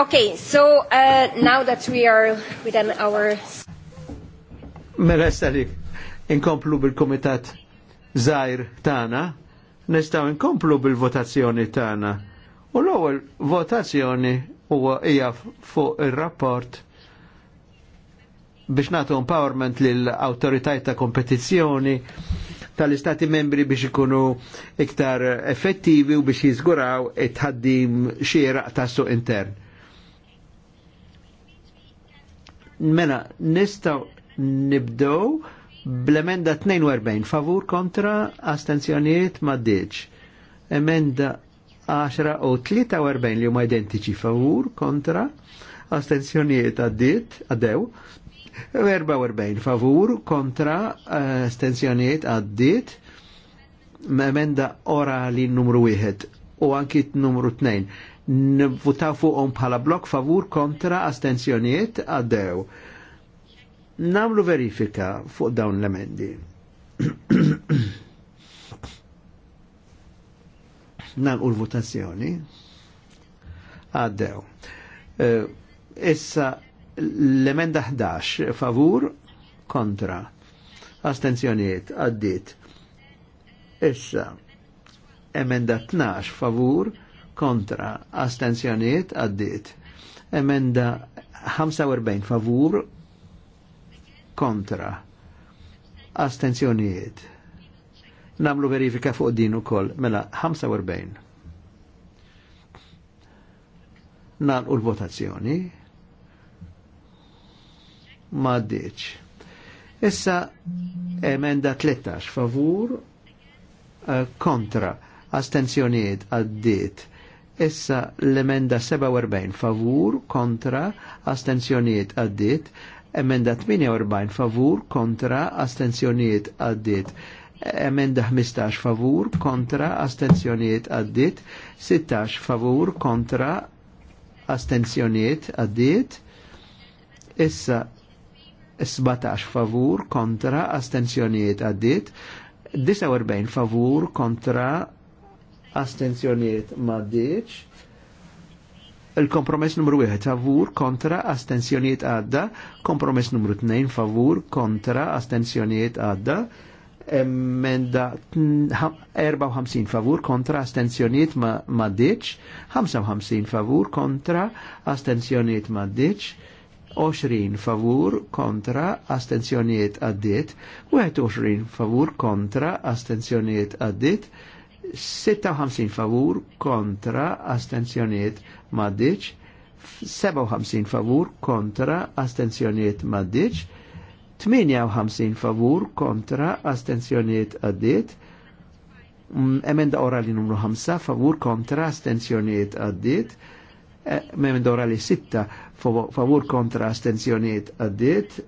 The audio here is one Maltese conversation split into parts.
Okay, so uh, now that we are within our... Mela inkomplu bil-komitat zaħir tana, nistaw inkomplu bil-votazzjoni tana. U l-ewwel votazzjoni huwa hija fuq ir-rapport biex nagħtu empowerment lil awtoritajiet ta' kompetizzjoni tal-istati membri biex ikunu iktar effettivi u biex jiżguraw it-ħaddim xieraq tas-suq intern Mena, nistaw nibdow bl-emenda 42, favur kontra astenzjoniet ma diċ. Emenda 10 u 43 li huma identiċi favur kontra astenzjoniet għaddit, għaddew. 44 favur kontra astenzjoniet għaddit. Emenda orali numru 1 u anki numru 2 nivvutaw fuqhom bħala blok favur kontra astenzjonijiet għaddew. Namlu verifika fuq dawn l-emendi. Nagħlqu l-votazzjoni għaddew. Eh, issa l-emenda 11 favur kontra. Astenzjoniet għaddit. Issa emenda 12 favur kontra astenzjoniet għaddit. Emenda 45 favur kontra astenzjoniet. Namlu verifika fuq din ukoll mela 45. u l-votazzjoni ma ddiċ. Issa emenda 13 favur eh, kontra astenzjoniet għaddit. Issa l-emenda 47 favur kontra astenzjoniet għaddit, emenda 48 favur kontra astenzjoniet għaddit, emenda 15 favur kontra astenzjoniet għaddit, 16 favur kontra astenzjoniet għaddit, issa 17 favur kontra astenzjoniet għaddit, 49 favur kontra astenzjoniet maddiċ. Il-kompromess numru 1 favur kontra astenzjoniet għadda, kompromess numru 2 favur kontra astenzjoniet għadda, emenda 54 favur kontra astenzjoniet maddiċ, 55 favur kontra astenzjoniet maddiċ, 20 favur kontra astenzjoniet għaddit, 21 favur kontra astenzjoniet għaddit, 56 favur kontra astenzjoniet maddiċ, 57 favur kontra astenzjoniet maddiċ, 58 mm, e, favur kontra astenzjoniet għaddit, emenda orali numru 5 favur kontra astenzjoniet għaddit, emenda orali 6 favur kontra astenzjoniet għaddit,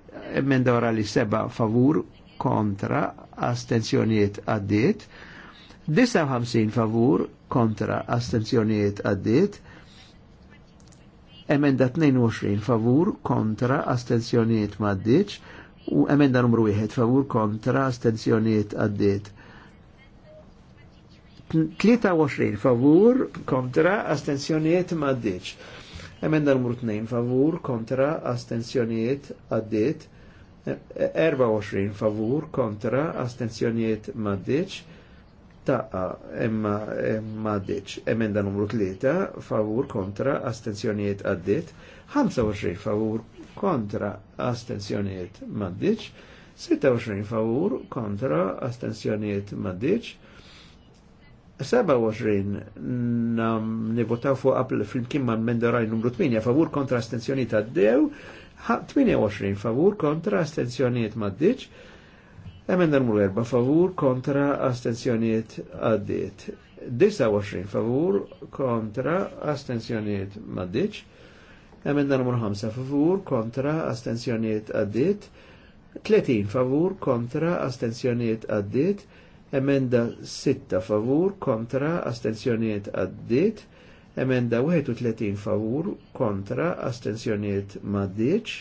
emenda orali 7 favur kontra astenzjoniet għaddit, 59 favur kontra astenzjoniet għaddit, emenda 22 favur kontra astenzjoniet maddiċ, u emenda numru 1 favur kontra astenzjoniet għaddit. 23 favur kontra astenzjoniet maddiċ. Emenda numru 2 favur kontra astenzjoniet għaddit. 24 e, favur kontra astenzjoniet maddiċ taqqa imma imma ditx emenda numru 3 favur kontra astenzjonijiet għaddit 25 favur kontra astenzjonijiet maddiċ 26 favur kontra astenzjonijiet maddiċ 27 nam nivotaw fuq fil flimkien ma' mendoraj numru 8 favur kontra astenzjonijiet għaddew 28 favur kontra astenzjonijiet maddiċ Emenda numru erba favur kontra astenzjoniet għaddit. 29 favur kontra astenzjoniet maddiċ. Emenda numru 5 favur kontra astenzjoniet għaddit. 30 favur kontra astenzjoniet għaddit. Emenda 6 favur kontra astenzjoniet għaddit. Emenda 31 favur kontra astenzjoniet maddiċ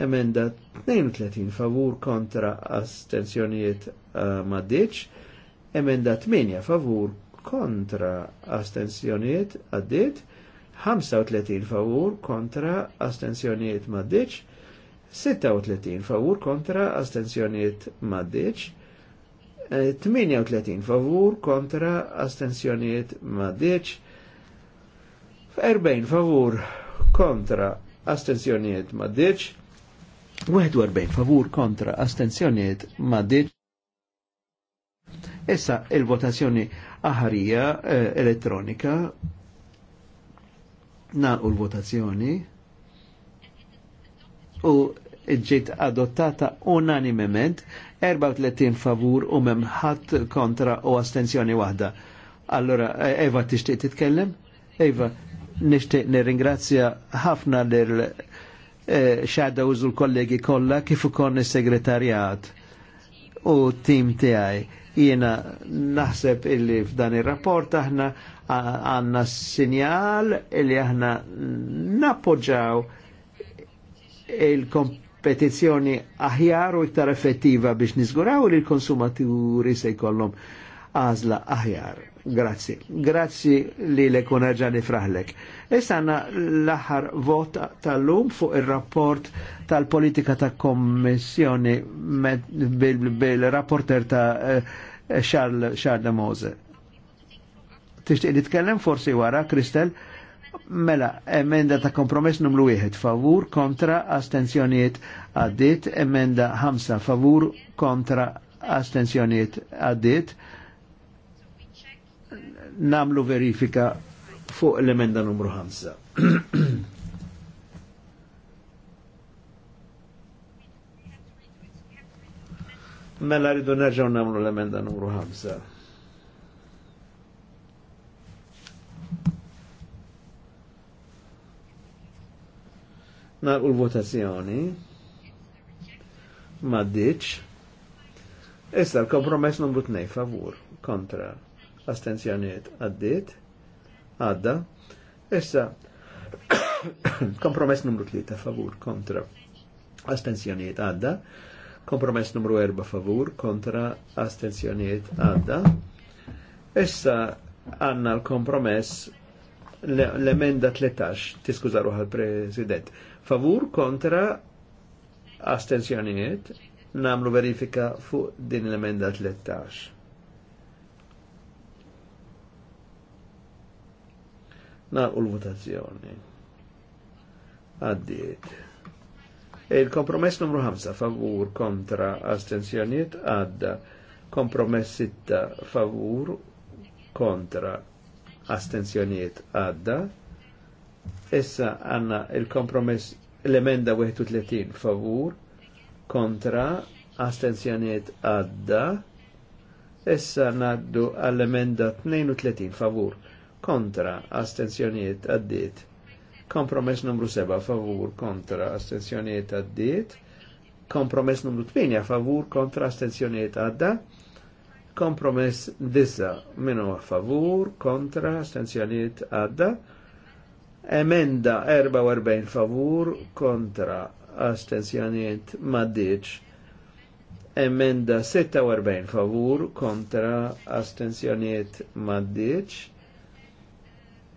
Emenda 32 favur kontra astenzjonijiet maddiċ. Emenda 8 favur kontra astensjonijiet, għaddit. Eh, 35 favur kontra astenzjonijiet maddiċ. 36 favur kontra astenzjoniet maddiċ, 38 favur kontra astenzjoniet maddiċ, 40 eh, favur kontra astenzjoniet maddiċ, 41 favur kontra astenzjoniet ma dit. Issa il-votazzjoni aħarija eh, elettronika u l-votazzjoni u ġiet adottata unanimement 34 favur u memħat kontra u astenzjoni wahda. Allora, eh, Eva, tixtieq titkellem? Eva, nixtieq nirringrazzja ħafna lil Eh, shadows u l-kollegi kollha kif ukoll is-segretarjat u tim tiegħi. Jiena naħseb illi f'dan ir-rapport aħna għandna sinjal illi aħna nappoġġaw il-kompetizzjoni aħjar u iktar effettiva biex niżguraw li l-konsumaturi se jkollhom għażla aħjar. Grazzi. Grazzi li l ġani fraħlek. Issa għanna l-aħħar vot tal-lum fuq il-rapport tal-politika ta' kommissjoni bil-rapporter ta' eh, Charles de Mose. Tixtieq li tkellem forsi wara, Kristel, mela emenda ta' kompromess numru wieħed favur kontra astenzjoniet għaddit, emenda 5 favur kontra astenzjoniet għaddit namlu verifika fuq l-emenda numru 5. mela rridu nerġaw namlu l-emenda numru 5. Naqu l-votazzjoni. Maddiċ. Issa l-kompromess numru 2 favur, kontra astenzjoniet għaddit, għadda, issa kompromess numru 3 favur kontra astenzjoniet għadda, kompromess numru 4 favur kontra astenzjoniet għadda, issa għanna l-kompromess l-emenda 13, tiskuza ruħal president, favur kontra astenzjoniet namlu verifika fuq din l-emenda 13. Naqu l-votazzjoni. Għaddiet. Il-kompromess numru 5 favur kontra astenzjoniet għadda. Kompromess 6 favur kontra astenzjoniet għadda. Issa għanna il-kompromess l-emenda 31 favur kontra astenzjoniet għadda. Issa naddu għall-emenda 32 favur kontra kontra astenzjoniet għaddit. Kompromess numru 7 favur kontra astenzjoniet għaddit. Kompromess numru 8 favur kontra astenzjoniet għadda. Kompromess 9 minu favur kontra astenzjoniet għadda. Emenda 44 favur kontra astenzjoniet maddiċ emenda 46 favur kontra astensjoniet maddiċ,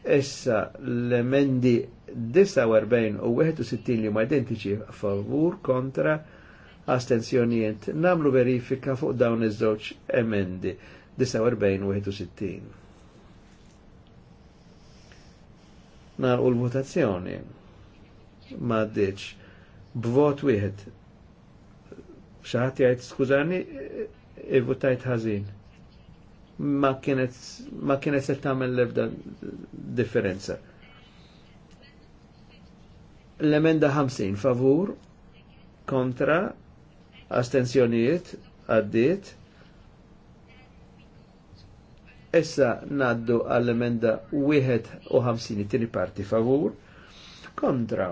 Issa l-emendi 49 u 61 li ma identiċi favur kontra astenzjonijiet namlu verifika fuq dawn iż-żewġ emendi 49 u 61. Nar u l-votazzjoni ma ddiċ b'vot wieħed xaħat jgħid skużani i votajt ħażin ma kienet ma kienet se tagħmel l-ebda differenza. L-emenda 50 favur kontra astensjonijiet għaddiet. Issa naddu għall-emenda 51 tini parti favur kontra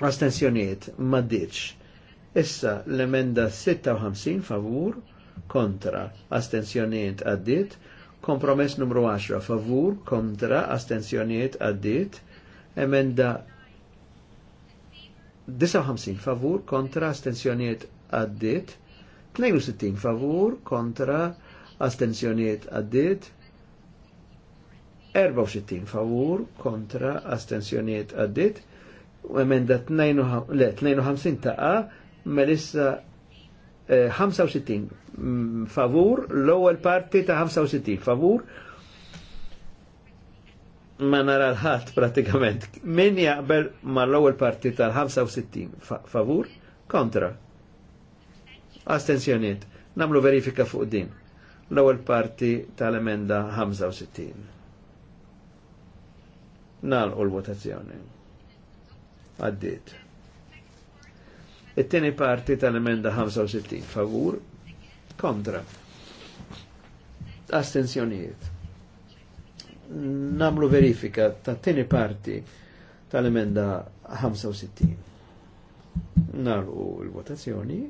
astensjonijiet maddiċ. Issa l-emenda 56 favur kontra, astensjoniet għaddit, kompromess numru 10, favur, kontra, astensjoniet għaddit, emenda 59 favur, kontra, astensjoniet għaddit, 62 favur, kontra, astensjoniet għaddit, 64 favur, kontra, astensjoniet għaddit, u emenda 52 taqa, melissa 65 eh, mm, favur, l-ewwel parti ta' 65 favur. Ma nara l-ħadd pratikament. Min jaqbel ma l-ewwel parti tal-65 favur kontra. Astenzjoniet. Namlu verifika fuq din. L-ewwel parti tal-emenda 65. u l-votazzjoni. Għaddiet. It-tieni parti tal-emenda 65 favur kontra. Astenzjonijiet. Namlu verifika ta' tieni parti tal-emenda 65. Nalu l-votazzjoni.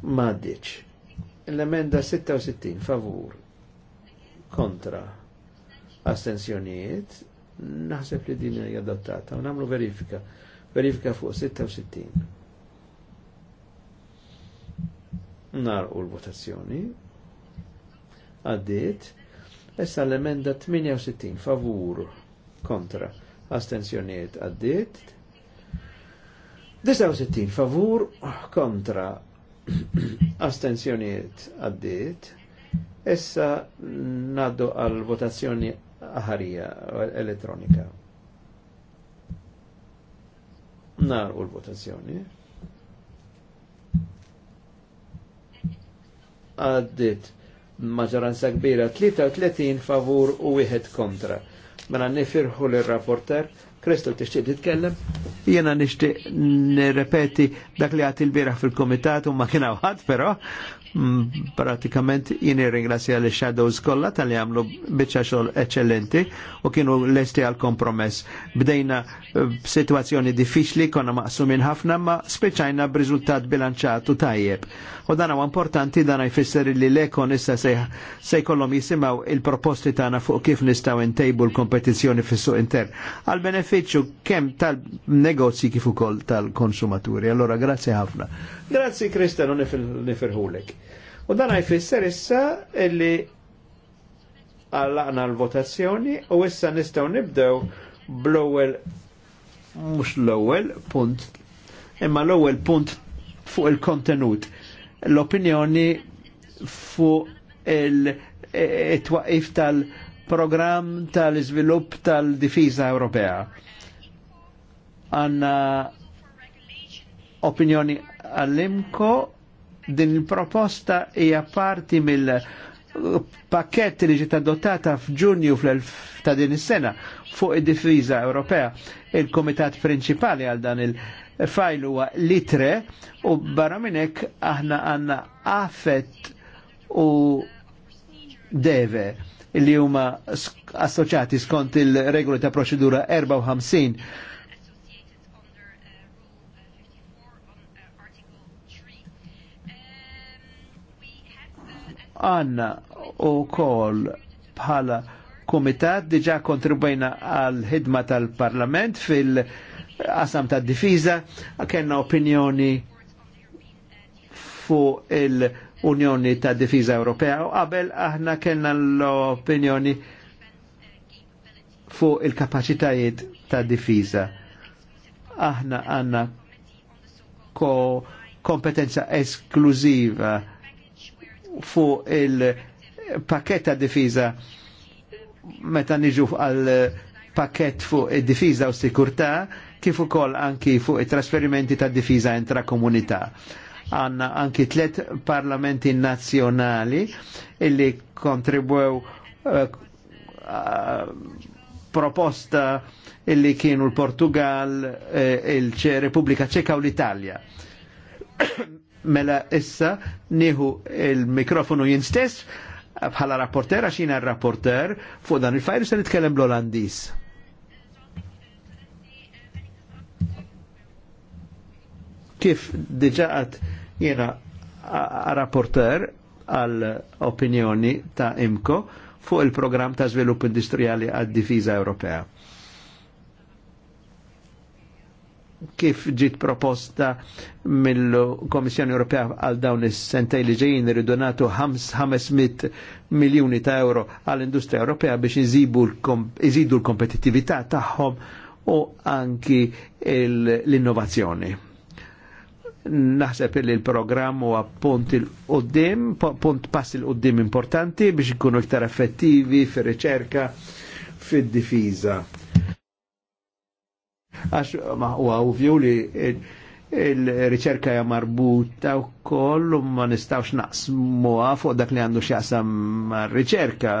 Maddiċ. L-emenda 66 favur kontra astenzjonijiet naħseb li din hija adottata u nagħmlu verifika verifika fuq 66. Narqu l-votazzjoni. Għaddit. Issa l-emenda 68 favur kontra astensjoniet għaddit. 69 favur kontra astensjoniet għaddit. Issa naddu għal votazzjoni aħarija elettronika nar u l-votazzjoni. Għaddit maġoranza kbira 33 favur u wieħed kontra. Mela nifirħu l-rapporter, Kristo tixtieq titkellem, jiena nixtieq nirrepeti dak li għati l-biraħ fil-komitat u ma kien ħadd però Mm, pratikament jini ringrazzja li shadows kollha tal-li għamlu bieċa xogħol eccellenti u kienu lesti għal kompromess. Bdejna eh, b'sitwazzjoni diffiċli konna maqsumin ħafna ma speċajna b'riżultat bilanċatu tajjeb. U dan huwa importanti dan jfisser li l-ekon issa se jkollhom jisimgħu il-proposti tagħna fuq kif nistgħu intejbu l-kompetizzjoni fis-suq intern għal benefiċċju kemm tal-negozji kif ukoll tal-konsumaturi. Allora grazzi ħafna. Grazzi Kristjan nifirħulek. U dan jfisser issa illi għallaqna l-votazzjoni u issa nistgħu nibdew bl-ewwel mhux l-ewwel punt imma l-ewwel punt fuq il-kontenut l-opinjoni fu il-twaqif e, e, tal-program tal-izvilupp tal-difiża Ewropea. Għanna opinjoni għall-imko din il-proposta hija parti mill pakket li ġiet adottata f'Ġunju ta' din is-sena fuq id-difiża Ewropea. Il-Komitat Prinċipali għal dan il- fajlu huwa litre u barra minnek aħna għanna affett u deve li huma assoċati skont il-regoli ta' proċedura 54 għanna u kol bħala komitat diġa kontribujna għal ħidma tal-parlament fil- qasam ta' difiża, kellna opinjoni fuq il-Unjoni ta' difiza Ewropea u qabel aħna kellna l-opinjoni fuq il-kapaċitajiet ta' difiża. Aħna għanna ko kompetenza esklusiva fuq il ta' difiza meta niġu għal pakket fuq id difiza u sikurtà kif ukoll anki fuq it-trasferimenti ta' difiża komunità. Għanna anki tlet parlamenti nazzjonali illi kontribwew eh, eh, proposta illi kienu l-Portugal, eh, il-Repubblika Ċeka u l-Italja. mela issa nieħu il-mikrofonu jien stess bħala rapporter għax jiena rapporter fuq dan il-fajr se nitkellem bl-Olandis. Kif diġaqat jena rapporter għal opinjoni ta' IMCO fuq il-programm ta' svilupp industrijali għad difiża Ewropea. Kif ġit proposta mill-Komissjoni Ewropea għal dawn is-sentej li ġejjin irridu nagħtu 500 miljuni ta' euro għall industrija Ewropea biex iżidu l-kompetittività tagħhom u anki l-innovazzjoni naħseb li l-programm huwa punt il-qoddim, punt pass il-qoddim importanti biex ikunu iktar effettivi fir-riċerka fid-difiża. Għax ma huwa ovvju li il-riċerka hija marbuta wkoll u ma nistgħux naqsmuha fuq dak li għandu x'jaqsam mar-riċerka,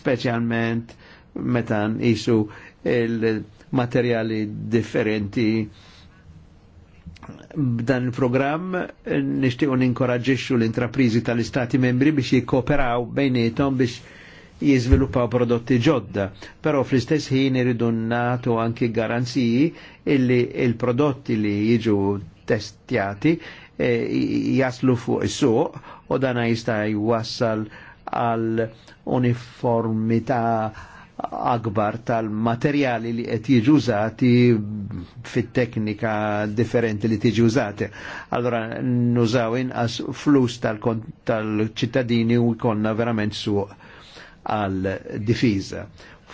speċjalment meta nqisu il-materjali differenti b'dan il-programm nixtiequ ninkoraġġixxu l-intrapriżi tal-istati membri biex jikkooperaw bejnietom biex jiżviluppaw prodotti ġodda, però fl-istess ħin iridu nagħtu anki garanziji illi il-prodotti li jiġu testjati e, jaslu fuq is-suq u dana jista' jwassal għal uniformità akbar tal-materjali li qed jiġu użati fit-teknika differenti li tiġi użati. Allora nużaw inqas flus tal-ċittadini u jkollna verament suq għal difiża.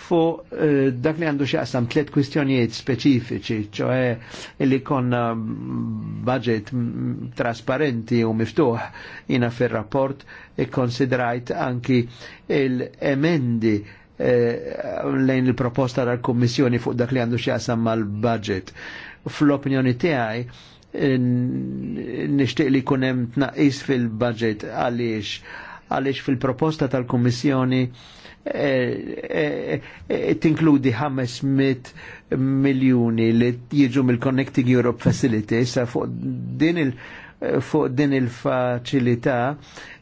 Fu eh, dak li għandu xaqsam tliet kwistjonijiet speċifiċi, ċoħe illi konna budget trasparenti u miftuħ jina fil-rapport ikkonsidrajt anki il emendi Eh, lejn il-proposta tal-Kommissjoni fuq dak li għandu xjaqsam mal-budget. Fl-opinjoni tiegħi nixtieq li jkun hemm tnaqqis fil-budget għaliex għaliex fil-proposta tal-Kommissjoni eh, eh, tinkludi 500 miljuni li jiġu mill-Connecting Europe Facility sa fuq din il- fuq din il-faċilità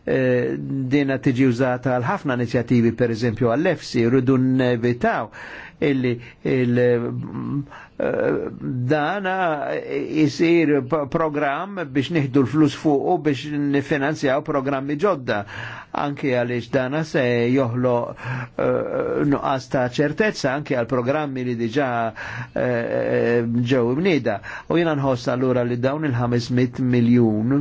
eh, dina tiġi użata għal ħafna inizjattivi per eżempju għall-EFSI, rridu nevitaw illi il dana jisir program biex nieħdu l-flus fuqu biex nifinanzjaw programmi ġodda anki għaliex dana se joħlo eh, nuqqas ta' ċertezza anki għal programmi li diġa eh, ġew uh, bnida u jina nħoss allura li dawn il-500 miljun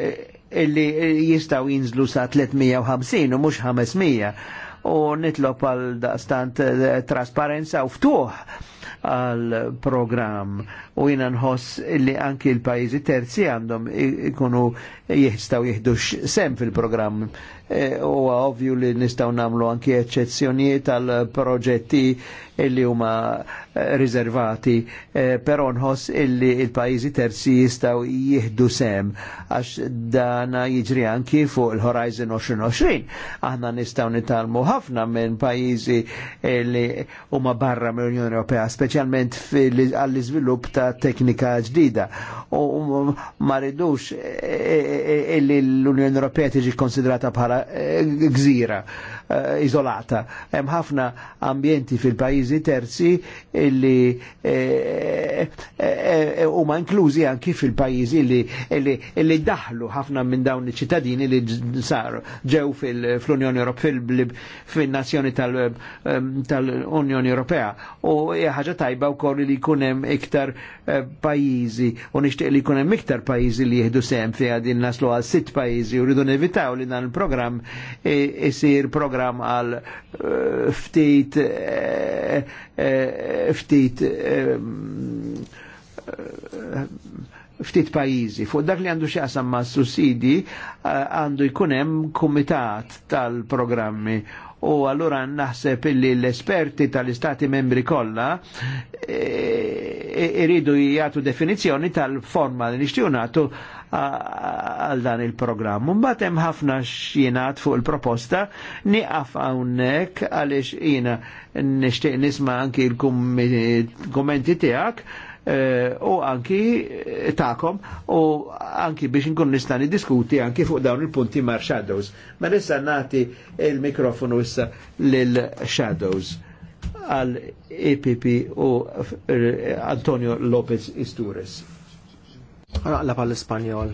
eh, illi jistaw jinżlu sa' 350 u mux 500 u nitlob għal daqstant eh, trasparenza u ftuħ għal program u jina nħoss li anki l-pajizi terzi għandhom ikunu jistaw jihdux sem fil-program Eh, u ovvju li nistgħu nagħmlu anki eċċezzjonijiet għal proġetti illi huma eh, riservati, eh, però nħoss illi il-pajjiżi terzi jistgħu jieħdu sem għax dana jiġri anki fuq il-Horizon 2020. Aħna nistgħu nitalmu ħafna minn pajjiżi li huma barra mill-Unjoni Ewropea, speċjalment għall-iżvilupp ta' teknika ġdida. U ma rridux illi l-Unjoni Ewropea tiġi konsidrata bħala Eh, gżira. Eh, izolata. Hemm ħafna ambjenti fil-pajjiżi terzi illi eh, eh, huma inklużi anki fil-pajjiżi illi daħlu ħafna minn dawn iċ-ċittadini li saru ġew fil-Unjoni Ewropea fin-nazzjoni tal-Unjoni Ewropea u hija ħaġa tajba wkoll li jkun hemm iktar pajjiżi u nixtieq li jkun hemm iktar pajjiżi li jieħdu sem fiha din naslu għal sitt pajjiżi u rridu nevitaw li dan il-programm isir program program għal eh, ftit eh, eh, ftit ftit pajizi. Fuq dak li għandu xaqsam ma' sussidi għandu jkunem komitat tal-programmi u allura naħseb illi l-esperti tal-istati membri kollha iridu jgħatu definizjoni jagħtu tal-forma li nishtiju għal dan il-programm. Mbagħad hemm ħafna xjenat fuq il-proposta nieqaf hawnhekk għaliex jiena nixtieq nisma' anki l-kummenti tiegħek e, u anki ta'kom u anki biex nkun nista' niddiskuti anki fuq dawn il-punti mar shadows. Ma issa nagħti il-mikrofonu issa lil shadows għal EPP u Antonio Lopez Istures. Għanaqla pal l-Spanjol.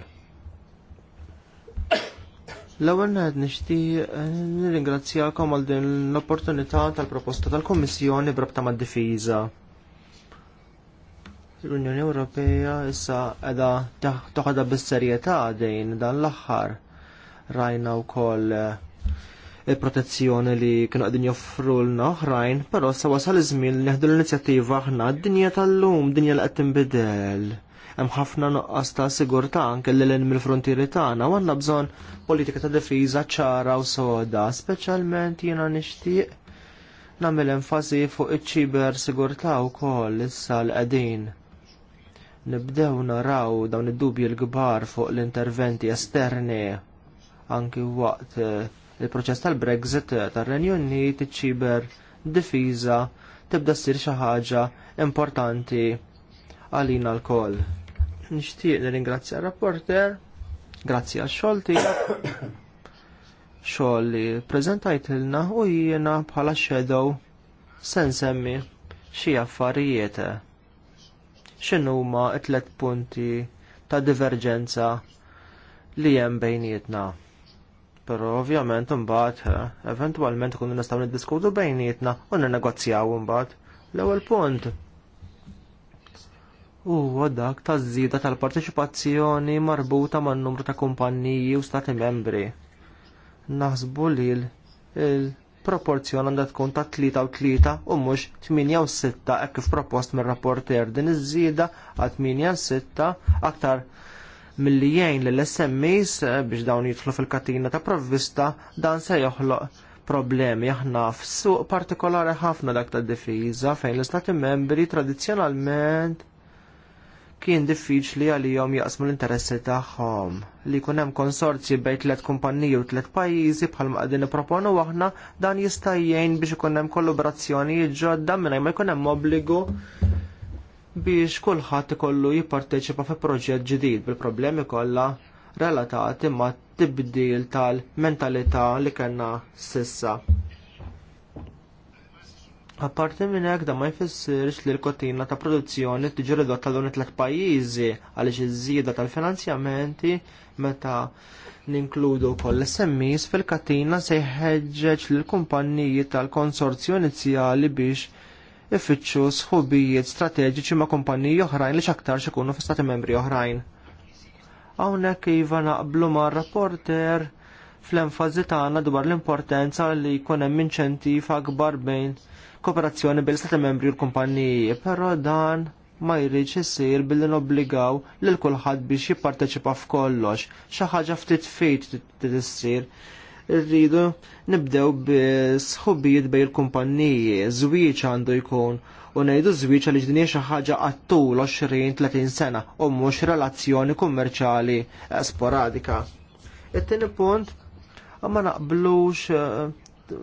L-ewwel nishti nixtieq eh, nirringrazzjakom għal din l-opportunità tal-proposta tal-Kummissjoni brabta mad-difiża. L-Unjoni Ewropea issa qiegħda toħadha bis-serjetà dejn dan l-aħħar rajna wkoll eh, il-protezzjoni li kienu qegħdin joffru l oħrajn, però sa wasal iż-żmien li l-inizjattiva aħna d-dinja tal-lum, dinja li qed tinbidel hemm ħafna nuqqas ta' sigurtà anke l lin mill-frontieri tagħna u għandna bżonn politika ta' difiża ċara u soda, speċjalment jiena nixtieq nagħmel enfasi fuq iċ-ċiber sigurtà wkoll issa l-qegħdin. Nibdew naraw dawn id-dubji l-kbar fuq l-interventi esterni anki waqt eh, il-proċess tal-Brexit tar-Renju Unit iċ-ċiber difiża tibda ssir xi ħaġa importanti għalina lkoll. Nixtieq nirringrazzja r-rapporter, grazzi għax xogħol tiegħek, xogħol li preżentajt ilna u jiena bħala shadow se nsemmi xi affarijiet. X'inhu huma t-tlet punti ta' diverġenza li hemm bejnietna. Però ovvjament imbagħad eh, eventwalment ikunu nistgħu niddiskutu bejnietna u ninnegozjaw imbagħad. L-ewwel punt huwa dak taż-żieda tal-parteċipazzjoni marbuta man-numru ta' kumpanniji u stati membri. Naħsbu li l-proporzjon għandha tkun ta' 3 u 3 u mhux 8 u 6 hekk kif propost mir-rapporter din iż-żieda għal 8 u 6 aktar milli jgħin lill smes eh, biex dawn jidħlu fil-katina ta' provvista dan se joħloq problemi aħna f'suq partikolari ħafna dak tad difiża fejn l-istati membri tradizzjonalment kien diffiċli għalihom jaqsmu l-interessi tagħhom. Li jkun hemm konsorzji bejn tliet kumpaniji u tliet pajjiżi bħalma qegħdin nipproponu aħna dan jista' jgħin biex ikun hemm kollaborazzjoni ġodda mingħajr ma jkun hemm obbligu biex kulħadd ikollu jipparteċipa fi proġett ġdid bil-problemi kollha relatati ma' tibdil tal-mentalità li kellna sissa. Apparti minn hekk da ma jfissirx li l-kotina ta' produzzjoni tiġi ridotta l tliet pajjiżi għaliex iż-żieda tal-finanzjamenti meta ninkludu wkoll SMEs fil-katina se jħeġġeġ lill kumpanniji tal-konsorzju inizjali biex ifittxu sħubijiet strateġiċi ma' kumpanniji oħrajn li x'aktar ikunu fi stati membri oħrajn. Hawnhekk iva naqblu mar rapporter fl-enfazi tagħna dwar l-importanza li jkun hemm inċentiv akbar bejn kooperazzjoni bil stati membri u l-kumpanniji, però dan ma jridx isir billi nobbligaw lil kulħadd biex jipparteċipa f'kollox. Xi ħaġa ftit fejt tissir. Irridu nibdew bis-sħubijiet bejn il-kumpanniji, żwieġ għandu jkun u ngħidu żwieġ għal ġdinija xi ħaġa għattul 20-30 sena u mhux relazzjoni kummerċjali sporadika. It-tieni punt ma naqblux eh,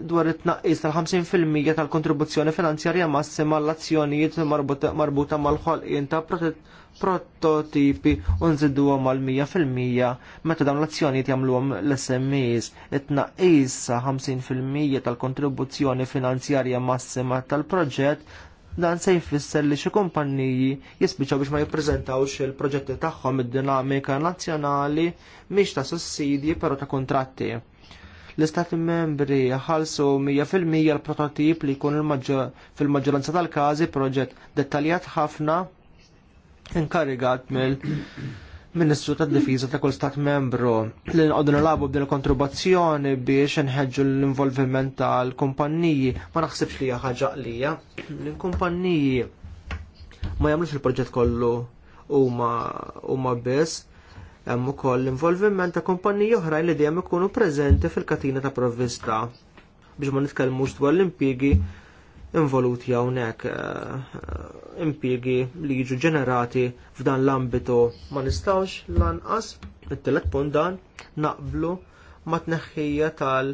dwar it-tnaqqis tal-50% tal-kontribuzzjoni finanzjarja massima l-azzjonijiet marbuta mal-ħolqien ta' prototipi u nżidduhom mal 100% meta dawn l-azzjonijiet jagħmluhom l-SMEs. It-tnaqqis sa' 50% tal-kontribuzzjoni finanzjarja massima tal-proġett dan se jfisser li xi kumpanniji jispiċċaw biex ma jippreżentawx il-proġetti tagħhom id-dinamika nazzjonali mhix ta' sussidji però ta' kuntratti l-istati membri ħalsu 100% l-prototip li jkun fil-maġġoranza tal-każi proġett dettaljat ħafna inkarigat mill Ministru tad difiża ta' kull stat membru li nqogħdu nilagħbu b'din il-kontribuzzjoni biex inħeġġu l-involviment tal-kumpanniji ma naħsibx li hija ħaġa qlija. L-kumpanniji ma jagħmlux il-proġett kollu huma huma biss Hemm ukoll l-involviment ta' kumpaniji oħrajn li dejjem ikunu preżenti fil-katina ta' provvista biex ma nitkellmux dwar l-impjiegi involuti hawnhekk eh, impjiegi li jiġu ġenerati f'dan l-ambitu ma nistgħux lanqas it-telet punt dan naqblu ma tneħħija tal-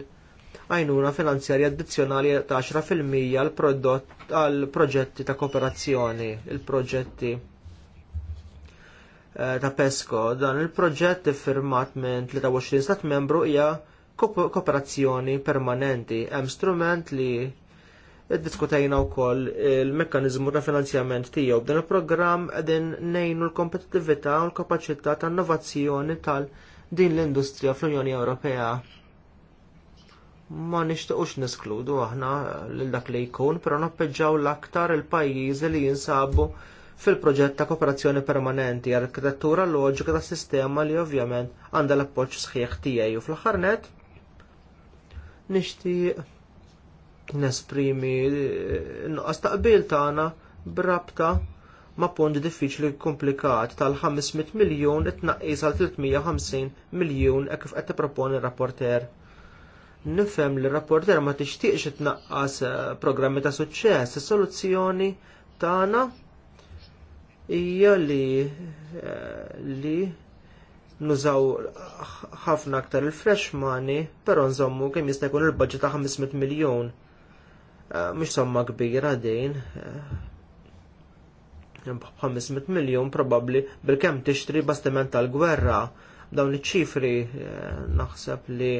għajnuna finanzjarja addizzjonali ta' 10% għal prodott għal proġetti ta' kooperazzjoni, il-proġetti Eh, ta' PESCO. Dan il-proġett iffirmat minn 23 stat membru hija kooperazzjoni permanenti. Hemm strument li id-diskutajna wkoll il-mekkaniżmu ta' finanzjament tiegħu b'dan il-programm qegħdin ngħinu l kompetitività u l-kapaċità ta' innovazzjoni tal din l-industrija fl-Unjoni Ewropea. Ma nixtiequx niskludu aħna lil dak li jkun, però nappeġġaw l-aktar il-pajjiżi li jinsabu fil-proġett ta' kooperazzjoni permanenti arkitettura loġika ta' sistema li ovvjament għandha l-appoġġ sħiħ tiegħi u fl-aħħar net nixtieq nesprimi eh, nuqqas taqbil tagħna b'rabta ma' punt diffiċli komplikat tal-500 miljun it-tnaqqis għal 350 miljun hekk kif qed tipproponi r-rapporter. Nifhem li r-rapporter ma tixtieqx itnaqqas eh, programmi ta' suċċess, is-soluzzjoni tagħna hija li eh, li nużaw ħafna aktar il-fresh money, però nżommu kemm jista' jkun il-budget ta' 500 miljun. Eh, Mhux somma kbira din. 500 eh, miljun probabbli bil-kemm tixtri bastiment tal-gwerra dawn iċ-ċifri naħseb li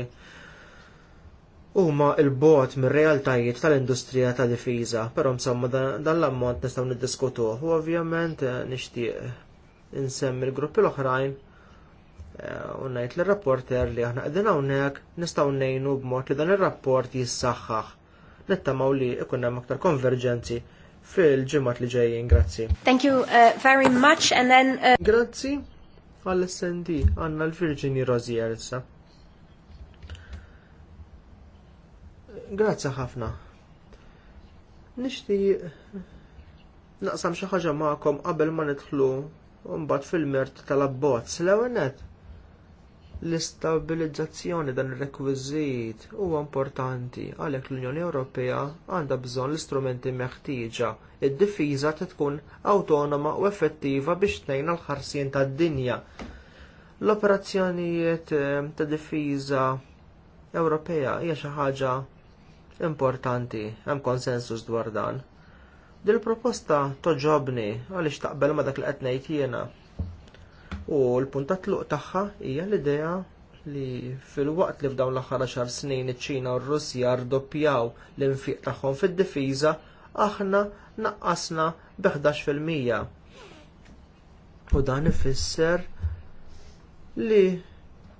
huma l-bot mir-realtajiet tal-industrija tad-difiża, però msomma dan l-ammont nistgħu niddiskutuh u ovvjament eh, nixtieq insemmi l-gruppi l-oħrajn eh, u ngħid lir-rapporter li aħna qegħdin hawnhekk nistgħu ngħinu b'mod li dan ir-rapport jissaħħaħ. Nittamaw li ikun hemm aktar konverġenzi fil-ġimgħat li ġejjin, grazzi. Thank you uh, very much and then uh... Grazzi għall-SND għandna l-Virginie Rozier issa. Grazzi ħafna. Nishti naqsam xi ħaġa magħkom qabel ma nidħlu mbagħad fil-mert tal-abbozz l-ewwel net. L-istabilizzazzjoni dan ir-rekwiżit huwa importanti għalhekk l-Unjoni Ewropea għandha bżonn l-istrumenti meħtieġa. Id-difiża tkun awtonoma u effettiva biex tnejn l ħarsien tad-dinja l-operazzjonijiet eh, ta' difiża Ewropea hija xi ħaġa importanti, hemm konsensus dwar dan. Dil proposta toġobni għaliex taqbel ma dak li qed ngħid jiena. U l punta tluq tagħha hija l-idea li fil-waqt li f'dawn l-aħħar xar snin iċ-Ċina u r-Russja rdoppjaw l-infiq tagħhom fid-difiża, aħna naqqasna b'11%. U dan ifisser li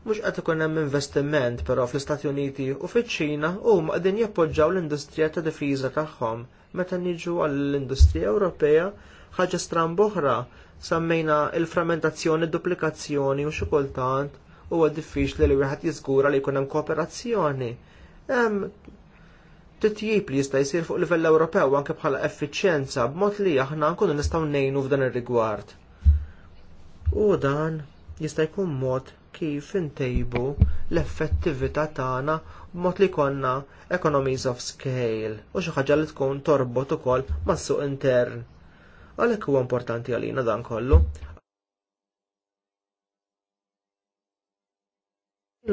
Mhux qed ikun hemm investiment però fl-Istati Uniti u fiċ-Ċina huma qegħdin jappoġġjaw l-industrija ta' difiża tagħhom meta niġu għall-industrija Ewropea ħaġa stran boħra semmejna il-frammentazzjoni, duplikazzjoni u xi kultant huwa diffiċli li wieħed jiżgura li jkun hemm kooperazzjoni. Hemm titjib li jista' jsir fuq livell Ewropew anke bħala effiċjenza b'mod li aħna nkunu nistgħu ngħinu f'dan ir-rigward. U dan jista' jkun mod kif intejbu l-effettività tagħna b'mod li jkollna economies of scale u xi ħaġa li tkun torbot ukoll mas-suq intern. Għalhekk huwa importanti għalina dan kollu.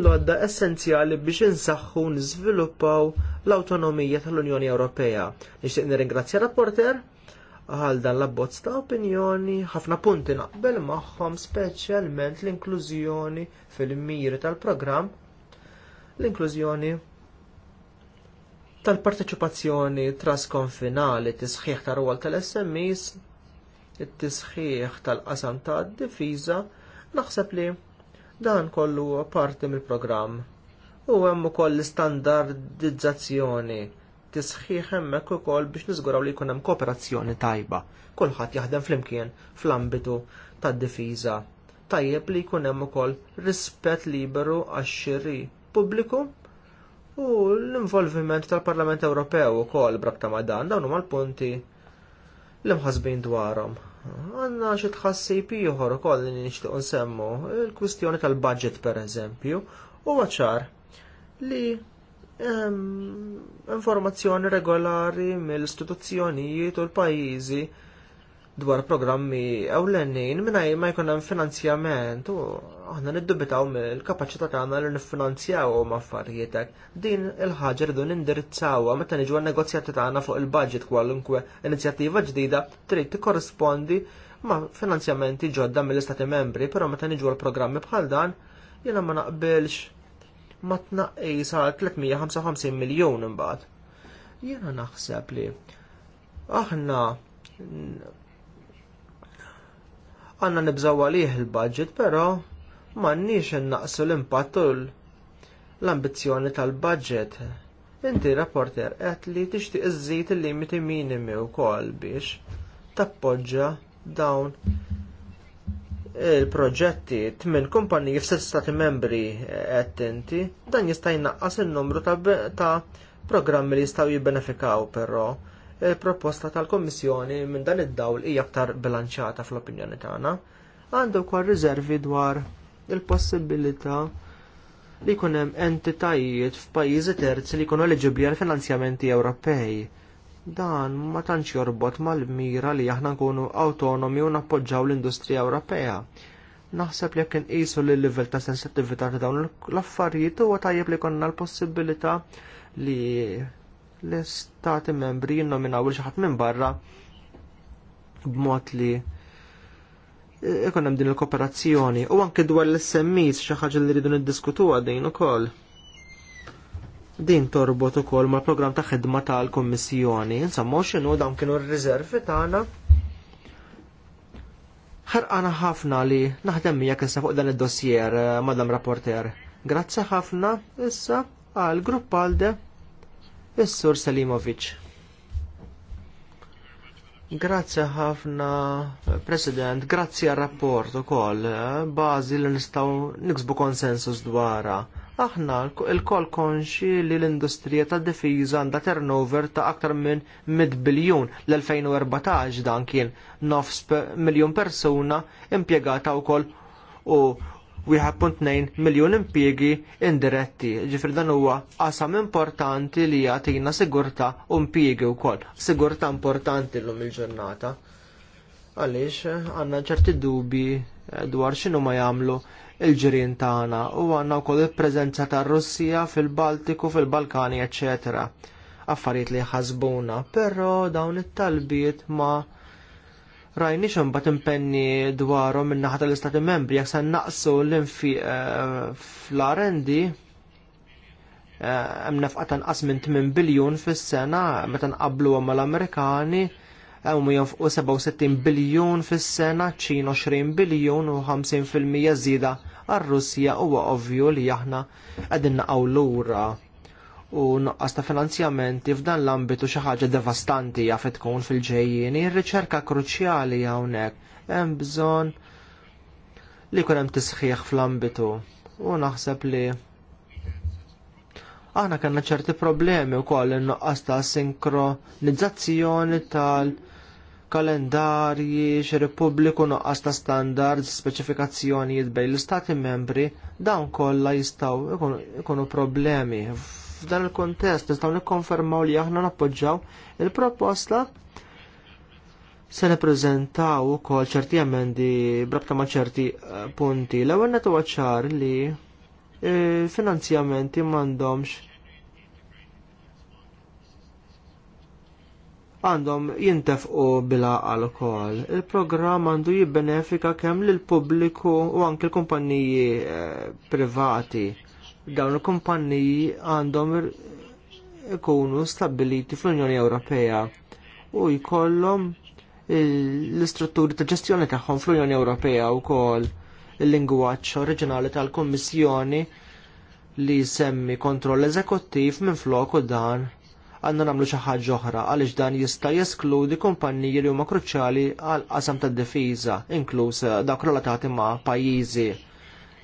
L-għodda essenzjali biex insaħħu niżviluppaw l-awtonomija tal-Unjoni Ewropea. Nixtieq nirringrazzja rapporter għal dan l-abbozz ta' opinjoni ħafna punti naqbel magħhom speċjalment l-inklużjoni fil-miri tal-programm, l-inklużjoni tal-parteċipazzjoni trasconfinali, tisħiħ ta' rwol tal sms it-tisħiħ tal-qasam ta' difiża, naħseb li dan kollu parti mill-programm. U hemm ukoll l-standardizzazzjoni tisħiħ hemmhekk ukoll biex niżguraw li jkun hemm kooperazzjoni tajba. Kulħadd jaħdem flimkien fl-ambitu tad-difiża. Tajjeb li jkun hemm ukoll rispett liberu għax-xiri pubbliku u l-involviment tal-Parlament Ewropew ukoll brabta ma' dan dawn huma l-punti li mħasbin dwarhom. Għanna xi tħassib ieħor ukoll li nixtiequ nsemmu, il-kwistjoni tal-budget pereżempju, huwa ċar li informazzjoni regolari mill-istituzzjonijiet u l-pajjiżi dwar programmi ewlenin mingħajr ma jkun hemm finanzjament u aħna niddubitaw mill-kapaċità tagħna li niffinanzjaw ma' affarijietek. Din il-ħaġa rridu nindirizzawha meta niġu għan-negozjati tagħna fuq il-budget kwalunkwe inizjattiva ġdida trid tikkorrispondi ma' finanzjamenti ġodda mill-Istati Membri, però meta niġu għal programmi bħal dan jiena ma naqbilx ma tnaqqi għal 355 miljun imbagħad. Jiena naħseb li aħna għanna nibżaw għalih il-budget, però m'għandniex innaqsu l impattu l-ambizzjoni tal-budget. Inti rapporter qed li tixtieq iżżid il-limiti minimi wkoll biex tappoġġa dawn il-proġetti tmien kumpaniji f'sitt stati membri qed inti, dan jista' jnaqqas in-numru ta' programmi li jistgħu jibbenefikaw però il-proposta tal kummissjoni minn dan id-dawl hija aktar bilanċata fl-opinjoni tagħna. Għandu wkoll riservi dwar il-possibilità li jkun hemm entitajiet f'pajjiżi terzi li jkunu eliġibbli għal finanzjamenti Ewropej Dan ma tantx jorbot mal-mira li aħna nkunu autonomi u nappoġġaw l-industrija Ewropea. Naħseb li jekk inqisu li l-livell ta' sensittività ta' dawn l-affarijiet huwa tajjeb li konna l-possibilità li l-istati membri jinnominaw il ħadd minn barra b'mod li ikun hemm din il-kooperazzjoni u anke dwar l-SMEs xi ħaġa li rridu niddiskutu għadin ukoll. Din torbot ukoll mal programm ta' ħidma tal-Kummissjoni, insomma x'inhu dawn kienu r-riservi tagħna. Ħarqana ħafna li naħdem mija issa fuq dan id-dossier, eh, Madam Rapporter. Grazzi ħafna issa għal grupp Alde is-Sur Selimovic. Grazzi ħafna, President, grazzi għal rapport u koll, eh, bazi li nistaw niksbu konsensus dwara. Aħna il-koll konxi li l-industrija ta' difiża għandha turnover ta' aktar minn 100 biljun l-2014 dan kien nofs miljon persuna impjegata u koll u 1.2 miljon impjiegi indiretti. Ġifri dan huwa qasam importanti li jagħtina sigurtà u impjiegi wkoll. Sigurtà importanti llum il-ġurnata. Għaliex għandna ċerti dubi eh, dwar x'inhu ma jagħmlu il-ġirien tagħna u għandna wkoll il-preżenza tar-Russija fil-Baltiku, fil-Balkani, eċċetera. Affarijiet li ħasbuna, però dawn it-talbiet ma' rajni bat impenni dwarom minna ħata l-istati membri, jak san naqsu l-infi eh, fl-arendi, eh, hemm fqatan nqas minn 8 biljun fis-sena meta nqablu l amerikani hemm jonfqu 67 biljun fis-sena, ċin 20 biljun u 50% żieda għal-Russija huwa ovvju li aħna qegħdin naqgħu lura u noqqas ta' finanzjamenti f'dan l-ambitu xi ħaġa devastanti jaf tkun fil-ġejjin, ir-riċerka kruċjali hawnhekk hemm bżonn li jkun hemm tisħiħ fl-ambitu u naħseb li aħna kellna ċerti problemi wkoll in-noqqas ta' sinkronizzazzjoni tal- kalendarji, xi repubbliku noqqas ta' standards, speċifikazzjonijiet bejn l istati membri, dawn kollha jistgħu ikunu problemi F'dan il-kontest nistgħu nikkonfermaw li aħna nappoġġaw il-proposta se nippreżentaw ukoll ċerti emendi brabta ma ċerti eh, punti. l ewwel netwa ċar li eh, finanzjamenti m'għandhomx għandhom jintefqu bila alkohol. Il-programm għandu jibbenefika kemm lil pubbliku u anke l-kumpaniji eh, privati dawn il-kumpanniji għandhom ikunu stabiliti fl-Unjoni Ewropea u jkollhom l-istrutturi ta' ġestjoni tagħhom fl-Unjoni Ewropea wkoll il-lingwaġġ oriġinali tal-Kummissjoni li semmi kontroll eżekuttiv minn flok u dan għandna nagħmlu xi ħaġa oħra għaliex dan jista' jeskludi kumpanniji li huma kruċjali għal qasam tad-difiża, inkluż dawk relatati ma' pajjiżi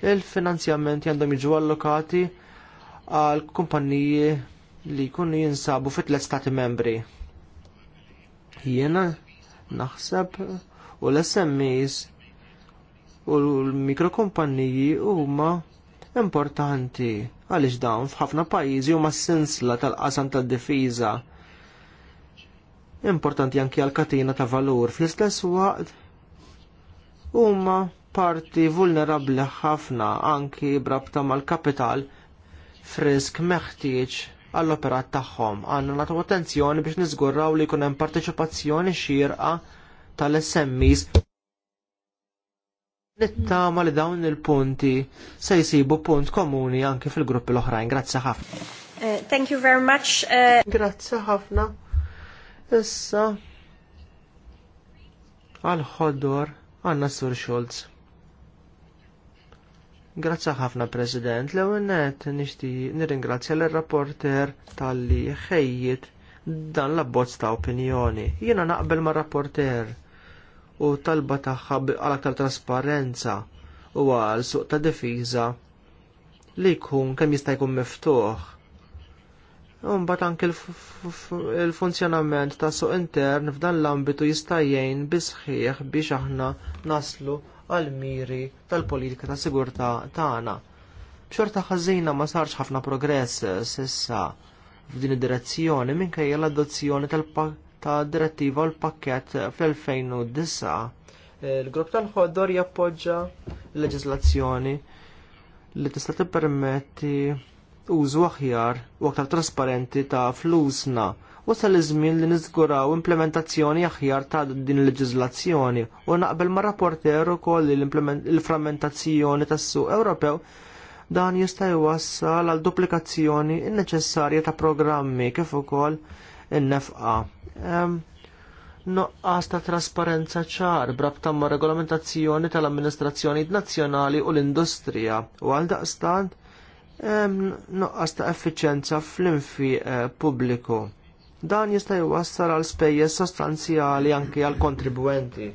il-finanzjamenti għandhom jiġu allokati għal kumpanniji li jkunu jinsabu fit tliet stati membri. Jiena naħseb u l-SMEs u l-mikrokumpanniji huma importanti għaliex dawn f'ħafna pajjiżi huma s-sinsla tal-qasam tad-difiża. Importanti anki għal katina ta' valur fl-istess waqt huma parti vulnerabbli ħafna anki brabta mal-kapital frisk meħtieġ għall-operat tagħhom. Għandna nagħtu attenzjoni biex niżgurraw li jkun hemm parteċipazzjoni xierqa tal-SMEs Nittama li dawn il-punti se jisibu punt komuni anke fil-gruppi l-oħrajn. Grazzi ħafna. Uh, thank you very much. Uh... Grazzi ħafna. Issa għal-ħoddor għanna Sur Schultz. Grazzi ħafna President, l net nixti nirringrazzja l-rapporter tal-li ħejjit dan l-abbozz ta' opinjoni. Jiena naqbel ma' rapporter u talba tagħha għal aktar trasparenza u għal suq ta' defiża li jkun kemm jista' jkun miftuħ. Imbagħad anke l-funzjonament ta' suq intern f'dan l-ambitu jista' jgħin bisħieħ biex aħna naslu għal miri tal-politika ta' sigurtà tagħna. B'xorta ħażina ma sarx ħafna progress eh, sissa f'din id-direzzjoni minkejja l-adozzjoni ta' direttiva u l-pakket fl-2009. Eh, Il-grupp tal-ħoddor jappoġġa l-leġislazzjoni li tista' tippermetti użu aħjar u aktar trasparenti ta' flusna wasal iż-żmien li niżguraw implementazzjoni aħjar ta' din il-leġiżlazzjoni u naqbel ma' rapporter ukoll il-frammentazzjoni tas-suq Ewropew dan jista' jwassal għal duplikazzjoni innecessarja ta' programmi kif ukoll in-nefqa. Noqqas ta' trasparenza ċar brabta ma' regolamentazzjoni tal-amministrazzjoni nazzjonali u l-industrija u għal daqstant noqqas ta' effiċenza fl-infi eh, pubbliku Dan jista' jwassal għal spejjeż sostanzjali anke għal kontribwenti.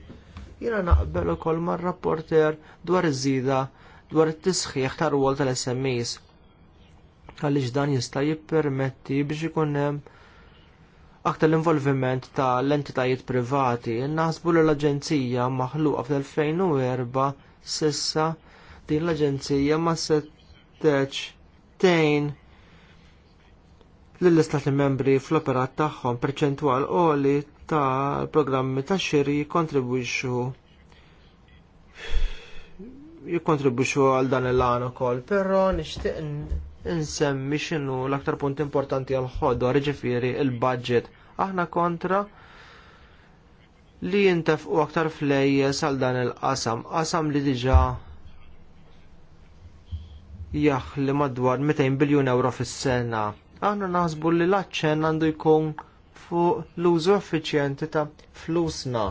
Jiena naqbel ukoll mar-rapporter dwar iż-żida dwar it-tisħiħ tar rwol tal-SMEs. Għaliex dan jista' jippermetti biex ikun hemm aktar l-involviment ta' l-entitajiet privati, naħsbu l aġenzija maħluqa fl-2004 sissa din l-Aġenzija ma setteċ tejn lill-istati membri fl-operat tagħhom perċentwal qoli ta' programmi ta' xiri jikkontribwixxu jikkontribwixxu għal dan il-għan ukoll, però nixtieq insemmi x'inhu l-aktar punt importanti għal ħodor ġifieri il-budget. Aħna kontra li jintefqu aktar flejjes għal dan il-qasam, qasam li diġa jaħli madwar 200 biljun euro fis-sena Aħna naħsbu li l-aċċen għandu jkun fuq l-użu effiċjenti ta' flusna.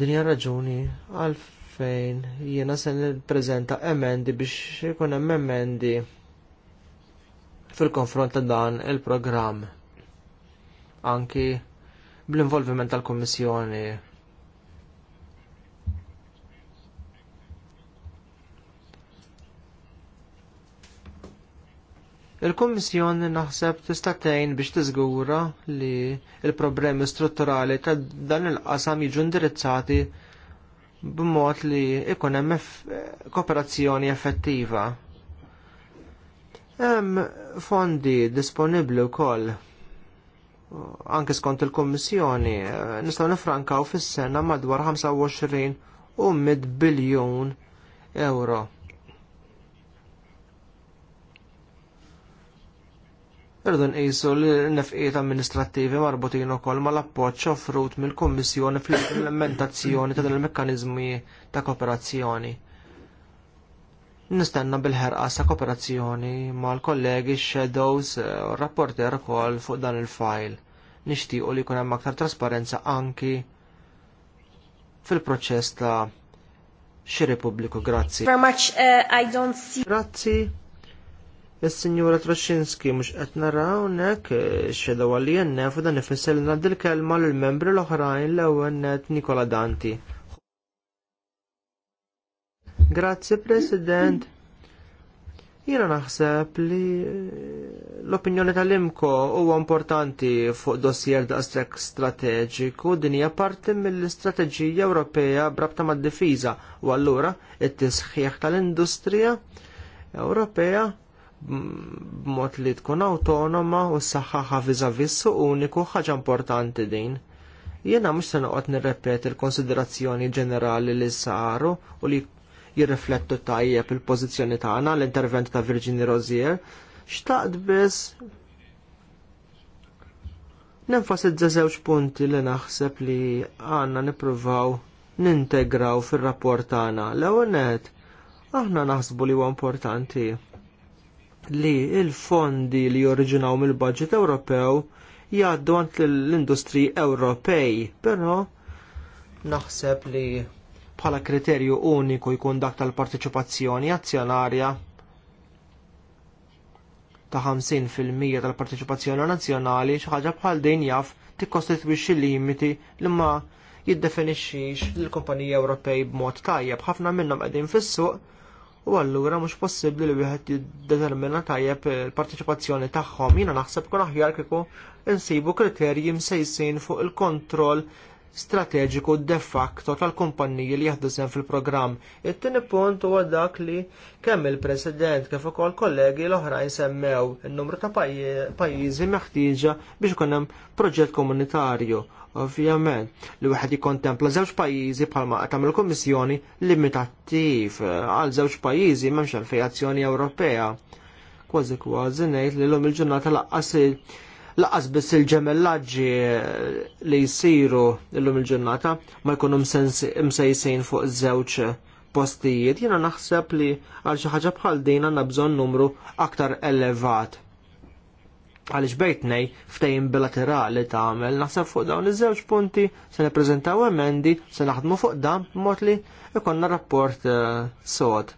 Dinja raġuni għalfejn jiena se nippreżenta emendi biex ikun hemm emendi fil-konfront ta' dan il-programm. Anki bl-involviment tal-Kummissjoni Il-Kummissjoni naħseb tista' tgħin biex tiżgura li l problemi strutturali ta' dan il-qasam jiġu indirizzati b'mod li ikun hemm kooperazzjoni effettiva. Hemm fondi disponibbli wkoll anke skont il-Kummissjoni eh, nistgħu nifrankaw fis-sena madwar 25 u mid biljun euro Irdu nqisu l-nefqiet amministrattivi marbutin ukoll mal-appoġġ offrut mill-Kummissjoni fl-implementazzjoni ta' dal il-mekkaniżmi ta' kooperazzjoni. Nistenna bil-ħerqas ta' kooperazzjoni mal-kollegi shadows eh, u rapporter ukoll fuq dan il-file. Nixtiequ li jkun hemm aktar trasparenza anki fil-proċess ta' xiri pubbliku Grazzi. Eh, Grazzi. Is-Sinjura Troxinski mhux qed nara hawnhekk xedew għalli jennef u dan ifisselna li ngħaddi l-kelma lill-membri l-oħrajn l-ewwel net Nikola Danti. Grazzi President. Jiena naħseb li l-opinjoni tal-imko huwa importanti fuq dossier daqstrek strateġiku din hija parti mill-istrateġija Ewropea brabta mad-difiża u allura it-tisħiħ tal-industrija Ewropea b'mod li tkun awtonoma u s-saħħaħa viżavis suq uniku ħaġa importanti din. Jiena mhux se noqgħod nirrepeti l-konsiderazzjoni ġenerali li saru u li jirriflettu tajjeb il-pożizzjoni tagħna l-intervent ta' Virginie Rozier, xtaqt biss d żewġ punti li naħseb li għandna nippruvaw nintegraw fir-rapport tagħna. L-ewwel aħna naħsbu li huwa importanti li il-fondi li jorriġinaw mill-budget Ewropew jgħaddu għant l-industri Ewropej, però naħseb li bħala kriterju uniku jkun dak tal-partiċipazzjoni azzjonarja ta' 50% tal-partiċipazzjoni nazzjonali xi ħaġa bħal din jaf tikkostitwixxi limiti li ma jiddefinixxix lill kumpaniji Ewropej b'mod tajjeb ħafna minnhom qegħdin fis-suq u allura mhux possibbli li wieħed jiddetermina tajjeb il-partiċipazzjoni tagħhom. Jiena naħseb kun aħjar kieku insibu kriterji msejsin fuq il-kontroll strateġiku de facto tal-kumpanniji li jaħdu sen fil-programm. It-tieni punt huwa dak li kemm il-President kif ukoll kollegi l-oħrajn semmew in-numru ta' pajjiżi meħtieġa biex ikun hemm proġett komunitarju Ovvjament, li wieħed jikkontempla żewġ pajjiżi bħalma qed tagħmel kummissjoni limitattiv eh, għal żewġ pajjiżi m'hemmx hemm fejn azzjoni Ewropea. Kważi kważi ngħid li l-lum il-ġurnata laqqas laqqas biss il-ġemellaġġi eh, li jsiru llum il-ġurnata ma jkunu msejsejn fuq żewġ postijiet, jiena naħseb li għal xi ħaġa bħal din għandna bżonn numru aktar elevat għaliex bejt ftejn bilaterali tagħmel naħseb fuq dawn iż-żewġ punti se nippreżentaw emendi se naħdmu fuq dan b'mod li ikonna rapport uh, sod.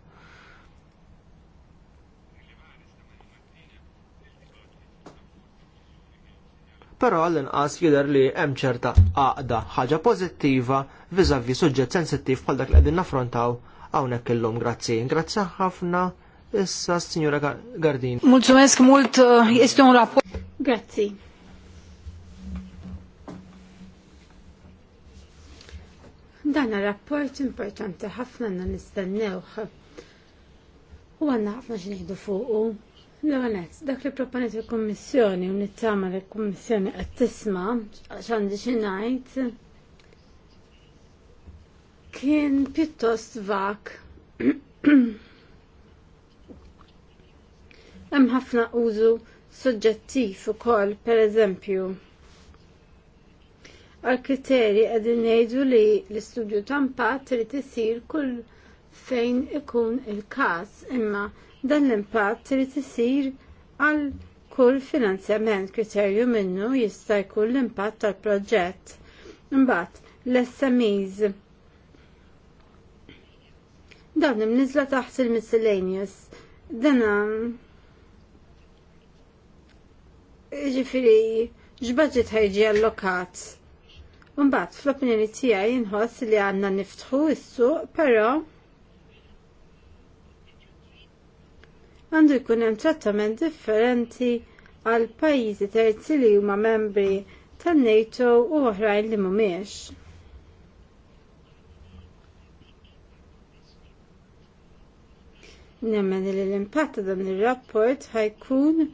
Però l-inqas jidher li hemm ċerta għaqda ħaġa pożittiva viżavi suġġett sensittiv bħal dak li qegħdin naffrontaw hawnhekk illum grazzi. Grazzi ħafna. Issa, signora Gardini. Mulzumesk, mult, uh, este un rapport. Grazie. Dan rapport importanti ħafna na nistennewħ. U għanna ħafna xinħidu fuqu. L-għanet, dak li proponet il-kommissjoni u nittama li l-kommissjoni għattisma, tisma, għaxan diċinajt, kien pjuttost vak. Hemm ħafna użu suġġettiv ukoll, pereżempju. Għal kriterji qegħdin ngħidu li l-istudju ta' impatt trid isir kull fejn ikun il-każ, imma dan l-impatt trid isir għal kull finanzjament kriterju minnu jista' jkun l-impatt tal-proġett. Imbagħad l-SMEs. Dan imniżla taħt il-miscellaneous. Dan Ġifiri, ġbadġet ħajġi allokat. Mbagħad fl-opinjoni tijaj inħoss li għandna niftħu s-suq, però għandu jkun hemm trattament differenti għal pajjiżi terzi li huma membri tan-NATO u oħrajn li mhumiex. Nemmen li l-impatt dan ir-rapport ħajkun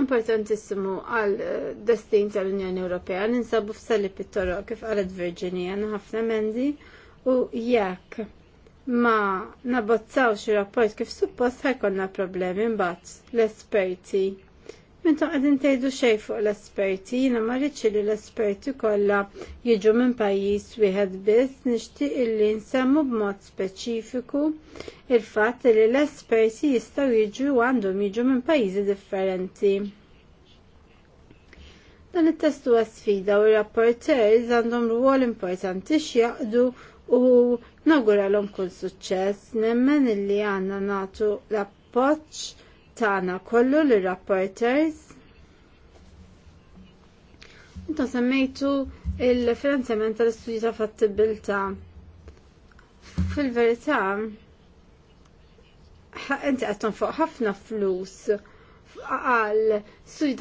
importantissimu għal eh, destin tal-Unjoni Ewropea ninsabu f'salib it-toro kif qalet Virginia ħafna mendi u jekk ma nabbozzawx ir-rapport kif suppost ħajkonna problemi mbagħad l-esperti Meta qegħdin tgħidu xejn fuq l-esperti, jina ma li l-esperti kollha jiġu minn pajjiż wieħed biss, nixtieq illi nsemmu b'mod speċifiku il-fatt li l-esperti jistgħu jiġu għandhom jiġu minn pajjiżi differenti. Dan it testu sfida u r-rapporters għandhom rwol importanti x'jaqdu u nawguralhom kull suċċess nemmen illi għandna nagħtu l-appoġġ tagħna kollu lir rapporters Unta semmejtu il-finanzjament tal-istudju ta' fattibilità. Fil-verità, inti qed fuq ħafna flus għal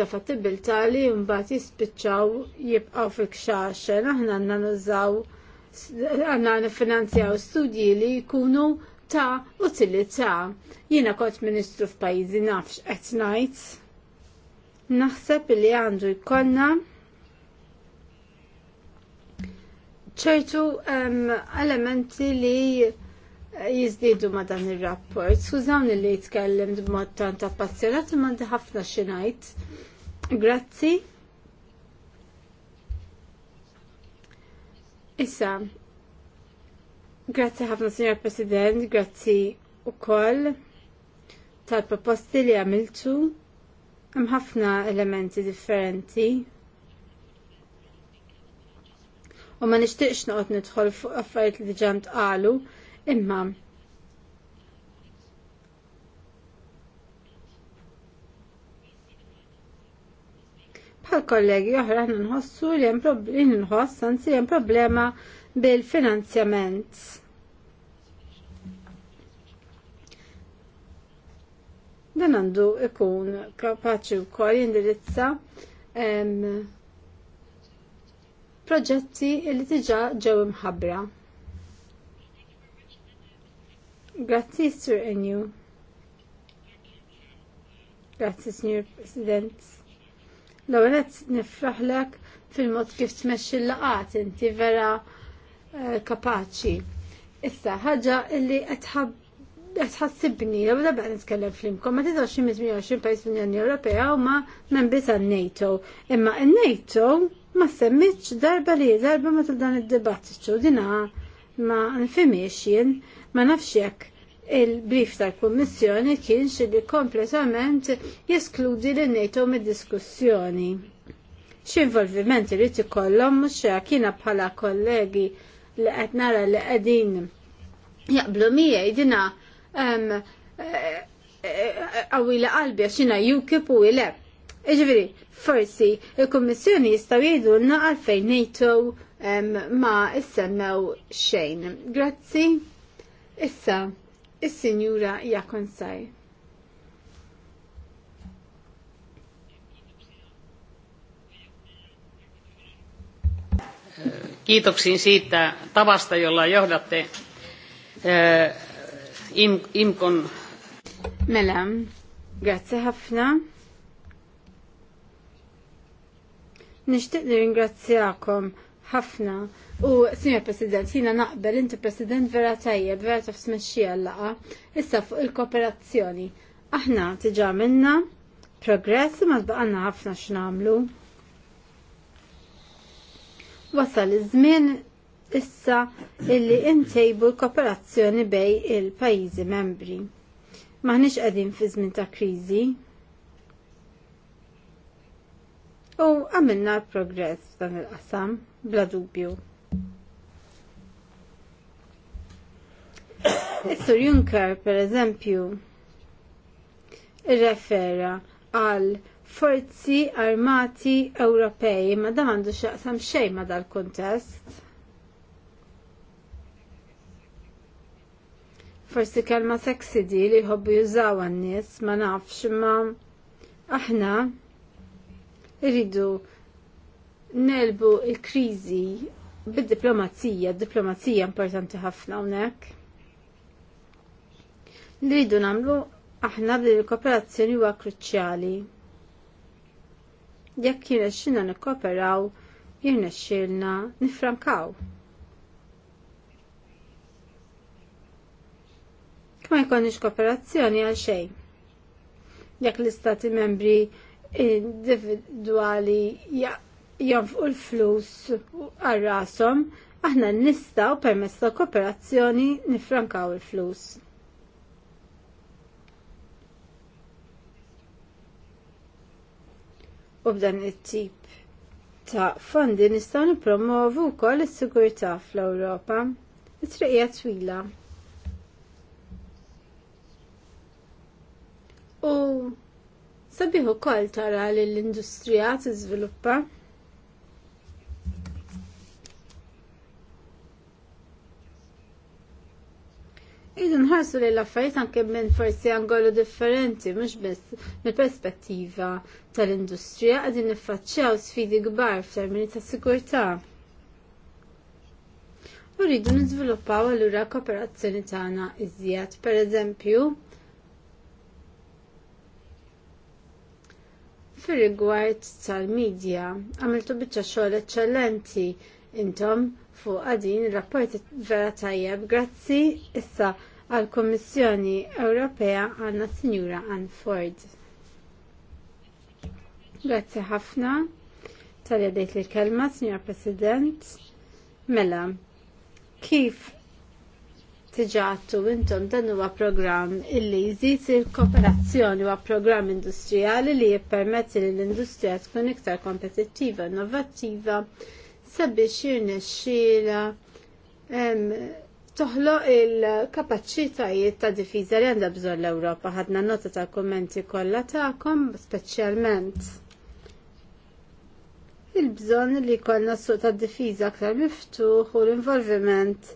ta' fattibilta li mbagħad jispiċċaw jibqgħu fil-kxaxen, aħna għandna nużaw għandna finanzjaw studji li jkunu ta' utilità. Jiena kont ministru f'pajjiżi nafx qed ngħid. Naħseb li għandu jkollna ċertu elementi li jizdidu ma dan il-rapport. Skużawni li jitkellem b'mod tant appazzjonat imma għandi ħafna xinajt. Grazzi. Issa, Grazzi ħafna, Signor President, grazzi u koll tal-proposti li għamiltu. Hemm ħafna elementi differenti. U ma nixtieqx noqgħod nidħol fuq affarijiet li diġà ntqalu, imma bħal kollegi oħra nħossu li hemm problema, nħoss anzi hemm problema bil-finanzjament. Dan għandu ikun kapaċi wkoll jindirizza proġetti li diġà ġew imħabbra. Grazzi, Sir Enju. Grazzi, Sir President. L-għonet nifraħlek fil-mod kif tmexxi l-laqat, inti vera Eh, kapaċi. Issa, ħaġa illi għetħassibni, jew la baqra nitkellem flimkom, ma tidax xi pajis fl-Unjoni Ewropea u ma membri tan-NATO. Imma n-NATO ma semmitx darba li darba ma dan id-dibattiċu dina ma nfimiex jien ma nafxek il-brief tal-Kommissjoni kienx li kompletament jeskludi li NATO mid-diskussjoni. X'involviment irid ikollhom mhux kiena bħala kollegi li qed nara li qegħdin jaqblu miegħi dina eh, qawwila qalbi għax jiena UKIP u ilep. forsi il kummissjoni jistgħu jgħidu lna għalfejn NATO ma issemmew xejn. Grazzi. Issa, is-Sinjura Jakonsaj. kiitoksiin siitä tavasta, jolla johdatte im, IMKon. Melam, grazie ħafna. Nishtiq li ringrazzjakom ħafna. U, Signor President, jina naqbel, inti President vera tajjeb, vera taf smesċija laqa, issa fuq il-kooperazzjoni. Aħna tiġa minna, progress, ma tbaqanna ħafna x'namlu. Wasal iż-żmien issa illi intejbu l-kooperazzjoni bej il-pajjiżi membri. Maħniex qegħdin fi żmien ta' kriżi. U għamilna progress f'dan il-qasam bla dubju. Is-Sur Juncker, per eżempju, irrefera għal forzi armati Ewropej, ma dan għandu xaqsam xejn ma dal-kuntest. Forsi kelma sexy di li jħobbu jużaw għan-nies, ma nafx, ma aħna rridu nelbu il-kriżi bid-diplomazija, diplomazija importanti ħafna hawnhekk. Nridu nagħmlu aħna li l-kooperazzjoni huwa kruċjali jekk jirnexxilna nikkoperaw, jirnexxilna nifrankaw. Kma jkollniex kooperazzjoni għal xejn. Jekk l-istati membri individwali jonfqu l-flus għal rashom, aħna nistaw permezz ta' kooperazzjoni nifrankaw il-flus. U b'dan it-tip ta' fondi nistgħu nippromovu wkoll is-sigurtà fl-Ewropa. It-triqija twila. U sabiħu wkoll tara li l-industrija tiżviluppa. nħarsu li l-affarijiet anke minn forsi angolu differenti, mhux biss mill-perspettiva tal-industrija qegħdin niffaċċjaw sfidi kbar f'termini ta' sigurtà. U rridu niżviluppaw allura kooperazzjoni tagħna iżjed, pereżempju, fir rigward tal-medja għamiltu biċċa xogħol eċċellenti intom fuq għadin rapporti vera tajjeb grazzi issa għal Kommissjoni Ewropea għanna Sinjura Ann Ford. Grazzi ħafna tal dejt li kelma, Sinjura President. Mela, kif tiġatu intom dan huwa programm illi jżid il-kooperazzjoni huwa programm industrijali li jippermetti li l-industrija tkun iktar kompetittiva, innovattiva sabiex jirnexxila toħloq il-kapaċitajiet ta' difiża li għandha bżonn l-Ewropa. Ħadna nota ta' kummenti kollha tagħkom speċjalment il-bżonn li jkollna suq ta' difiża aktar miftuħ u l-involviment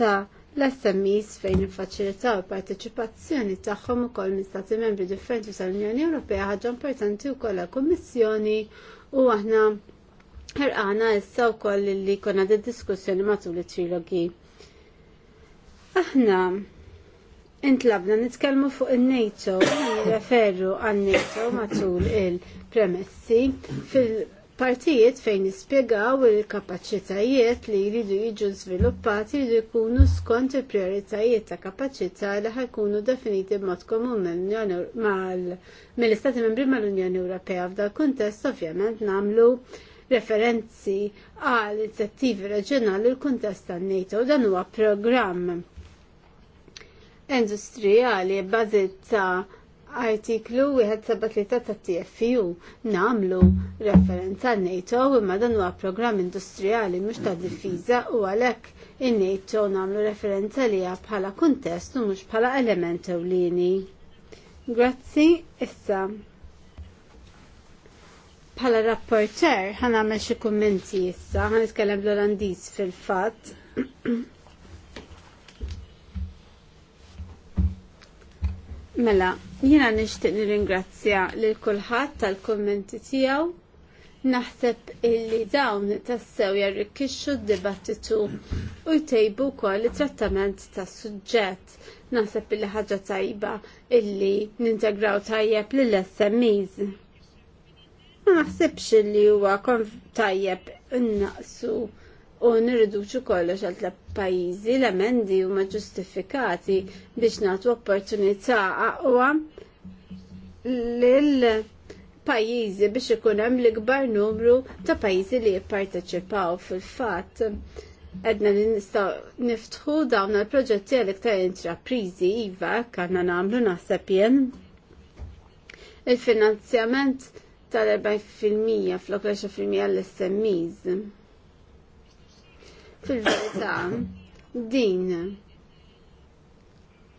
ta' l-SMEs fejn infaċilitaw il-partiċipazzjoni tagħhom ukoll minn stati membri differenti tal-Unjoni Ewropea ħaġa importanti wkoll għall-Kummissjoni u aħna ħerqana issa wkoll li konna diskussjoni matul it-trilogi Aħna intlabna nitkellmu fuq il-NATO, referru għal-NATO matul il-premessi fil-partijiet fejn nispjegaw il-kapacitajiet li jridu jiġu sviluppati li jkunu skont il-prioritajiet ta' kapacità li ħajkunu definiti b'mod komun mill-Istati Membri mal-Unjoni Ewropea f'dal kuntest ovvjament namlu referenzi għal inizjattivi reġjonali l-kuntest tan-NATO dan huwa programm industrijali bażi ta' artiklu 173 ta' TFU namlu referenza NATO imma dan huwa programm industrijali mhux ta' difiża u għalhekk in-NATO namlu referenza liha bħala kuntest u mhux bħala element ewlieni. Grazzi, issa bħala rapporter ħan għamel xi kummenti issa, ħan l bl-Olandiż fil-fatt. Mela, jiena nixtieq nirringrazzja lil kulħadd tal-kummenti tiegħu. Naħseb illi dawn tassew jarrikkixxu d-dibattitu u jtejbu wkoll it-trattament tas-suġġett. Naħseb illi ħaġa tajba illi nintegraw tajjeb lill-SMEs. Ma naħsebx illi huwa tajjeb innaqsu u nirriduċu kollox għal tla pajjiżi l-emendi huma ġustifikati biex nagħtu opportunità aqwa lil pajjiżi biex ikun hemm l-ikbar numru ta' pajjiżi li jipparteċipaw fil fat edna li nistaw niftħu dawn il-proġetti għal-iktar intraprizi IVA kanna namlu naħseb jen. Il-finanzjament tal-40% fl 10% l-SMEs fil-verità din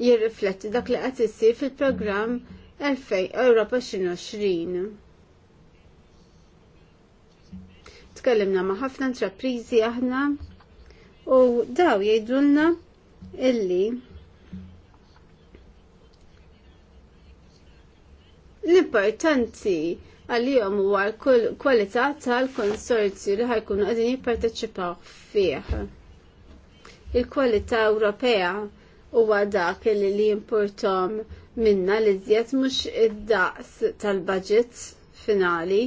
jirrifletti dak li qed issir fil-programm Ewropa Europa 2020. Tkellimna ma' ħafna intrapriżi aħna u daw jgħidulna illi l-importanti għal-jom huwa l-kwalità tal-konsorzju li ħajkunu għadin jipparteċipaw fih. Il-kwalità Ewropea huwa dak li li importom minna li żjed mhux id-daqs tal-budget finali.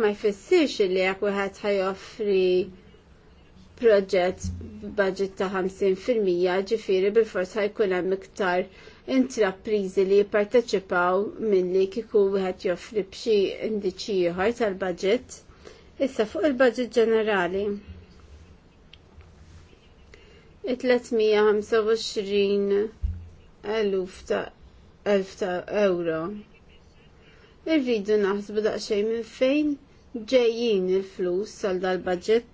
Ma jfissirx li jekk wieħed ħajoffri proġett budget ta' 50% ġifiri bil fors jkun hemm iktar intraprizi li jipparteċipaw milli kieku wieħed joffri b'xi indiċi ieħor tal-budget. Issa fuq il-budget ġenerali. I-325 eluf ta' elf ta' euro. Irridu naħsbu daqsxejn minn fejn ġejjin il-flus sal dal-budget.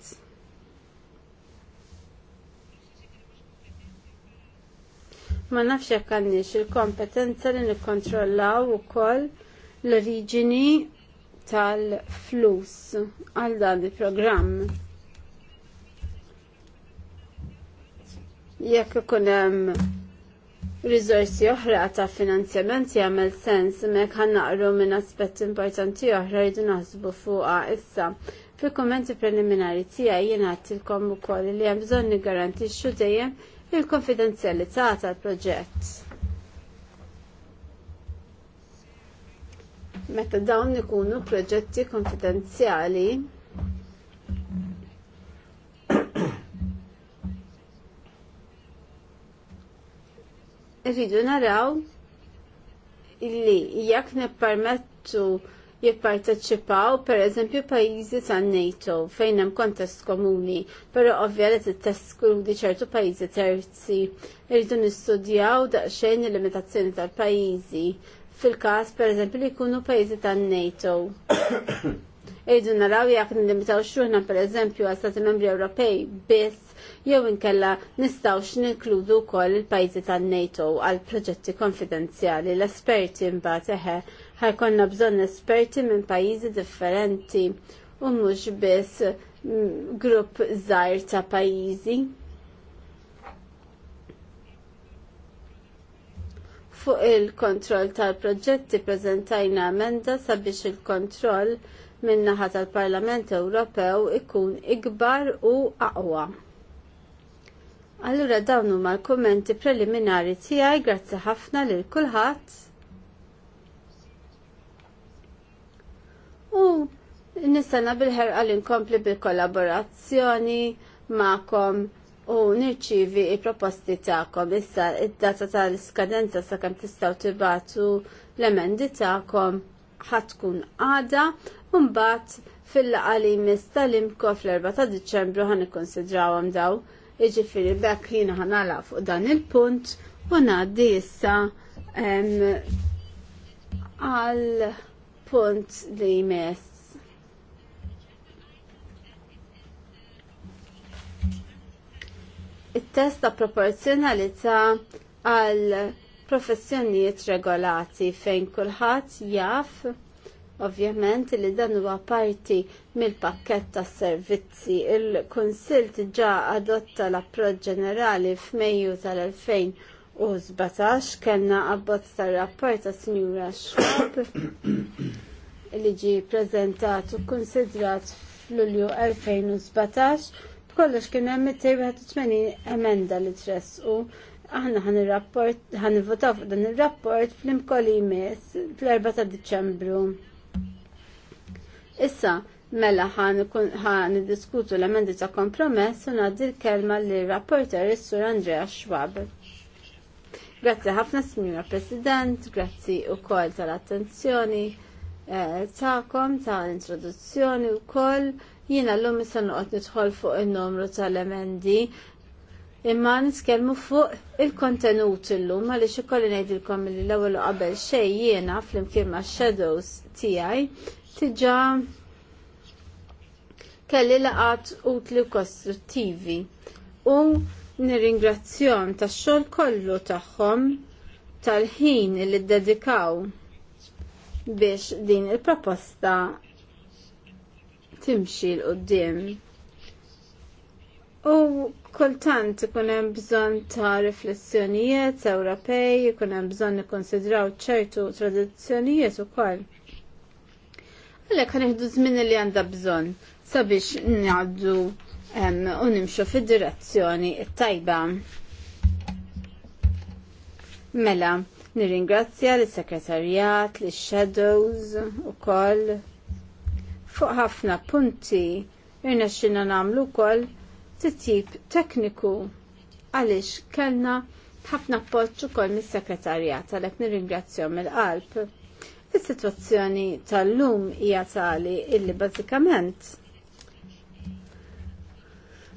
ma nafx jekk għandniex il-kompetenza li nikkontrollaw ukoll l-oriġini tal-flus għal dan il-programm. Jekk ikun hemm riżorsi oħra ta' finanzjament jagħmel sens mek ħan naqru minn aspett importanti oħra jridu naħsbu fuqha issa. Fil-kummenti preliminari tiegħi jien ukoll li hemm bżonn niggarantixxu dejjem il-konfidenzjalità tal-proġett. Meta dawn ikunu proġetti konfidenzjali, rridu naraw illi jekk nippermettu jipparteċipaw per eżempju pajjiżi tan-NATO fejn hemm kontest komuni, però ovvja li titeskludi ċertu pajjiżi terzi. Irridu nistudjaw daqsxejn il-limitazzjoni tal-pajjiżi fil-każ pereżempju li jkunu pajjiżi tan-NATO. Irridu naraw jekk nilimitaw xruħna pereżempju għal Stati Membri Ewropej biss jew inkella nistgħux ninkludu wkoll il-pajjiżi tan-NATO għal proġetti konfidenzjali l-esperti mbagħad eħe ħajkonna bżonn esperti minn pajjiżi differenti u mhux biss mm, grupp żgħir ta' pajjiżi. Fuq il-kontroll tal-proġetti prezentajna emenda sabiex il-kontroll min-naħa tal-Parlament Ewropew ikun ikbar u aqwa. Allura dawn huma l-kummenti preliminari tiegħi grazzi ħafna lil kulħadd. u nista'na bil-ħerqa inkompli bil-kollaborazzjoni ma'kom u nirċivi i-proposti ta'kom issa id-data tal-skadenza sa' kem tistaw tibatu l-emendi ta'kom ħatkun għada un bat fil għali mistalimko fl-4 ta' Diċembru ħan ikkonsidrawhom daw. Iġifiri bekk jina ħanala fuq dan il-punt u ngħaddi issa għal punt li jmiss. it-test ta' proporzjonalità għal professjonijiet regolati fejn kulħadd jaf ovvjament li dan huwa parti mill-pakkett tas servizzi. Il-Kunsill diġà adotta l-approċċ ġenerali f'Mejju tal-2000 u zbatax kellna għabbat tar-rapport ta' Sinjura Schwab li ġi prezentat u konsidrat f'Lulju 2017 b'kollox kien hemm 280 emenda li tressqu aħna ħan il-rapport, ħan votaw fuq dan il-rapport fl-imkoli jmiss fl-4 ta' Diċembru. Issa, mela ħan diskutu l-emendi ta' kompromess u ngħaddi l-kelma li rapporter is-sur Andrea Schwab. Grazzi ħafna Signora President, grazzi u koll tal-attenzjoni eh, ta'kom, tal-introduzzjoni u koll. Jina l-lum uqt nidħol fuq il-numru tal-emendi imma niskelmu fuq il-kontenut ma għaliex ikolli ngħidilkom li l-ewwel qabel xejn jiena flimkien ma' shadows tiegħi tiġa kelli laqat utli u kostruttivi u nirringrazzjom tax-xogħol kollu tagħhom tal-ħin li ddedikaw biex din il-proposta timxi l qudiem U kultant ikun hemm bżonn ta' riflessjonijiet Ewropej, ikun hemm bżonn nikkonsidraw ċertu tradizzjonijiet ukoll. Għalhekk ħanieħdu żmien li għandha bżonn sabiex ngħaddu u nimxu fid-direzzjoni tajba. Mela, nirringrazzja l sekretarjat l shadows u koll fuq ħafna punti irna xina namlu koll t-tip tekniku għalix kellna ħafna appoġġ ukoll mis-sekretarjat għalek nirringrazzja mill-qalb. il sitwazzjoni tal-lum hija tali illi bażikament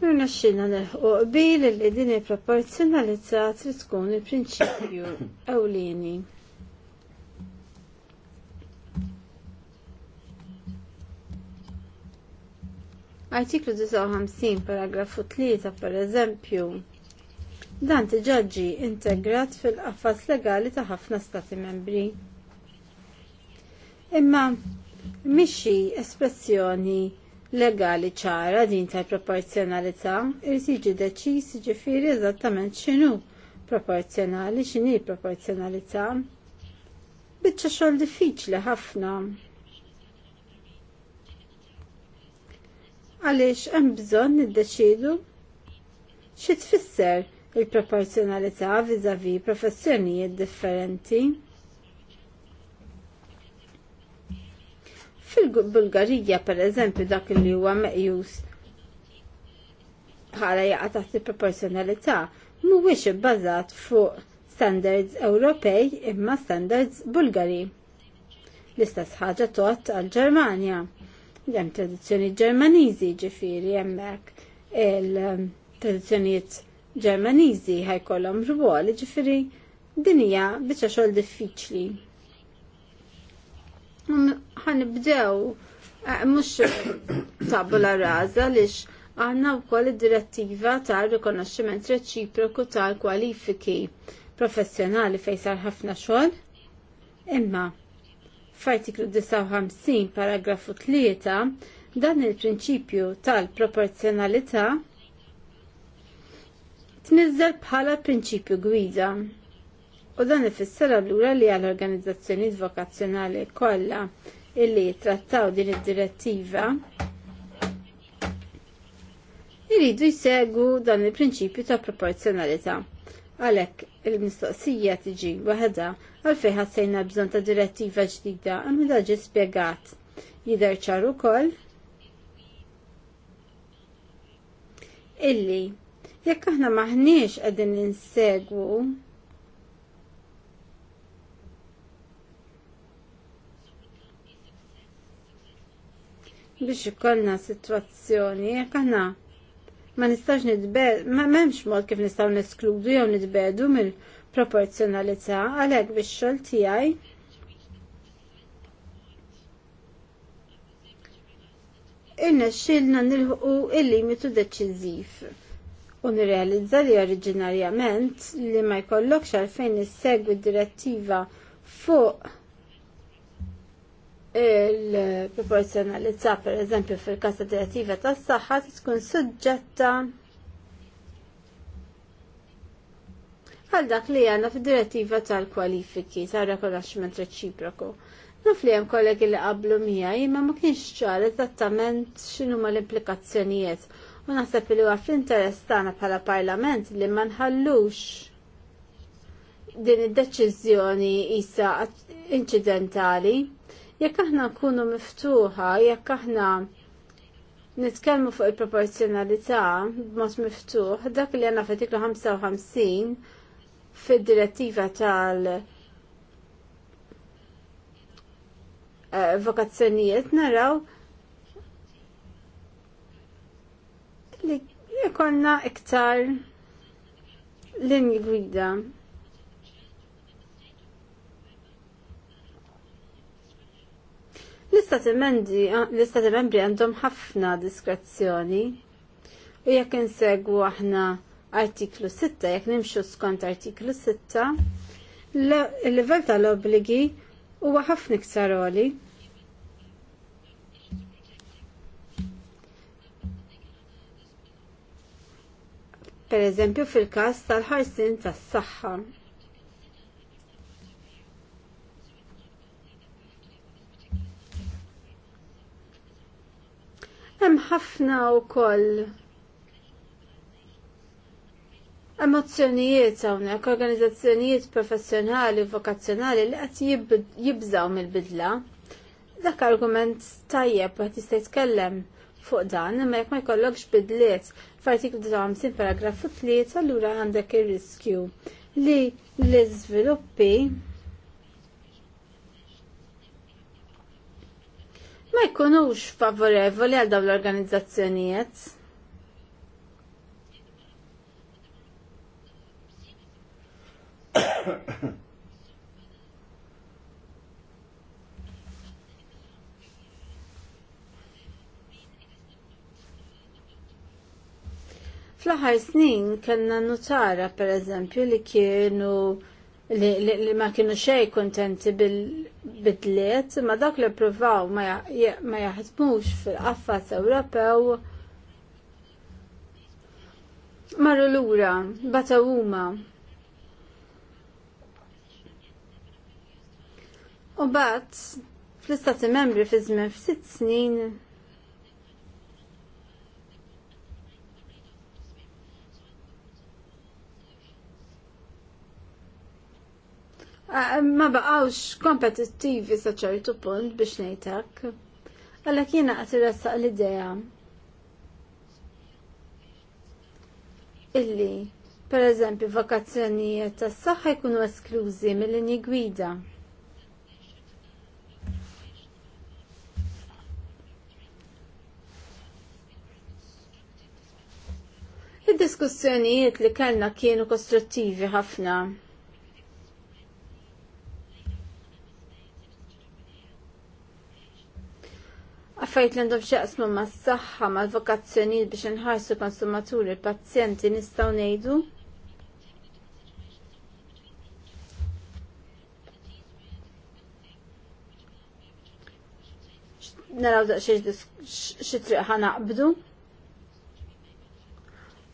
Rnaxxina neħu qbil li din il-proporzjonalità trid tkun il-prinċipju ewlieni. Artiklu 59 paragrafu 3 per eżempju dan tiġaġġi integrat fil-qafas legali ta' ħafna stati membri. Imma mixi espressjoni legali ċara din tal proporzjonalità irsiġi jiġi deċiż ġifieri eżattament x'inhu proporzjonali, x'inhi proporzjonalità. Biċċa xogħol diffiċli ħafna. Għaliex hemm bżonn niddeċidu xi tfisser il-proporzjonalità viżavi professjonijiet differenti. Fil-Bulgarija, per eżempju, dak li huwa meqjus bħala jaqa' taħt il-proporzjonalità mhuwiex ibbażat fuq standards Ewropej imma standards Bulgari. L-istess ħaġa tot għal-Ġermanja. Hemm tradizzjoni Ġermaniżi ġifieri hemmhekk il-tradizzjonijiet Ġermaniżi ħajkollhom rwol ġifieri din hija biċċa xogħol diffiċli ħanibdew eh, mhux tabula raza lix għandna wkoll id-direttiva tal rikonoxximent reċiproku tal-kwalifiki professjonali fejn sar ħafna xogħol. Imma f'artiklu 59 paragrafu 3 dan il-prinċipju tal-proporzjonalità tnizzel bħala prinċipju gwida. U dan ifisser allura li għall organizzazzjonijiet vokazzjonali kollha illi trattaw din id-direttiva jridu jsegu dan il-prinċipju ta' proporzjonalità. Għalhekk il-mistoqsija tiġi waħda għalfejn ħassejna bżonn ta' direttiva ġdida imma da ġi spjegat jidher ċar ukoll illi jekk aħna maħniex qegħdin insegwu biex ikollna situazzjoni jekk aħna ma nistax nitbed, ma memx mod kif nistaw neskludu jew nitbedu mill-proporzjonalità għalhekk biex xogħol tiegħi Inna xilna nilħu il-limitu deċiżiv u nirrealizza li oriġinarjament li ma jkollokx għalfejn issegwi direttiva fuq il-proporzjonalità per eżempju fil kasa direttiva tas saħħa tkun suġġetta għal dak li għanna fil-direttiva tal-kwalifiki tal-rekonaxximent reċiproku. Naf li hemm kollegi li qablu mija imma ma kienx ċar eżattament x'inhuma l-implikazzjonijiet u naħseb li għaf fl-interess tagħna bħala parlament li ma nħallux din id-deċiżjoni issa inċidentali. Jekk aħna nkunu miftuħa, jekk aħna nitkellmu fuq il-proporzjonalità b'mod miftuħ, dak li għandna f'artiklu 55 fid-direttiva tal eh, vokazzjonijiet naraw li jkollna iktar linji gwida L-istati membri għandhom ħafna diskrezzjoni u jekk insegwu aħna artiklu 6, jekk nimxu skont artiklu 6, il-livell tal-obligi huwa ħafna iktar oli. Per eżempju fil-każ tal-ħarsin tas-saħħa. Hemm ħafna wkoll Emozzjonijiet hawnhekk organizzazzjonijiet professjonali u vokazzjonali li qed jibżaw mill-bidla. Dak argument tajjeb qed jista' jitkellem fuq dan, imma jekk ma jkollokx bidliet f'artiklu ta' paragraf paragrafu 3 allura għandek ir-riskju li l-iżviluppi ma jkunux favorevoli għal dawn l-organizzazzjonijiet. Fl-aħħar snin kellna nutara per eżempju li kienu li ma kienu xej kontenti bil-bidliet, ma dak li provaw ma jaħdmux fil-qaffat Ewropew marru lura, bata huma. U bat, fl-istati membri fi żmien ftit snin ma baqawx kompetittivi sa ċertu punt biex nejtek. Għalla kiena għat irressaq l-ideja illi, per eżempju, vakazzjonijiet tas saħħa jkunu esklużi mill-linji gwida. Id-diskussjonijiet li kellna kienu kostruttivi ħafna. affarijiet li għandhom x'jaqsmu mas-saħħa mal-vokazzjonijiet biex inħarsu konsumaturi l-pazjenti nistgħu ngħidu? Naraw da xi triq ħanaqbdu.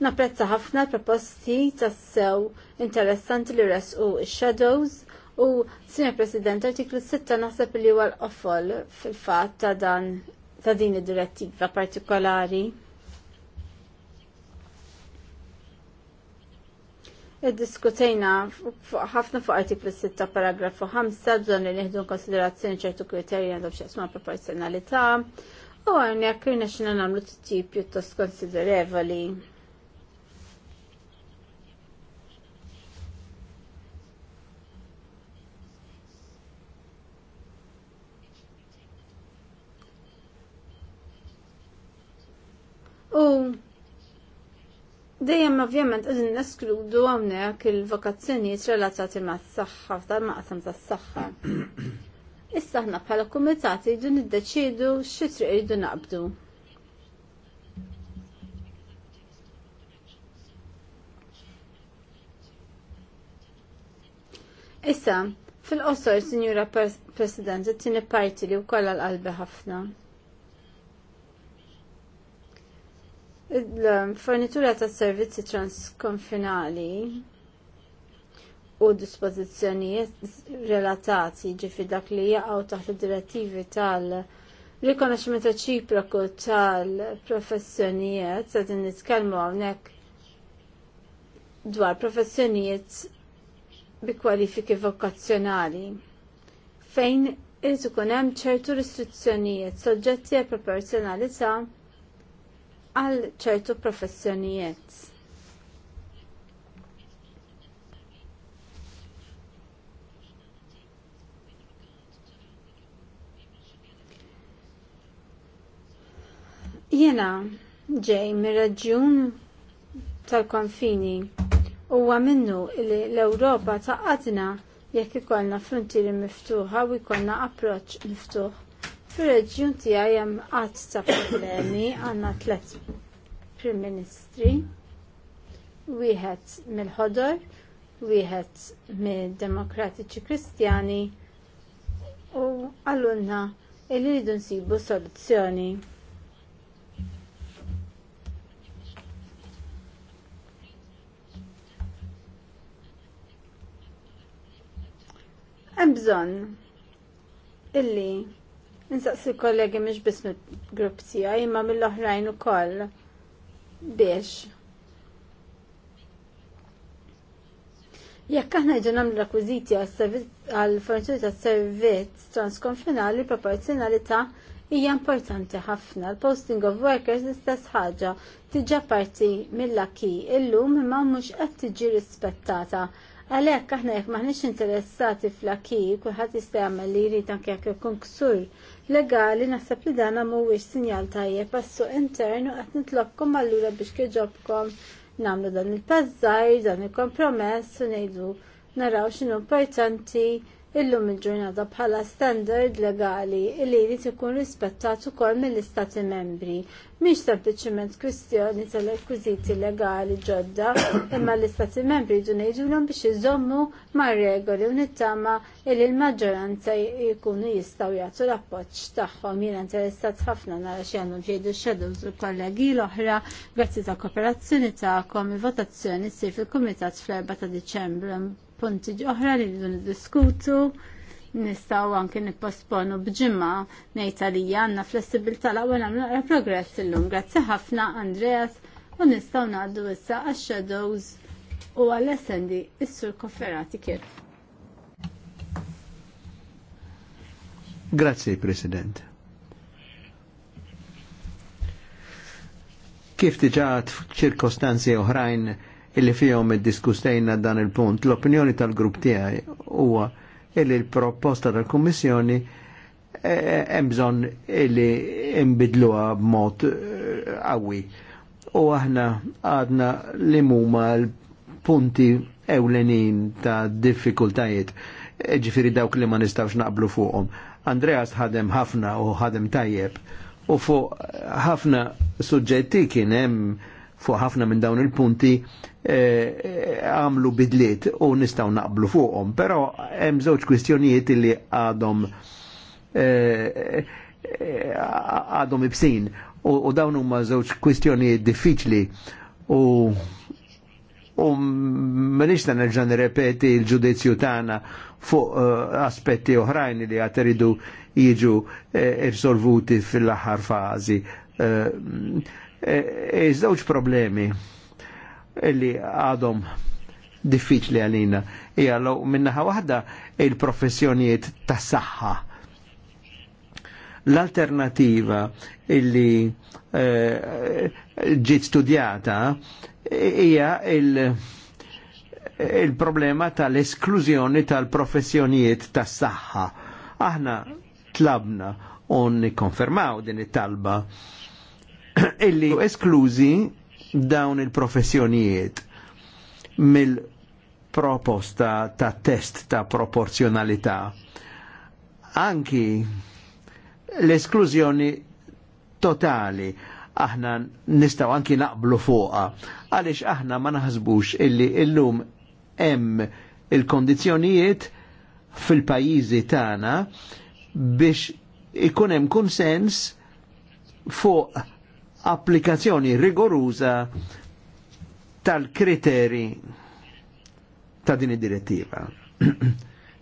Napprezza ħafna proposti tassew sew interessanti li res ix-shadows u Sinja President, artiklu 6 naħseb li huwa l-qofol fil-fatt ta' dan ta' din id-direttiva partikolari. Id-diskutejna ħafna fuq artiklu 6 paragrafu 5 bżon li nieħdu konsiderazzjoni ċertu kriterji għandhom x'jaqsma proporzjonalità u għarnek rina xina namlu t-tip juttos konsiderevoli. U dejjem ovvjament qegħdin neskludu hawnhekk il-vokazzjonijiet relatati mas-saħħa ta' maqsam tas-saħħa. Issa aħna bħala kumitat jridu niddeċiedu xi triq jridu naqbdu. Issa, fil-qosor, Sinjura President, it-tieni parti li wkoll għall qalbi ħafna. il-fornitura ta' servizzi transkonfinali u dispożizzjonijiet relatati ġifi dak li jaqgħu taħt id-direttivi tal- rikonoxximent reċiproku tal-professjonijiet, sa' din nitkellmu hawnhekk dwar professjonijiet bi kwalifiki vokazzjonali fejn irid ikun hemm ċertu restrizzjonijiet soġġetti għal proporzjonalità' għal ċertu professjonijiet. Jena ġej mir reġjun tal-konfini huwa minnu li l-Ewropa taqadna jekk ikollna frontieri miftuħa u jkollna approċċ miftuħ fil reġjun tiegħi hemm qatt ta' problemi għandna tliet Prim Ministri, wieħed mill-ħodor, wieħed mid-Demokratiċi Kristjani u għallunna li rridu nsibu soluzzjoni. Hemm bżonn illi Nisaqsi kollegi mhux biss mill-grupp tija, imma mill-oħrajn ukoll biex. Jekk aħna ġu nagħmlu rakwiziti għal fornitur ta' servizz transkonfinali proporzjonalità hija importanti ħafna. L-posting of workers l-istess ħaġa tiġa parti mill-laki illum imma mhux qed tiġi rispettata Għalhekk aħna jekk maħniex interessati fl-aki, kulħadd jista' jagħmel li jrid anke jekk ikun ksur legali naħseb li dan mhuwiex sinjal tajjeb għas-suq intern qed nitlobkom allura biex kieġobkom nagħmlu dan il pazzaj dan il-kompromess u ngħidu naraw x'inhu importanti illum il-ġurnata bħala standard legali li jrid ikun rispettat ukoll mill-Istati membri. Mhix sempliċement kwistjoni tal-rekwiżiti legali ġodda, imma l-Istati membri jdu ngħidulhom biex iżommu mar-regoli u nittama li l-maġġoranza jkunu jistgħu jagħtu l-appoġġ tagħhom. Jiena interessat ħafna nara xi għandhom xejdu x-shadows u kollegi l-oħra grazzi ta' kooperazzjoni tagħkom il-votazzjoni ssir fil-Kumitat fl-4 ta' Diċembru punti oħra li rridu niddiskutu nistgħu anke nipposponu bġimma ngħid għalija għandna flessibilità l-ewwel nagħmlu progress illum. Grazzi ħafna Andreas u nistgħu ngħaddu issa għax-shadows u għall-essendi issur kofferati kif. Grazzi, President. Kif tiġat f'ċirkostanzi oħrajn illi fihom id-diskustejna dan il-punt. L-opinjoni tal-grupp tiegħi huwa illi l-proposta tal-Kummissjoni eh, eh, hemm bżonn illi imbidluha b'mod eh, qawwi. U aħna għadna li huma l-punti ewlenin ta' diffikultajiet ġifiri dawk li ma nistawx naqblu fuqhom. Andreas ħadem ħafna u ħadem tajjeb u fuq ħafna suġġetti kien hemm fuq ħafna minn dawn il-punti eh, eh, għamlu e, bidliet u nistaw naqblu fuqhom, però hemm żewġ kwistjonijiet li għadhom eh, għadhom e, ibsin u, u dawn huma żewġ kwistjonijiet diffiċli u u m'iniex ta' nerġa' nirrepeti l-ġudizzju tagħna fuq uh, aspetti oħrajn li għad iridu jiġu irsolvuti fil-aħħar fażi. Uh, Iż-żewġ eh, eh, problemi li għadhom diffiċli għalina. Hija law minnaħa wahda il-professjonijiet ta' saħħa L-alternativa illi eh, ġit studjata hija il-problema tal-esklużjoni tal-professjonijiet ta' saħħa Aħna tlabna un nikkonfermaw din it-talba illi esklużi dawn il-professjonijiet mill-proposta ta' test ta' proporzjonalità. Anki l-esklużjoni totali aħna nistaw anki naqblu fuqa għaliex aħna ma naħsbux illi illum hemm il-kondizjonijiet fil-pajjiżi tagħna biex ikun hemm sens fuq applikazzjoni rigoruża tal-kriteri ta' din id-direttiva.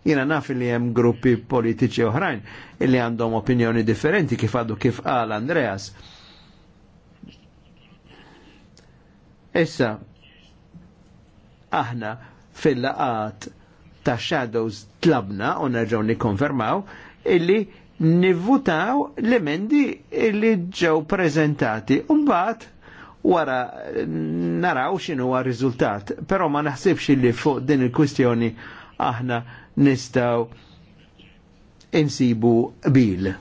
Jena naf li hemm gruppi politiċi oħrajn illi għandhom opinjoni differenti kif għadu kif qal Andreas. Issa, aħna fil-laqat ta' Shadows tlabna u nerġaw nikonfermaw illi nivvutaw l-emendi li ġew prezentati. Umbat, wara naraw xinu għar rizultat, pero ma naħsibx li fuq din il-kwistjoni aħna nistaw insibu bil.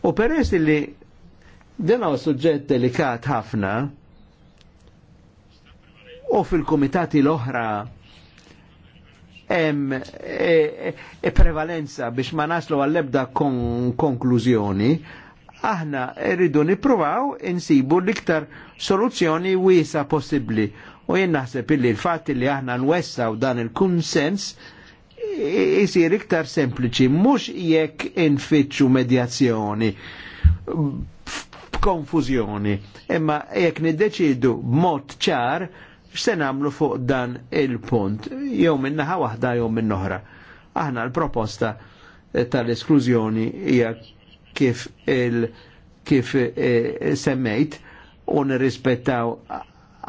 U peress li din għaw suġġett delikat ħafna, u fil-komitati l-oħra hemm e, e, e prevalenza biex ma naslu għall-ebda konklużjoni, aħna rridu nippruvaw insibu l-iktar soluzzjoni wiesa possibbli. U jien naħseb illi l-fatt li aħna nwessaw dan il-kunsens jisir iktar sempliċi, mhux jekk infittxu medjazzjoni konfuzjoni. Imma jekk niddeċidu b'mod ċar x'se nagħmlu fuq dan il-punt, jew minnaħa waħda jew minn oħra. Aħna l-proposta eh, tal-esklużjoni hija kif il kif eh, semmejt u nirrispettaw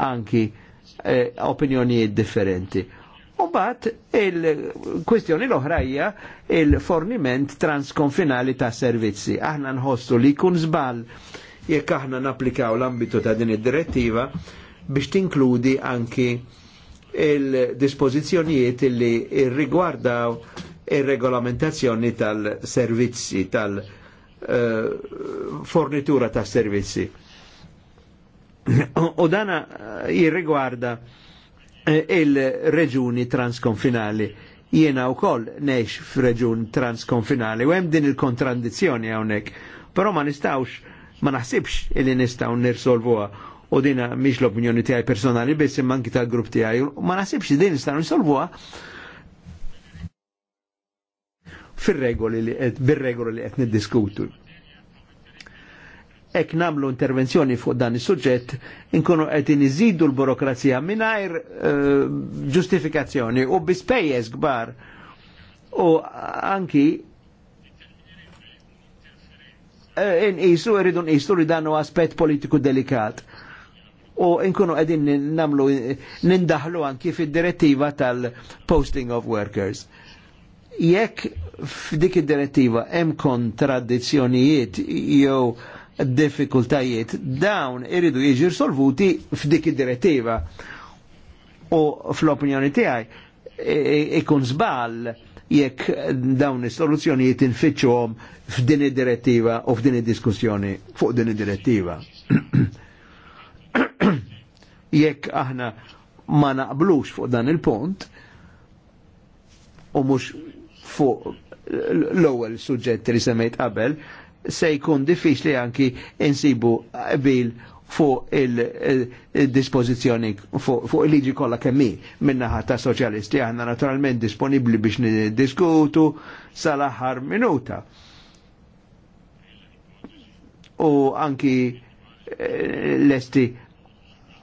anki eh, opinjonijiet differenti. U bat il-kwestjoni l-oħra hija il-forniment transkonfinali ta' servizzi. Aħna nħossu li jkun żball jekk aħna napplikaw l-ambitu ta' din id-direttiva biex tinkludi anki il-dispozizjonijiet li irrigwardaw ir-regolamentazzjoni tal-servizzi, tal-fornitura eh, ta' servizzi. U dana eh, jirrigwarda eh, il-reġuni transkonfinali. Jiena u koll neħx f-reġun transkonfinali u hemm din il-kontradizzjoni hawnhekk. Però ma nistawx, ma naħsibx li nistaw nirsolvuwa u dina miex l-opinjoni tijaj personali biss imma anki tal-grupp tijaj ma naħsibx din nistgħu nsolvuha fil regoli li qed bir-regoli li etni diskutu Ek namlu intervenzjoni fuq dan is-suġġett inkunu qed iniżidu l-burokrazija mingħajr eh, ġustifikazzjoni uh, u bispejjeż kbar u anki eh, inqisu irridu nqisu li dan aspett politiku delikat u nkunu qegħdin namlu nindaħlu anki fid-direttiva tal-posting of workers. Jekk f'dik id-direttiva hemm kontradizzjonijiet jew diffikultajiet dawn iridu jiġi solvuti f'dik id-direttiva. U fl-opinjoni tiegħi e, e, ikun żball jekk dawn is-soluzzjonijiet infittxuhom f'din id-direttiva u f'din id-diskussjoni fuq din id-direttiva. jekk aħna ma naqblux fuq dan il-punt u mhux fuq l-ewwel suġġett li semmejt qabel, se jkun diffiċli anki insibu qbil fuq il-dispozizjoni fuq il-liġi kollha kemm minnaħa ta' soċjalisti aħna naturalment disponibbli biex niddiskutu sal-aħħar minuta. U anki lesti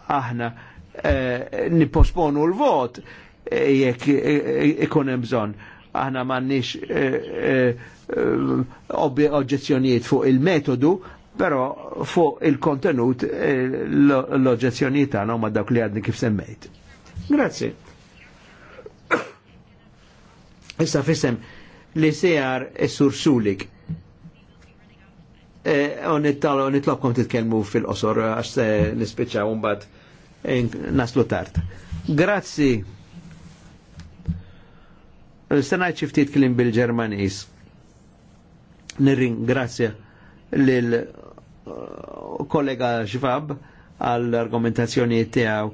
aħna eh, niposponu l-vot eh, jekk eh, ikun hemm bżonn. Aħna m'għandniex oġġezzjonijiet fuq il-metodu, però fuq il-kontenut l-oġġezzjonijiet tagħna ma dawk li għadni kif semmejt. Grazzi. Issa fissem li sejar is-sursulik. Eh, nitlobkom titkellmu fil-qosor għax nispiċċa umbat eh, naslu tard. Grazzi. Eh, Senajt ċiftit klim bil-Ġermanis. Nirringrazzja lil kollega ġvab għall-argumentazzjoni tijaw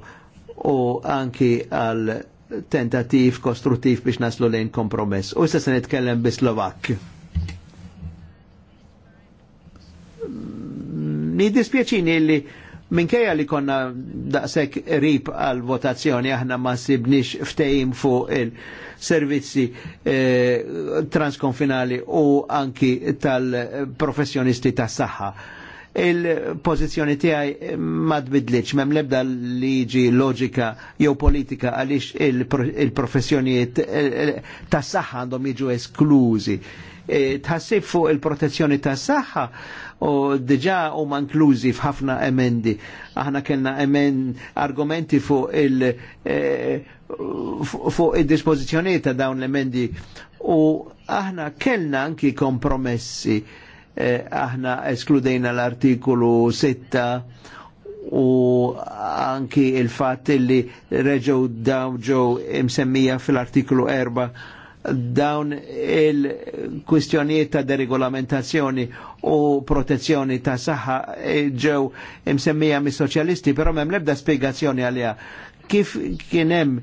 u anki għal tentativ kostruttiv biex naslu lejn kompromess. U issa se nitkellem bi Slovak. Mi dispieċini li minkejja li konna daqsek rib għal votazzjoni aħna ma sibnix ftejim fuq il-servizzi eh, transkonfinali u anki tal-professjonisti tas saħħa il-pozizjoni tiegħi ma tbidlitx m'hemm l-ebda liġi loġika jew politika għaliex il-professjonijiet eh, eh, tas-saħħa għandhom jiġu esklużi. E, tħassib fuq il-protezzjoni ta' saħħa u diġa u manklużi f'ħafna emendi. Aħna kena emend argumenti fuq il- e, fuq il-dispozizjoni ta' dawn l-emendi u aħna kellna anki kompromessi e, aħna eskludejna l-artikolu 6 u anki il-fat li reġew daw ġew imsemmija fil-artiklu 4 dawn il-kwistjonijiet ta' deregolamentazzjoni u protezzjoni ta' saħħa e, ġew imsemmija mis soċjalisti però m'hemm l-ebda spjegazzjoni għaliha. Kif kien hemm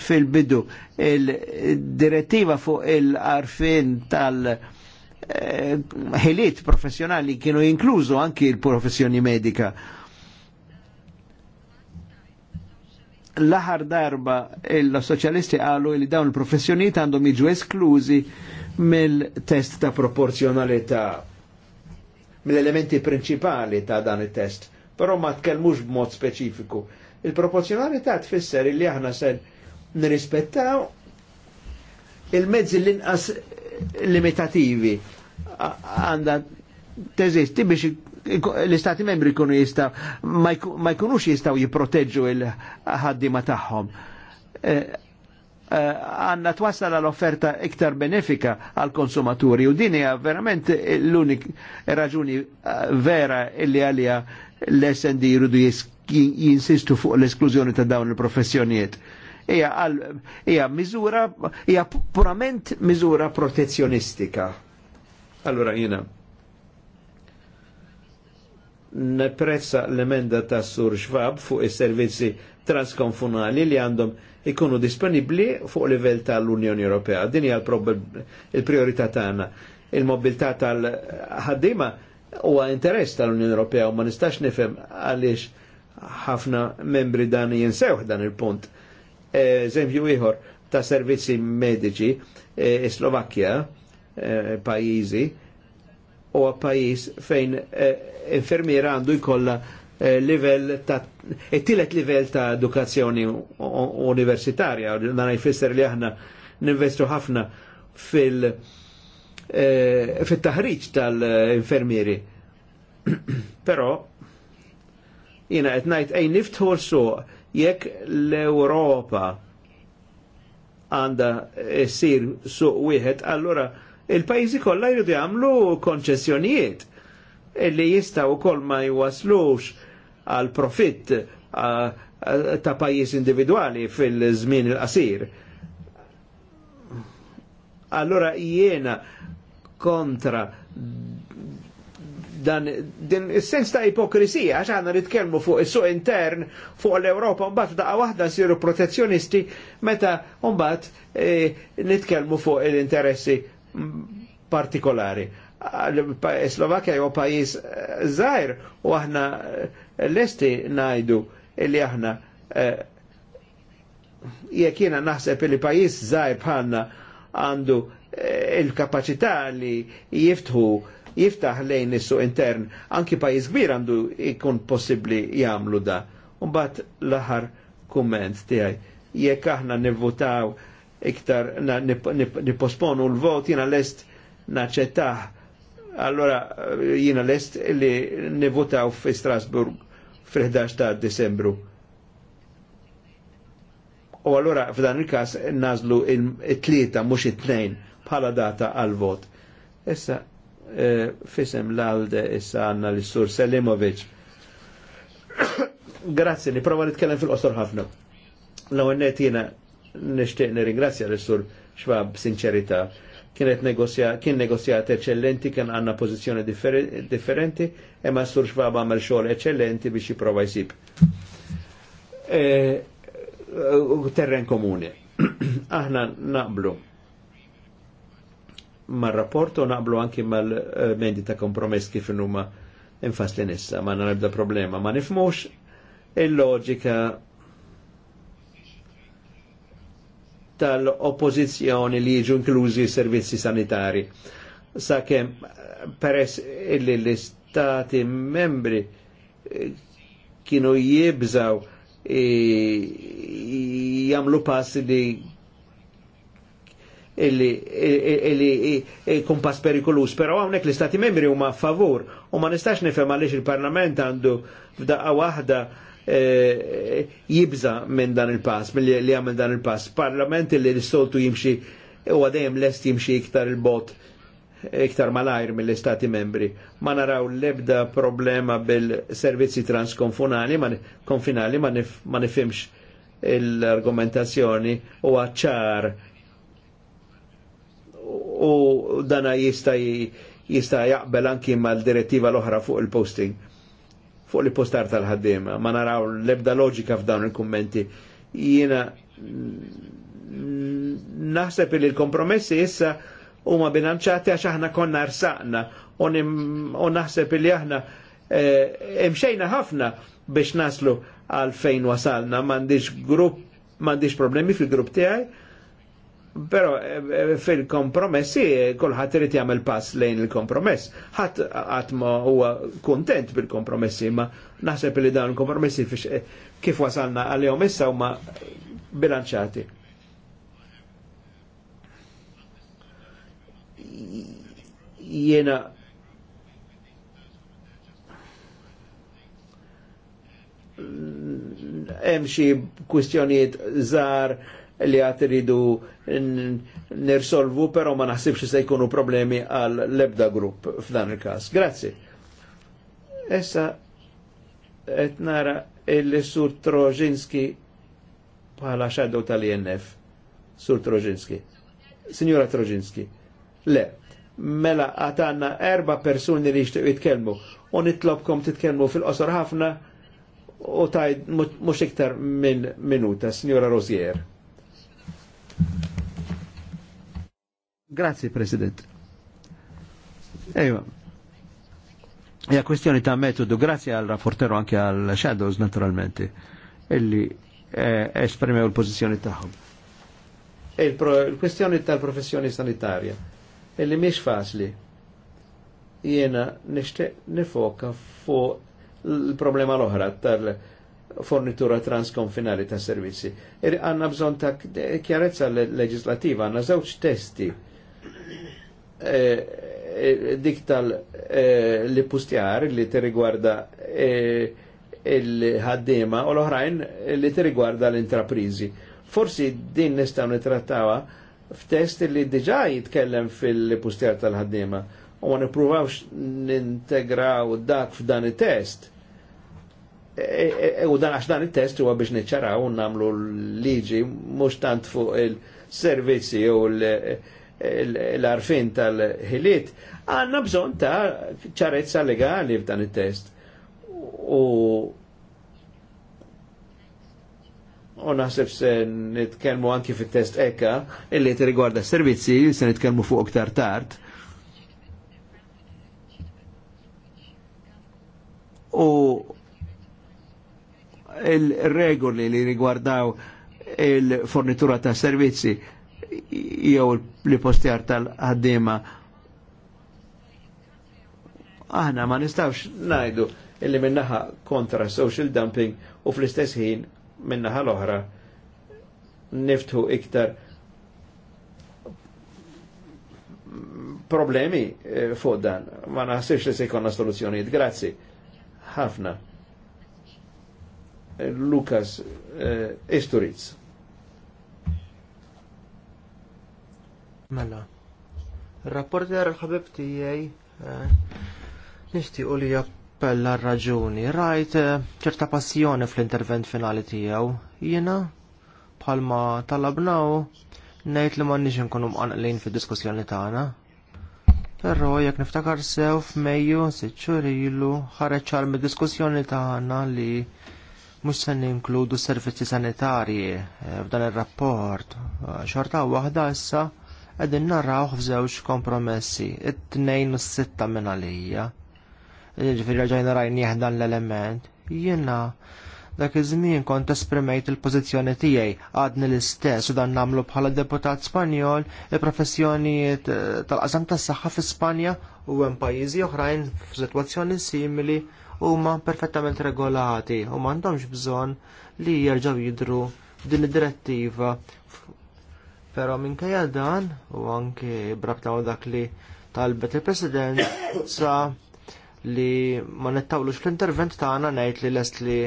fil-bidu il-direttiva fuq il-arfin tal- e, ħiliet professjonali kienu inkluzu anki il-professjoni medika l ħar darba il-soċjalisti għalu li dawn il-professjoniet għandhom jiġu esklużi mill-test ta' proporzjonalità, mill-elementi principali ta' dan il-test, però ma tkellmux b'mod speċifiku. Il-proporzjonalità tfisser li aħna sen nirrispettaw il-mezzi l-inqas limitativi għanda teżisti biex l-istati membri kunu jista, ma jkunux jistaw jiproteġu il-ħaddima taħħom. Eh, eh, għanna twassal l-offerta iktar benefika għal konsumaturi u dini hija verament l-unik raġuni eh, vera illi għalija l-SND jirudu jinsistu fuq l-esklużjoni ta' dawn il-professjonijiet Ija mizura, ija purament mizura purament Allora, jina. You know neprezza l-emenda ta' Sur Schwab fuq is-servizzi transkonfunali li għandhom ikunu disponibli fuq livell tal-Unjoni Ewropea. Din hija l-priorità tagħna. Il-mobilità tal-ħaddiema huwa interess tal-Unjoni Ewropea u ma nistax nifhem għaliex ħafna membri dan jinsew dan il-punt. Eżempju ieħor ta' servizzi mediċi, eh, Slovakkja, eh, pajjiżi u pajis fejn eh, infermiera għandu jkollha eh, livell ta' it-tielet livell ta' edukazzjoni universitarja, dan jfisser li aħna ninvestu ħafna fil eh, fit-taħriġ tal-infermieri. Però jina qed ngħid ejn niftħu su jekk l-Ewropa għandha ssir suq wieħed, allura il-pajjiżi kollha jridu jagħmlu konċessjonijiet illi jistgħu wkoll ma jwaslux għal profitt ta' pajjiż individwali fil-żmien il-qasir. Allora jiena kontra dan din is-sens ta' ipokrisija għax għandna nitkellmu fuq is-suq intern fuq l-Ewropa mbagħad daqgħa waħda siru protezzjonisti meta mbagħad e, nitkellmu fuq l-interessi partikolari. Slovakia jo pajis eh, zaħir u aħna eh, l-esti najdu illi aħna eh, jekina naħseb li pajis zaħir bħanna għandu il-kapacità li jiftħu jiftaħ lejn is intern, anki pajis kbir għandu ikun possibli jamlu da. Umbat l-aħħar kumment tijaj, jekk aħna nivvutaw iktar niposponu l-vot jina lest naċċettaħ. Allora eh, jina lest li nivotaw fi Strasburg fil-11 ta' Desembru. U allora f'dan il-kas nazlu il-tlieta mhux it-tnejn bħala data għal-vot. Issa eh, fisem l-alde issa għanna l-sur Selimovic. Grazzi, niprofa nitkellem fil-qosor ħafna. Law għennet jena nishtiq nirringrazzja l-sur xwab sinċerità. Kienet negozja, kien negozjat eccellenti, kien għanna pozizjoni differenti, imma sur xwab għamel xogħol eccellenti biex jipprova jsib. E, terren komuni. Aħna naqblu mar-rapport u naqblu anki mal-mendi ta' kompromess kif huma infasli nissa, ma' nibda problema, ma' nifmux il-loġika tal-oppozizjoni li jiġu inklużi servizzi sanitari. Sakem peress illi l-istati membri eh, kienu jibżaw eh, jamlu pass li illi jkun eh, pass perikolus, pero għawnek l-istati membri huma favur u ma nistax nifem għalix il-parlament għandu f'daqqa waħda Eh, jibza minn dan il-pass, minn li għamil dan il-pass. Parlament li l-soltu jimxi u għadajem lest jimxi iktar il-bot iktar malajr mill-Istati membri. Ma naraw l-ebda problema bil-servizzi transkonfinali, ma, konfinali, ma, nif, ma nifimx l-argumentazzjoni u għacċar u dana jista jista jaqbel anki mal direttiva l-oħra fuq il-posting fuq li postar tal ħaddim Ma naraw l-ebda loġika f'dawn il-kummenti. Jiena mm, naħseb li l-kompromessi issa huma binanċati għax aħna konna rsaqna u naħseb li aħna eh, imxejna ħafna biex naslu għal fejn wasalna, m'għandix grupp, m'għandix problemi fil-grupp tiegħi Pero eh, eh, fil-kompromessi eh, kolħat irid jagħmel pass lejn il-kompromess. Ħadd qatt ma huwa kontent bil-kompromessi, ma naħseb li dawn il-kompromessi kif wasalna għalihom issa huma bilanċati. Jena. hemm xi kwistjonijiet żgħar li għat ridu nirsolvu, pero ma naħsibx se jkunu problemi għal lebda grupp f'dan il-kas. Grazzi. Essa et nara il-sur Trożinski bħala xaddu tal-INF. Sur Trożinski. Signora Trożinski. Le, mela għatanna erba persuni li jishtiq jitkelmu. U nitlobkom titkelmu fil-qosor ħafna u tajd mux iktar minn minuta, signora Rozier. Grazie, President. Ejwa. Ja kwestjoni ta' metodu, grazie għal rapportero anke għal Shadows naturalmente, illi eh, esprimew il-pozizjoni tagħhom. Il-kwestjoni tal-professjoni sanitarja, illi miex faċli, jiena nixtieq nifoka fu il-problema l-oħra tal- fornitura transkonfinali ta' servizzi. Għanna bżon ta' chiarezza leġislativa, għanna żewġ testi Eh, eh, dik tal eh, li pustjar li tirrigwarda il-ħaddima u l-oħrajn li tirrigwarda l-intraprizi. Forsi din nistaw nitrattawa f'test li diġa jitkellem fil-pustjar tal-ħaddima u ma nipruvawx nintegraw dak f'dan it-test. E, e, e, u dan għax dan il test huwa biex niċċaraw u namlu l-liġi mhux tant fuq il-servizzi u l- l-arfin tal-ħiliet, għanna bżon ta' ċarezza legali f'dan il-test. U u naħseb se nitkelmu anki fit-test eka, illi t-rigwarda servizzi, se nitkelmu fuq iktar tard. U il-regoli li rigwardaw il-fornitura ta' servizzi jew li postjar tal ħaddima Aħna ma nistawx najdu illi minnaħa kontra social dumping u fl-istess ħin minnaħa l-oħra niftu iktar problemi eh, fuq dan. Ma naħsibx li se jkollna soluzzjonijiet. Grazzi. Ħafna. Eh, Lukas eh, Isturiz. Mela, l ħabib tijaj eh, u li jappella raġuni. Rajt eh, ċerta passjoni fl-intervent finali tijaw. Jena, bħalma talabnaw, nejt li ma nix nkunu mqanqlin fi diskussjoni tagħna. Però jekk niftakar sew f'Mejju siċċur ilu ħareġ ċar mid-diskussjoni tagħna li mux se inkludu servizzi sanitarji eh, f'dan ir rapport Xorta waħda issa qegħdin narraw f'żewġ kompromessi, it-tnejn u s-sitta minn għalija. Ġifiri rajna rajni dan l-element. Jiena dak iż-żmien kont esprimejt il-pożizzjoni tiegħi għadni l-istess u dan nagħmlu bħala deputat Spanjol il-professjonijiet eh, tal-qasam tas-saħħa fi Spanja u hemm pajjiżi oħrajn f'sitwazzjoni simili huma perfettament regolati u m'għandhomx bżonn li jerġgħu jidru din id-direttiva Pero minkejja dan, u anki brabta dak li talbet il-President, sa li ma nettawlux l-intervent tagħna ngħid li lest li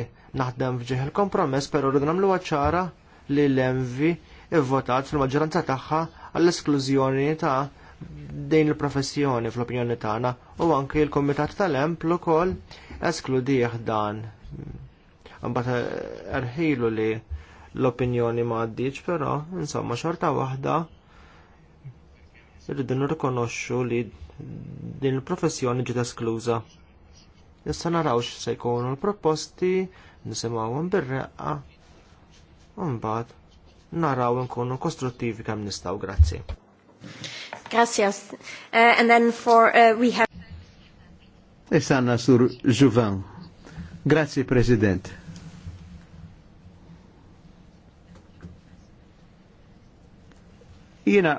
naħdem fġieħ il-kompromess, pero rridu nagħmlu ċara li l-envi ivvotat fil-maġġoranza tagħha għall-esklużjoni ta' din il-professjoni fl-opinjoni tagħna u anke l-Kumitat tal l ukoll eskludih dan. Mbagħad eh, erħilu li l-opinjoni ma għaddiċ, pero insomma xorta wahda rridu nirrikonoxxu li din il-professjoni ġiet eskluża. Issa naraw se jkunu l-proposti, nisimgħuhom bir-reqqa, u mbagħad naraw nkunu kostruttivi kemm nistgħu, grazzi. Gracias. Uh, and then for uh, we have Isanna sur Juvan. Grazie President. Jiena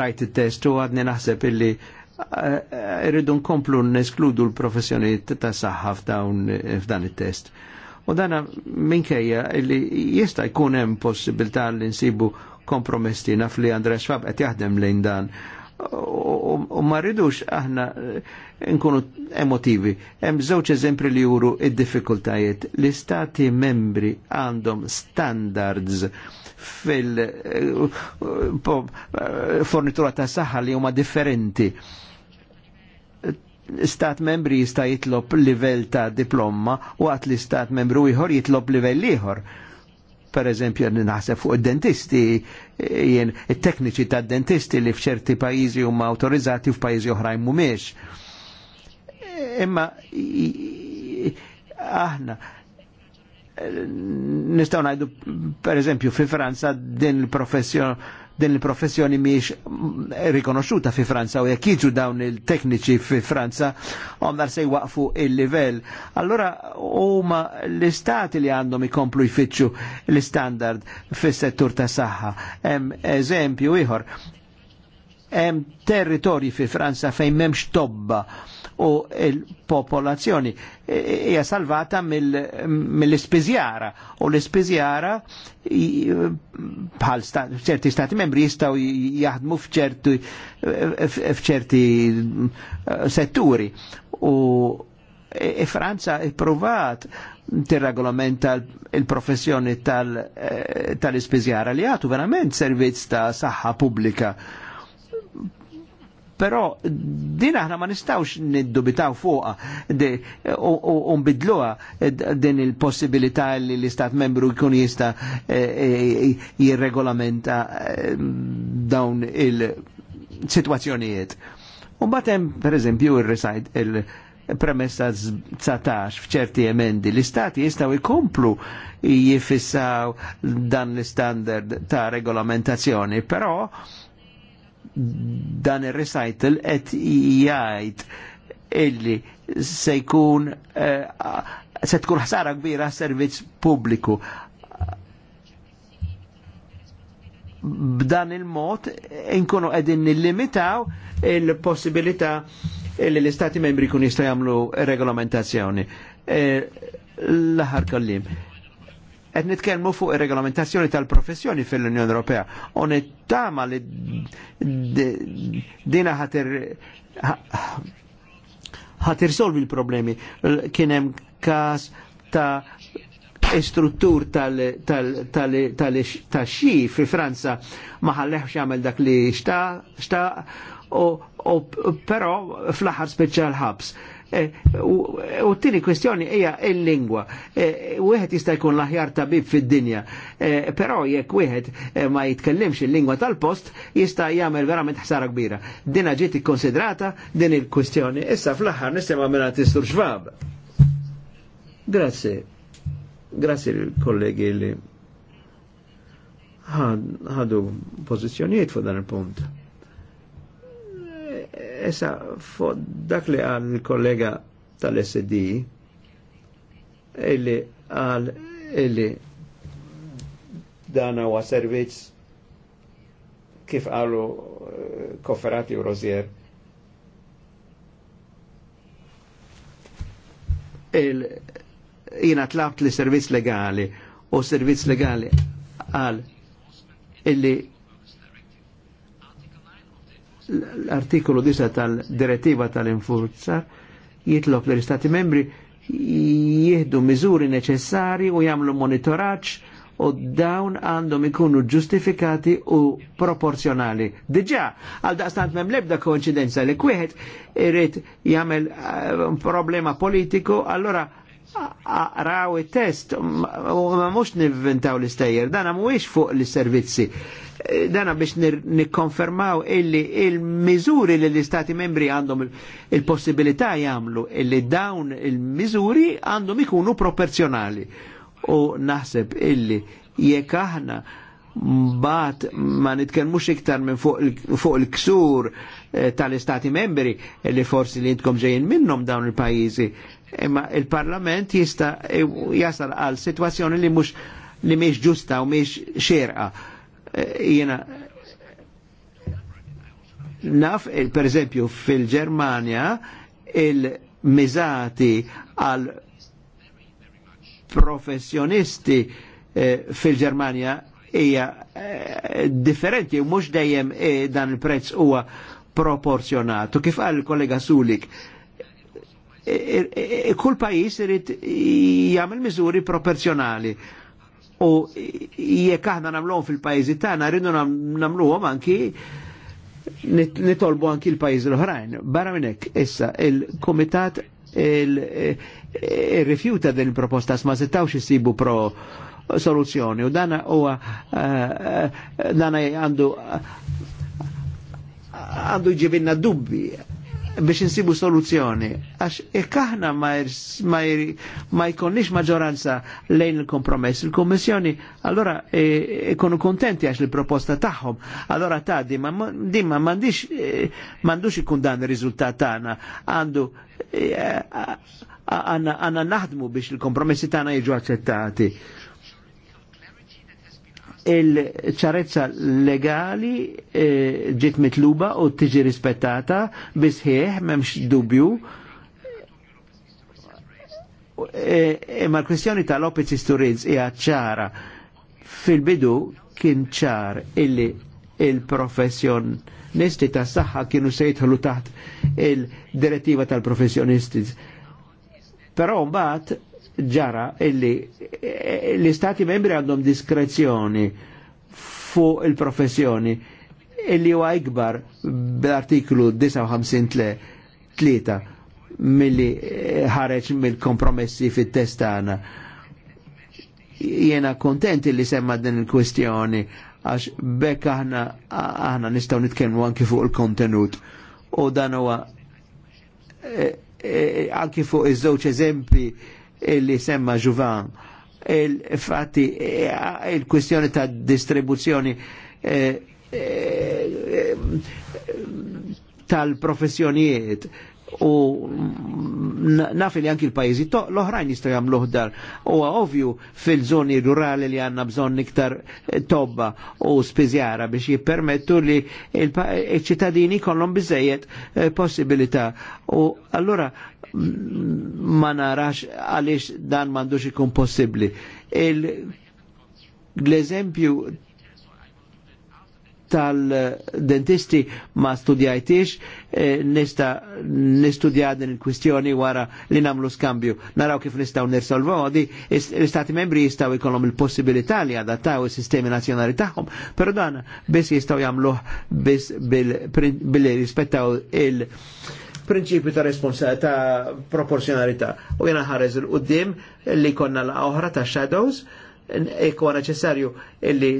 rajt il-test u għadni naħseb illi eh, irridu nkomplu neskludu l professjoni ta' saħħa f'dan il-test. U dana minkejja illi jista' jkun hemm possibilità li nsibu kompromessi naf li Andres Fab qed jaħdem lejn dan u ma rridux aħna eh, nkunu emotivi. Hemm żewġ eżempri li juru id-diffikultajiet. L-istati membri għandhom standards fil-fornitura eh, eh, ta' saħħa li huma differenti stat membri jista' jitlob livell ta' diploma u għat li stat membru ieħor jitlob livell ieħor. Per eżempju, naħseb fuq id-dentisti jien it-tekniċi ta' dentisti li f'ċerti pajjiżi huma awtorizzati f'pajjiżi oħrajn mhumiex. Imma aħna eh, nistgħu ngħidu pereżempju fi Franza din il-professjon din il-professjoni miex rikonosciuta fi Franza u jekk jiġu dawn il-tekniċi fi Franza dar se jwaqfu il-livell. Allora huma l-istati li għandhom ikomplu jfittxu l-standard fis-settur ta' saħħa. Hemm eżempju ieħor hemm territorji fi Franza fejn m'hemmx tobba u il-popolazzjoni e, e, hija salvata mill-ispiżjara u l-ispiżjara bħal ċerti stati membri jistgħu jaħdmu f'ċerti eh, setturi u e, Franza ipprovat tirregolamenta il-professjoni eh, tal-ispiżjara li għatu verament servizz ta' saħħa pubblika Però din aħna ma nistawx niddubitaw fuqa u nbidluha din il-possibilità li l-Istat membru jkun jista eh, eh, jirregolamenta eh, dawn il-situazzjonijiet. U batem, per eżempju, il-resajt il premessa 19 f'ċerti emendi l-istati jistaw ikomplu jifissaw dan l-standard ta' regolamentazzjoni, però dan il recital et jajt illi se jkun eh, se tkun ħsara kbira servizz publiku. B'dan il-mod inkunu qegħdin nillimitaw il-possibilità illi l-Istati membri kun jistgħu jagħmlu regolamentazzjoni. Eh, l-aħħar kallim qed nitkellmu fuq ir-regolamentazzjoni tal-professjoni fil-Unjoni Ewropea. U tama li dina ħatir ħatir solvi l-problemi. Kien hemm każ ta' istruttur tal-xi fi Franza ma xamel jagħmel dak li xtaq, però fl-aħħar speċjal ħabs. Eh, u t-tini kwestjoni hija il-lingwa. Eh, wieħed jista' jkun laħjar tabib fid-dinja, eh, però jekk wieħed ma jitkellimx il-lingwa tal-post jista' jagħmel verament ħsara kbira. Dina ġiet ikkonsidrata din il-kwestjoni. Issa fl-aħħar nistema' minn tistur xvab. Grazie. Grazie l-kollegi li ħadu pożizzjonijiet fuq dan il-punt. Esa, fuq dak li għal kollega tal-SD, illi għal illi dana wa servizz kif għalu eh, kofferati u rozier. Il, jina tlabt li servizz legali u servizz legali għal illi l-artikolu disa tal-direttiva tal-infurzar jitlob l istati membri jihdu miżuri neċessari u jagħmlu monitoraċ u dawn għandhom ikunu ġustifikati u proporzjonali. Diġà, għal daqstant mem lebda koincidenza li kwiħed irrit jagħmel eh, problema politiku, allora raw il-test u ma mux nivventaw l-istejjer, dan mhuwiex fuq l-servizzi dana biex nikkonfermaw illi il-miżuri li l-istati membri għandhom il-possibilità jagħmlu illi dawn il mizuri għandhom ikunu proporzjonali. U naħseb illi jekk aħna mbagħad ma nitkellmux iktar minn fuq il-ksur eh, tal-istati membri li forsi li intkom ġejjin minnhom dawn il-pajjiżi. Imma il-Parlament jista' jasal għal sitwazzjoni li mhux li mhix ġusta u mhix xerqa Jena naf, eh, per esempio, fil-Germania il-mizati għal professjonisti eh, fil-Germania hija eh, differenti mux mhux dejjem dan il-prezz huwa proporzjonatu. Kif għal kollega Sulik, kull pajis irid jagħmel miżuri proporzjonali u jekk aħna nagħmluhom fil-pajjiżi tagħna rridu nagħmluhom anki nitolbu anki l-pajjiżi l-oħrajn. Barra minn hekk issa il-kumitat il-rifjuta il eh, proposta ma settawx isibu pro soluzzjoni u dana huwa eh, eh, dana għandu għandu ġibinna dubbi biex insibu soluzzjoni. Għax ikkaħna ma jkonniex maġoranza lejn il-kompromess. Il-Kommissjoni allora ikonu kontenti għax il-proposta tagħhom. Allora ta' di ma mandix mandux ikun dan ir-riżultat tagħna. Għandu għanna naħdmu biex il-kompromessi tagħna jiġu aċċettati il-ċarezza legali eh, ġiet mitluba u tiġi rispettata bisħieħ m'hemmx dubju. Eh, imma l-kwestjoni tal opic Isturiz hija ċara. Fil-bidu kien ċar illi il-professjonisti ta' saħħa kienu se jidħlu taħt il-direttiva tal-professjonisti. Però mbagħad ġara illi eh, l stati membri għandhom diskrezzjoni fu il-professjoni illi huwa ikbar bl-artiklu 59 3 milli eh, ħareċ mill-kompromessi fit-testana. Jena kontent illi semma din il-kwestjoni għax bekk aħna aħna nistgħu nitkellmu anki fuq il-kontenut. U dan huwa e, anki fuq iż-żewġ eżempji li semma ġuvan il-fatti il-kwistjoni ta' distribuzzjoni eh, eh, tal-professjonijiet u nafi li anki l-pajizi l-oħrajn jistaw jagħmluh dar. Huwa ovvju fil-żoni rurali li għandna bżonn iktar tobba u spiżjara biex jippermettu li l ċittadini kollhom biżejjed eh, possibilità. U allura ma narax għalix dan m'għandux ikun possibli. L-eżempju tal-dentisti ma studjajtix, eh, nista nistudja din il-kwistjoni wara li namlu skambju. Naraw kif nistaw nirsolvu għodi, l-istati membri jistaw ikonom il-possibilità li adattaw il-sistemi nazjonali taħħom, pero dan bis jistaw jamluħ bis bil-rispettaw il- prinċipju ta' responsabilità proporzjonalità. U jena ħares il-qoddim li konna la' oħra ta' shadows, ikwa e neċessarju illi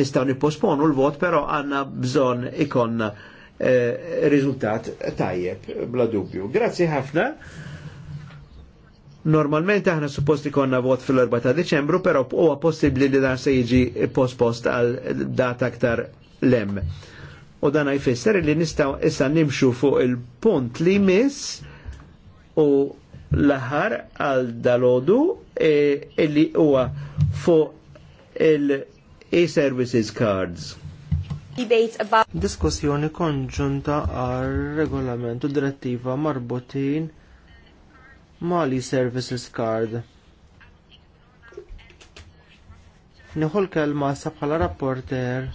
nistaw nipposponu l-vot, pero għanna bżon ikonna eh, riżultat tajjeb, bla dubju. Grazzi ħafna. Normalment aħna supposti konna vot fil-4 ta' Deċembru, pero huwa possibbli li dan se jiġi postpost għal data aktar lemme. U dan jfisser li nistaw issa nimxu fuq il-punt li miss u l-aħar għal dalodu e, illi huwa fuq il-e-services cards. Diskussjoni konġunta għal regolamentu direttiva marbutin mali services card. Nħol kelma sabħala bħala rapporter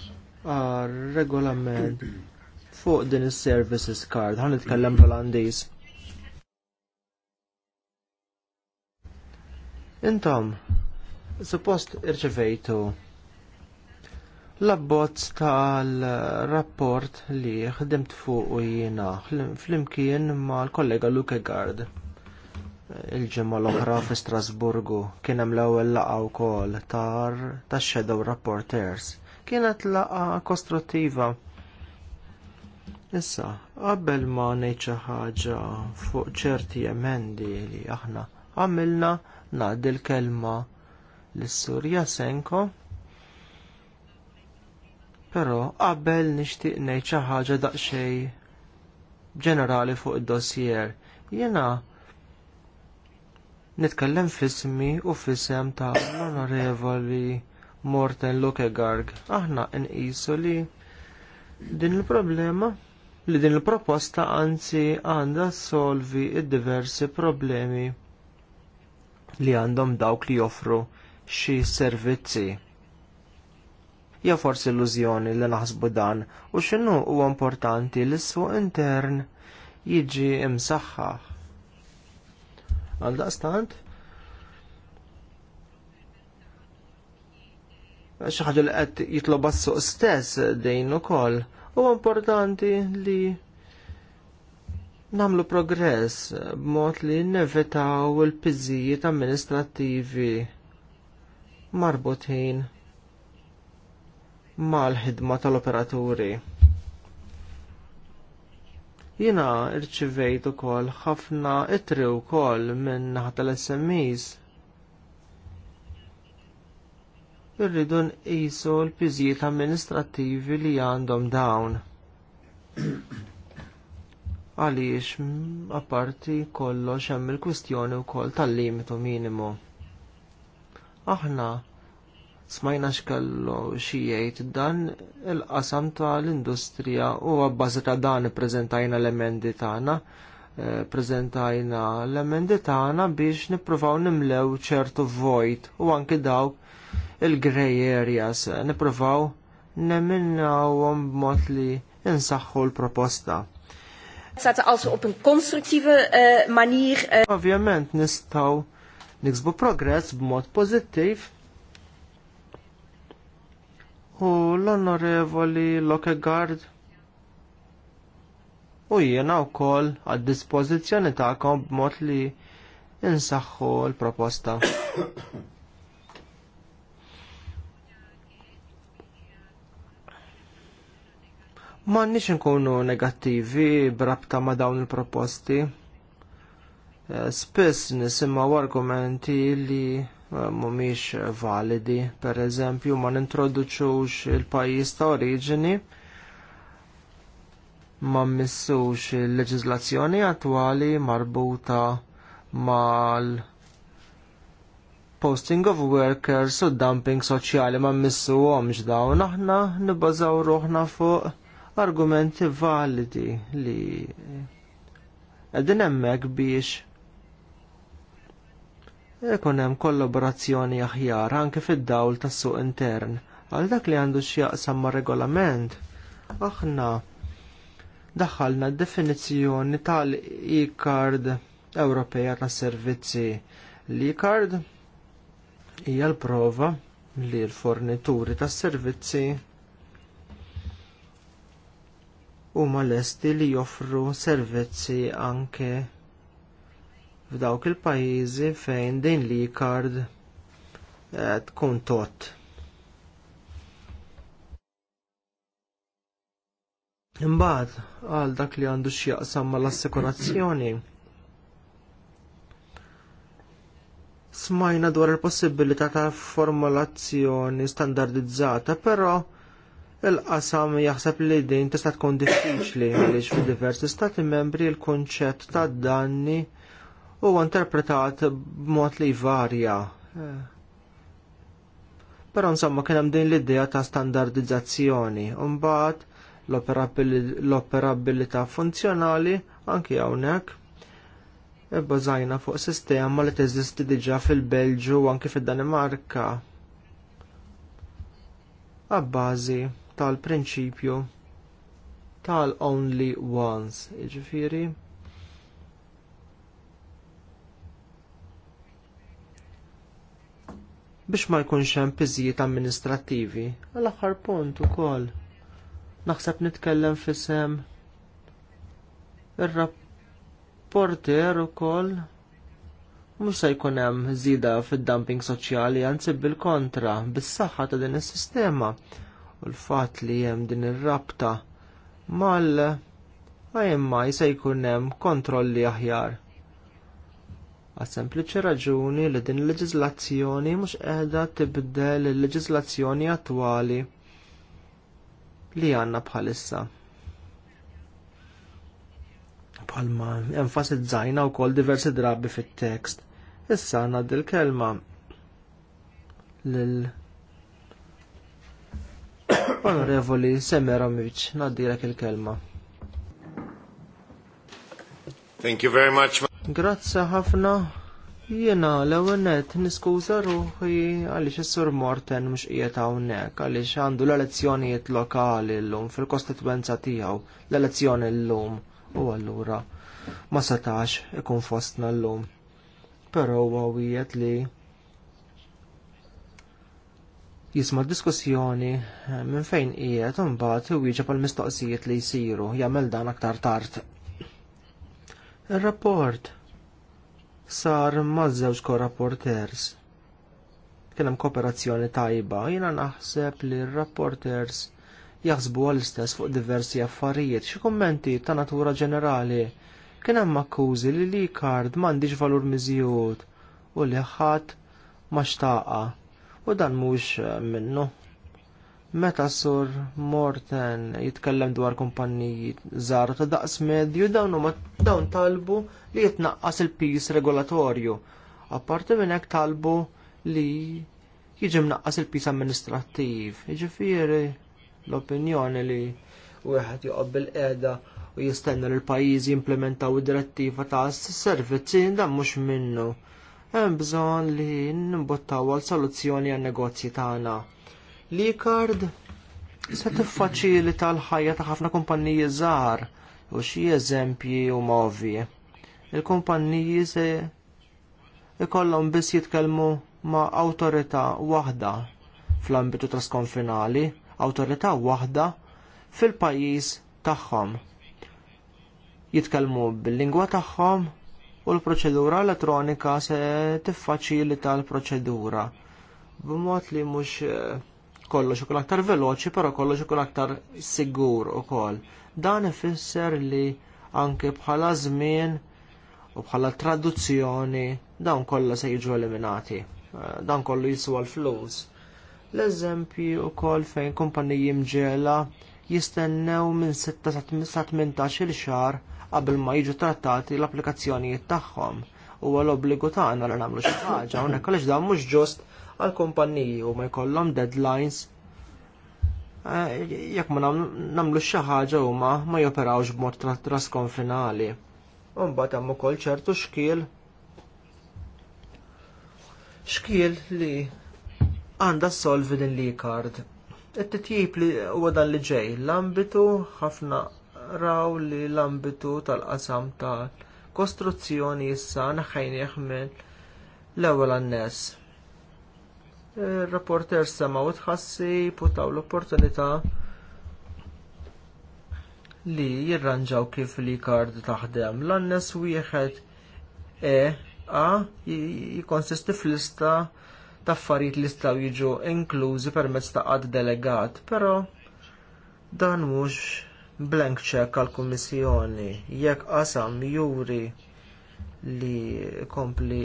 regolament fuq din is-services card, ħan nitkellem bl-Olandiż. Intom, suppost irċevejtu l-abbozz tal-rapport li ħdimt fuq u jiena fl-imkien ma l-kollega Luke Gard il-ġemma l-oħra fi Strasburgu kien hemm l-ewwel laqgħa wkoll tar tax-Shadow Rapporters Kienet laqa kostruttiva. Issa, qabel ma ngħid xi ħaġa fuq ċerti emendi li aħna għamilna ngħaddi l-kelma lis-Surja Senko. Però qabel nixtieq ngħid xi ħaġa daqsxejn ġenerali fuq id-dossier. Jiena nitkellem fismi u fisem ta' l-onorevoli Morten Lukegarg. Aħna nqisu li din il-problema li din il-proposta anzi għandha solvi id-diversi problemi li għandhom dawk li joffru xi servizzi. Ja forsi illużjoni li naħsbu dan u x'inhu huwa importanti li s intern jiġi imsaħħaħ. Għal daqstant, xi ħaġa li qed jitlob suq stess dejn ukoll. Huwa importanti li namlu progress b'mod li nevetaw il pizzijiet amministrattivi marbutin mal-ħidma tal-operaturi. Jina irċivejt ukoll ħafna itri wkoll minn naħa tal-SMEs irridu nqisu l-piżijiet amministrativi li għandhom dawn. Għaliex, apparti kollox hemm il-kwistjoni wkoll tal-limitu minimu. Aħna smajna xkallu xijajt dan il-qasam tal-industrija u għabbażi ta' dan prezentajna l-emendi tagħna eh, prezentajna l-emendi tagħna biex nippruvaw nimlew ċertu vojt u anki dawk il-grey areas, niprofaw nemminnawhom b'mod li insaħħu l-proposta. Zaten als op een uh, manier. Uh... Ovvjament nistaw niksbu progress b'mod pozittiv. U l-onorevoli Lokegard u jiena wkoll għad-dispożizzjoni tagħkom b'mod li insaħħu l-proposta. M'għandniex inkunu negattivi brabta ma' dawn il-proposti. Eh, spiss nisimma argumenti li eh, mhumiex validi, per eżempju ma nintroduċux il-pajjiż ta' oriġini ma mmissux il-leġiżlazzjoni attwali marbuta mal posting of workers u dumping soċjali ma missu għomx dawn aħna nibbażaw ruħna fuq argumenti validi li għedin emmek biex ikun hemm kollaborazzjoni aħjar anke fid-dawl tas-suq intern għal dak li għandu x'jaqsam ma' regolament aħna daħħalna d definizzjoni tal-e-card Ewropea tas servizzi l-e-card hija l-prova li l-fornituri tas servizzi huma lesti li joffru servizzi anke f'dawk il-pajjiżi fejn din li kard eh, tkun tot. Imbagħad għal dak li għandu x'jaqsam mal-assikurazzjoni. smajna dwar il-possibilità ta' formulazzjoni standardizzata, però il-qasam jaħseb li din tista' tkun diffiċli għaliex fid-diversi stati membri l-kunċett ta' danni huwa interpretat b'mod li varja. Però insomma kien hemm din l-idea ta' standardizzazzjoni. mbagħad l-operabilità funzjonali anke hawnhekk ibbażajna fuq sistema li teżisti diġà fil-Belġu u anke fid-Danimarka. Abbażi tal-prinċipju tal-only ones, iġifiri. biex ma jkunx hemm piżijiet amministrattivi. L-aħħar punt ukoll. Naħseb nitkellem fisem ir-rapporter ukoll mhux se jkun hemm żieda fid-dumping soċjali anzi bil-kontra bis-saħħa ta' din is-sistema u l-fatt li hemm din ir-rabta mal ma jisa jkun hemm kontrolli aħjar. Għas sempliċi raġuni li din il leġizlazzjoni mhux qiegħda tibdel il leġizlazzjoni attwali li għandna bħalissa. Palma, enfasizzajna wkoll diversi drabi fit-tekst. Issa għanna il kelma lil Onorevoli Semeromic, naddilek il-kelma. Thank you very much. Grazza ħafna. Jena l-ewenet niskuza ruħi għalix s-sur Morten mux ijet għawnek, għalix għandu l-elezzjonijiet lokali l-lum fil-kostituenza tijaw, l-elezzjoni l-lum u għallura ma setax ikun fostna l-lum. Pero huwa wieħed li jisma' diskussjoni eh, minn fejn qiegħed u mbagħad iwieġeb għal mistoqsijiet li jsiru jagħmel dan aktar tard. Ir-rapport sar maż-żewġ korrapporters. Kien hemm kooperazzjoni tajba, jiena naħseb li r-rapporters jaħsbu għall-istess fuq diversi affarijiet, xi kummenti ta' natura ġenerali kien hemm akkużi li li kard m'għandix valur miżjud u li ħadd ma xtaqa u dan mhux eh, minnu. Meta sur Morten jitkellem dwar kumpanniji żgħar ta' daqs medju dawn huma dawn talbu li jitnaqqas il-pis regolatorju. Apparti minn hekk talbu li jiġi mnaqqas il-pis amministrattiv. Jiġifieri l-opinjoni li wieħed bil qiegħda u jistenna li l-pajjiżi jimplementaw id-direttiva ta' servizzi dan mhux minnu hemm bżonn li nimbottaw għal soluzzjoni għan negozji tagħna. L-ikard se tiffaċilita l-ħajja ta' ħafna kumpaniji żgħar u xi eżempji huma ovvi. Il-kumpaniji se ikollhom biss jitkellmu ma' awtorità waħda fl-ambitu trasconfinali, awtorità waħda fil-pajjiż tagħhom. Jitkellmu bil-lingwa tagħhom u l-proċedura elettronika se tiffaċilita l-proċedura b'mod li mhux eh, kollox ikun aktar veloċi, però kollox ikun aktar sigur ukoll. Dan ifisser li anke bħala żmien u bħala traduzzjoni dawn kollha se jiġu eliminati. Eh, dan kollu jiswa l-flus. L-eżempji wkoll fejn kumpaniji mġela jistennew minn 6 sa 18 il xahar qabel ma jiġu trattati l-applikazzjonijiet tagħhom. Huwa l-obbligu tagħna li nagħmlu xi ħaġa hawnhekk għaliex dan mhux ġust għall kumpanniji u ma jkollhom deadlines eh, jekk ma nagħmlu xi ħaġa huma ma joperawx b'mod u mbagħad hemm ukoll ċertu xkiel xkiel li għanda solvi din li kard. It-titjib li huwa dan li ġej, l-ambitu ħafna Raw li l-ambitu tal-qasam tal-kostruzzjoni issa naħħajnieħ minn l-ewwel anness. Ir-rapporter semaw tħassib u taw l-opportunità li jirranġaw kif li kard taħdem. L-annes wieħed E A jikonsisti fl-lista ta' affarijiet li jistgħu jiġu inklużi permezz ta' qatt delegat, però dan mhux blank check għall kummissjoni jekk qasam juri li kompli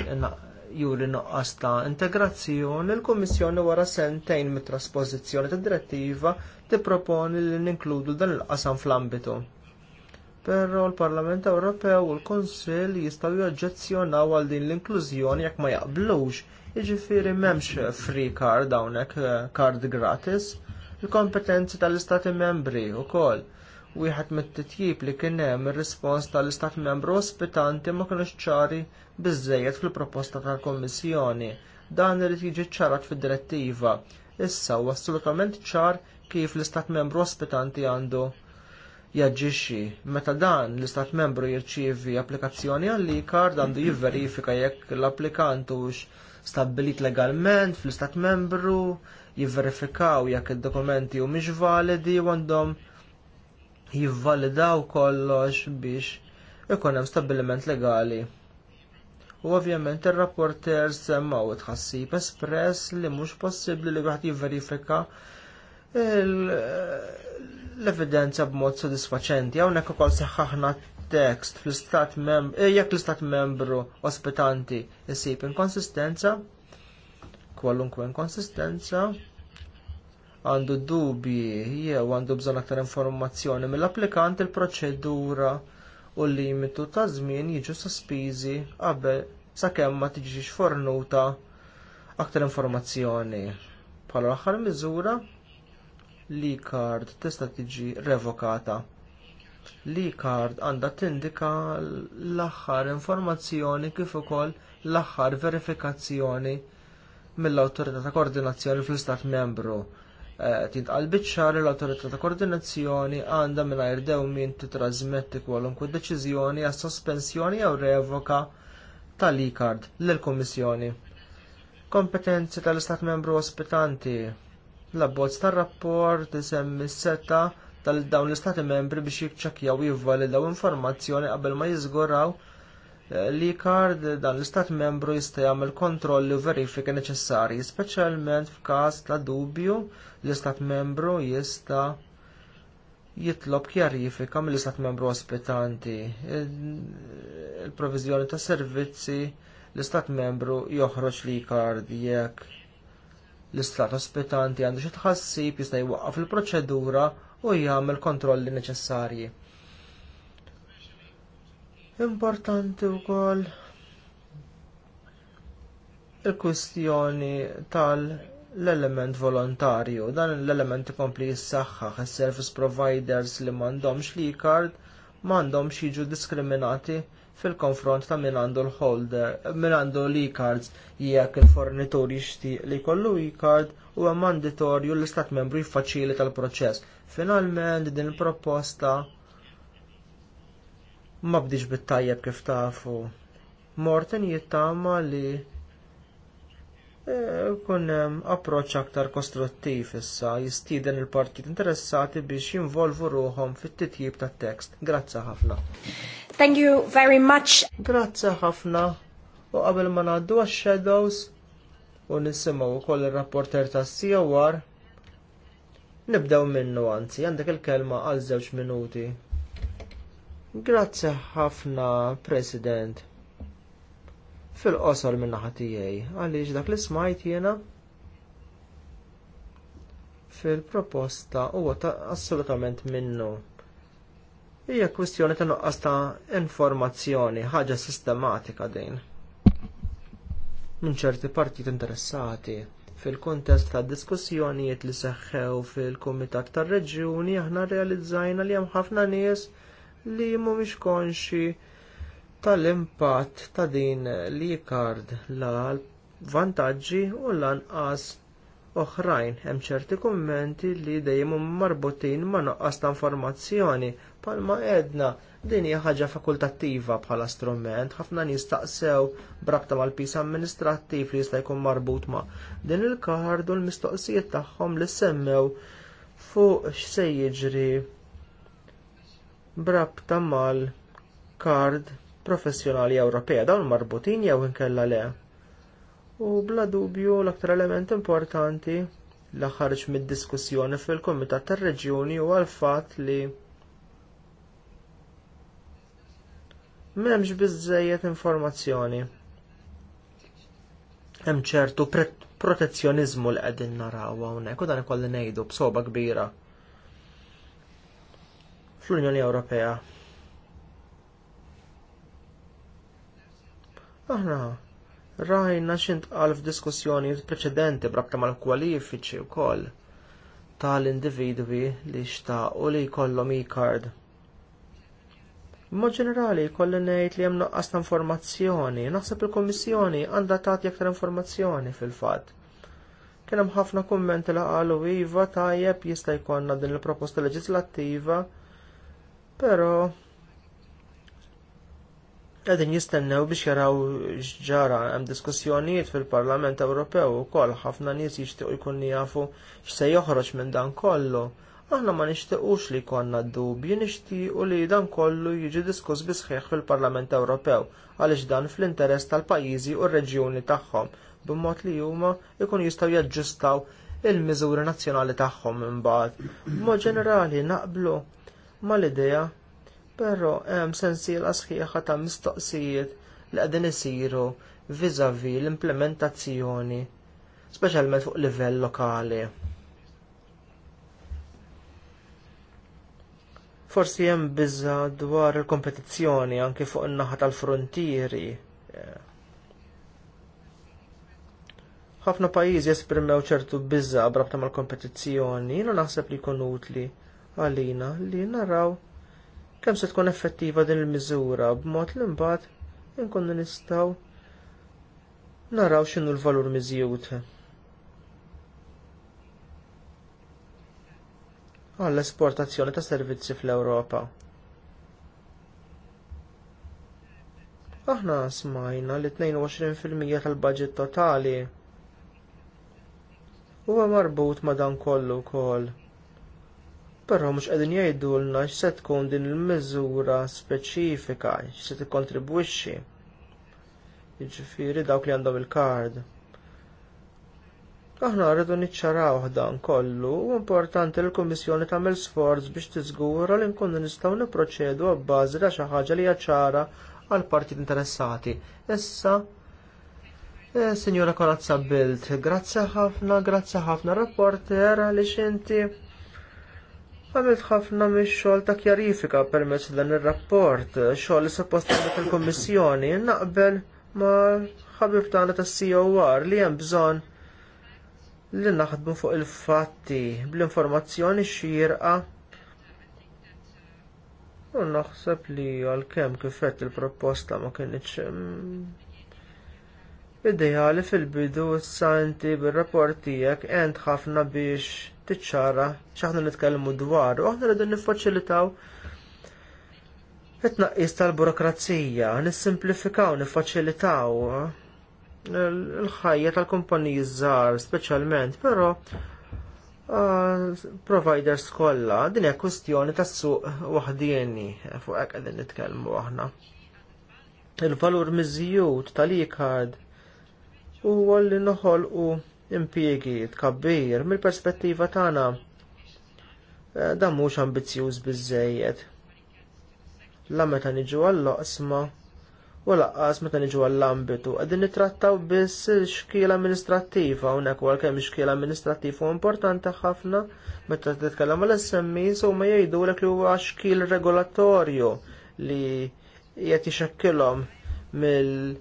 juri noqqas ta' integrazzjoni, il-Kummissjoni wara sentejn mit-trasposizzjoni tad direttiva tipproponi li ninkludu dan il-qasam fl-ambitu. Però l-Parlament Ewropew u l-Kunsill jistgħu joġġezzjonaw għal din l-inklużjoni jekk ma jaqblux, jiġifieri m'hemmx free card hawnhekk eh, card gratis, il-kompetenzi tal-Istati membri wkoll wieħed mit-titjib li kien hemm ir-rispons tal-Istat membru ospitanti ma kinux ċari biżżejjed fil-proposta tal-Kommissjoni. Dan irid jiġi ċarat fid-direttiva. Issa huwa assolutament ċar kif l-Istat membru ospitanti għandu jaġġixxi. Meta dan l-Istat membru jirċievi applikazzjoni għall-ikar għandu jivverifika jekk l-applikant hux stabbilit legalment fl-Istat membru, jivverifikaw jekk id-dokumenti humiex validi u għandhom jivvalidaw kollox biex ikun hemm stabbiliment legali. U ovvjament ir-rapporter semmaw tħassib espress li mhux possibbli li wieħed jivverifika l-evidenza b'mod sodisfaċenti. Hawnhekk ukoll saħħaħna tekst fl-istat membru, eh, jekk l-istat membru ospitanti isib inkonsistenza, kwalunkwe inkonsistenza, għandu dubji jew għandu bżonn aktar informazzjoni mill-applikant il-proċedura u l-limitu ta' żmien jiġu sospiżi qabel sakemm ma tiġix fornuta aktar informazzjoni. Bħala l-aħħar miżura l-e-card tista' tiġi revokata. L-e-card għandha tindika l-aħħar informazzjoni kif ukoll l-aħħar verifikazzjoni mill-Awtorità ta' Koordinazzjoni fl-Istat Membru Eh, tintqal biċċar l-autorità ta' koordinazzjoni għandha mingħajr dewmien titrasmetti kwalunkwe deċiżjoni għas sospensjoni jew revoka tal-ikard lill-Kummissjoni. Kompetenzi tal-Istat membru ospitanti l-abbozz tar-rapport isemmi s-setta tal-dawn l-Istati membri biex jiċċekkjaw jivvalidaw informazzjoni qabel ma jiżguraw Eh, li kard dan l-istat membru jista' jagħmel kontrolli u verifika neċessarji, speċjalment f'każ ta' dubju l-istat membru jista' jitlob kjarifika mill-istat membru ospitanti. Eh, il proviżjoni ta' servizzi l-istat membru joħroġ li kard jekk l-istat ospitanti għandu xi tħassib jista' jwaqqaf il-proċedura u jagħmel kontrolli neċessarji. Importanti wkoll il kustjoni tal-element volontarju. Dan l-element ikompli jissaħħaħ is-service providers li m'għandhomx li card m'għandhomx jiġu diskriminati fil-konfront ta' min għandu l-holder, min għandu l-e-cards jekk il-fornitur jixtieq li jkollu e-card u manditorju l-istat membru jiffaċili tal-proċess. Finalment din il proposta ma bdix bit-tajjeb kif tafu. Morten jittama li e, kun approċċ aktar kostruttiv issa jistiden il partit interessati biex jinvolvu ruhom fit-titjib tat-tekst. Grazza ħafna. Thank you very much. Grazza ħafna. U qabel ma naddu għax-shadows u nisimgħu wkoll ir-rapporter tas-COR nibdew minnu anzi għandek il-kelma għal żewġ minuti. Grazzi ħafna, President. Fil-qosor minna ħatijaj, għaliex dak li smajt jena fil-proposta huwa assolutament minnu. Hija kwistjoni ta' nuqqas ta' informazzjoni, ħaġa sistematika din. Minn ċerti partit interessati fil-kontest tad diskussjonijiet li seħħew fil-Kumitat tar-Reġjuni aħna rrealizzajna li hemm ħafna nies li mix konxi tal-impatt ta' din li jikard la vantaġġi u lanqas oħrajn hemm ċerti kummenti li dejjem marbutin ma' noqqas ta' informazzjoni bħalma edna din hija ħaġa fakultattiva bħala strument ħafna nistaqsew brabta mal-pis amministrattiv li jista' jkun marbut ma' din il-kard u l-mistoqsijiet tagħhom li semmew fuq x'se jiġri brabta mal-kard professjonali Ewropea dawn marbutin jew inkella le. U bla dubju l-aktar element importanti li ħarġ mid-diskussjoni fil kumitat tar-Reġjuni huwa l-fatt li m'hemmx biżżejjed informazzjoni. Hemm ċertu protezzjoniżmu li qegħdin naraw hawnhekk u dan ikolli ngħidu b'soba kbira fl-Unjoni Ewropea. Aħna, rajna xint għalf diskussjoni preċedenti brabta mal-kwalifiċi wkoll tal-individwi li u li jkollhom e-card. Ma ġenerali kollin ngħid li hemm noqqas ta' informazzjoni, naħseb il-Kummissjoni għandha tagħti aktar informazzjoni fil-fatt kien hemm ħafna kummenti li qalu iva tajjeb jista' jkollna din il-proposta leġislattiva Pero għedin jistennew biex jaraw xġara hemm diskussjonijiet fil-Parlament Ewropew ukoll ħafna nies jixtiequ jkun jafu x'se joħroġ minn dan kollu. Aħna ma nixtiequx li jkollna dubji, nixtiequ li dan kollu jiġi diskuss bisħiħ fil-Parlament Ewropew għaliex dan fl-interess tal-pajjiżi u r-reġjuni tagħhom b'mod li huma jkun jistgħu jaġġustaw il-miżuri nazzjonali tagħhom imbagħad. Mod ġenerali naqblu mal-idea, però hemm sensiela sħiħa ta' mistoqsijiet li qegħdin isiru viżavi l-implementazzjoni, speċjalment fuq livell lokali. Forsi hemm biża dwar il-kompetizzjoni anke fuq in-naħa tal-frontieri ħafna pajjiżi esprimew ċertu bizza brabta mal-kompetizzjoni, jiena naħseb li jkun utli għalina li naraw kemm se tkun effettiva din il-miżura b'mod li mbagħad inkunu nistgħu naraw x'inhu l-valur miżjud. Għall-esportazzjoni ta' servizzi fl-Ewropa. Aħna smajna li 22% tal-budget totali huwa marbut ma' dan kollu wkoll. Però mhux qegħdin jgħidulna x'se tkun din il-miżura speċifika x'se tikkontribwixxi. Jiġifieri dawk li għandhom il-kard. Aħna rridu niċċaraw dan kollu u importanti l kummissjoni tagħmel sforz biex tiżgura li nkunu nistgħu nipproċedu għabbażi ta' xi ħaġa li hija ċara għal partit interessati. Issa eh, Signora Corazza Bilt, grazzi ħafna, grazzi ħafna rapporter għaliex inti għamilt ħafna mix-xogħol ta' kjarifika permezz dan ir-rapport, xogħol li suppost għamlet il naqbel ma' ħabib tagħna tas-COR li hemm bżonn li naħdmu fuq il-fatti bl-informazzjoni xirqa U naħseb li għal-kem kifet il-proposta ma kienieċ mm, ideali fil-bidu s-santi bil-rapportijek ent ħafna biex tiċċara x'aħna nitkellmu dwar u aħna rridu niffaċilitaw it-tnaqqis tal-burokrazija, nissimplifikaw, niffaċilitaw l-ħajja tal-kumpaniji żgħar speċjalment, però providers kollha din hija kwestjoni tas-suq waħdieni fuq hekk qegħdin nitkellmu aħna. Il-valur miżjud tal-ikad huwa li noħolqu impiegi tkabbir mill-perspettiva tagħna eh, dan mhux ambizzjuż biżżejjed. La meta niġu għall-oqsma u laqqas meta niġu għall-ambitu qegħdin nittrattaw biss xkiela amministrattiva hawnhekk kemm xkiela amministrattiva importanti ħafna meta titkellem għal SMEs huma jgħidulek li huwa xkiel regolatorju li qed jixekkilhom mill-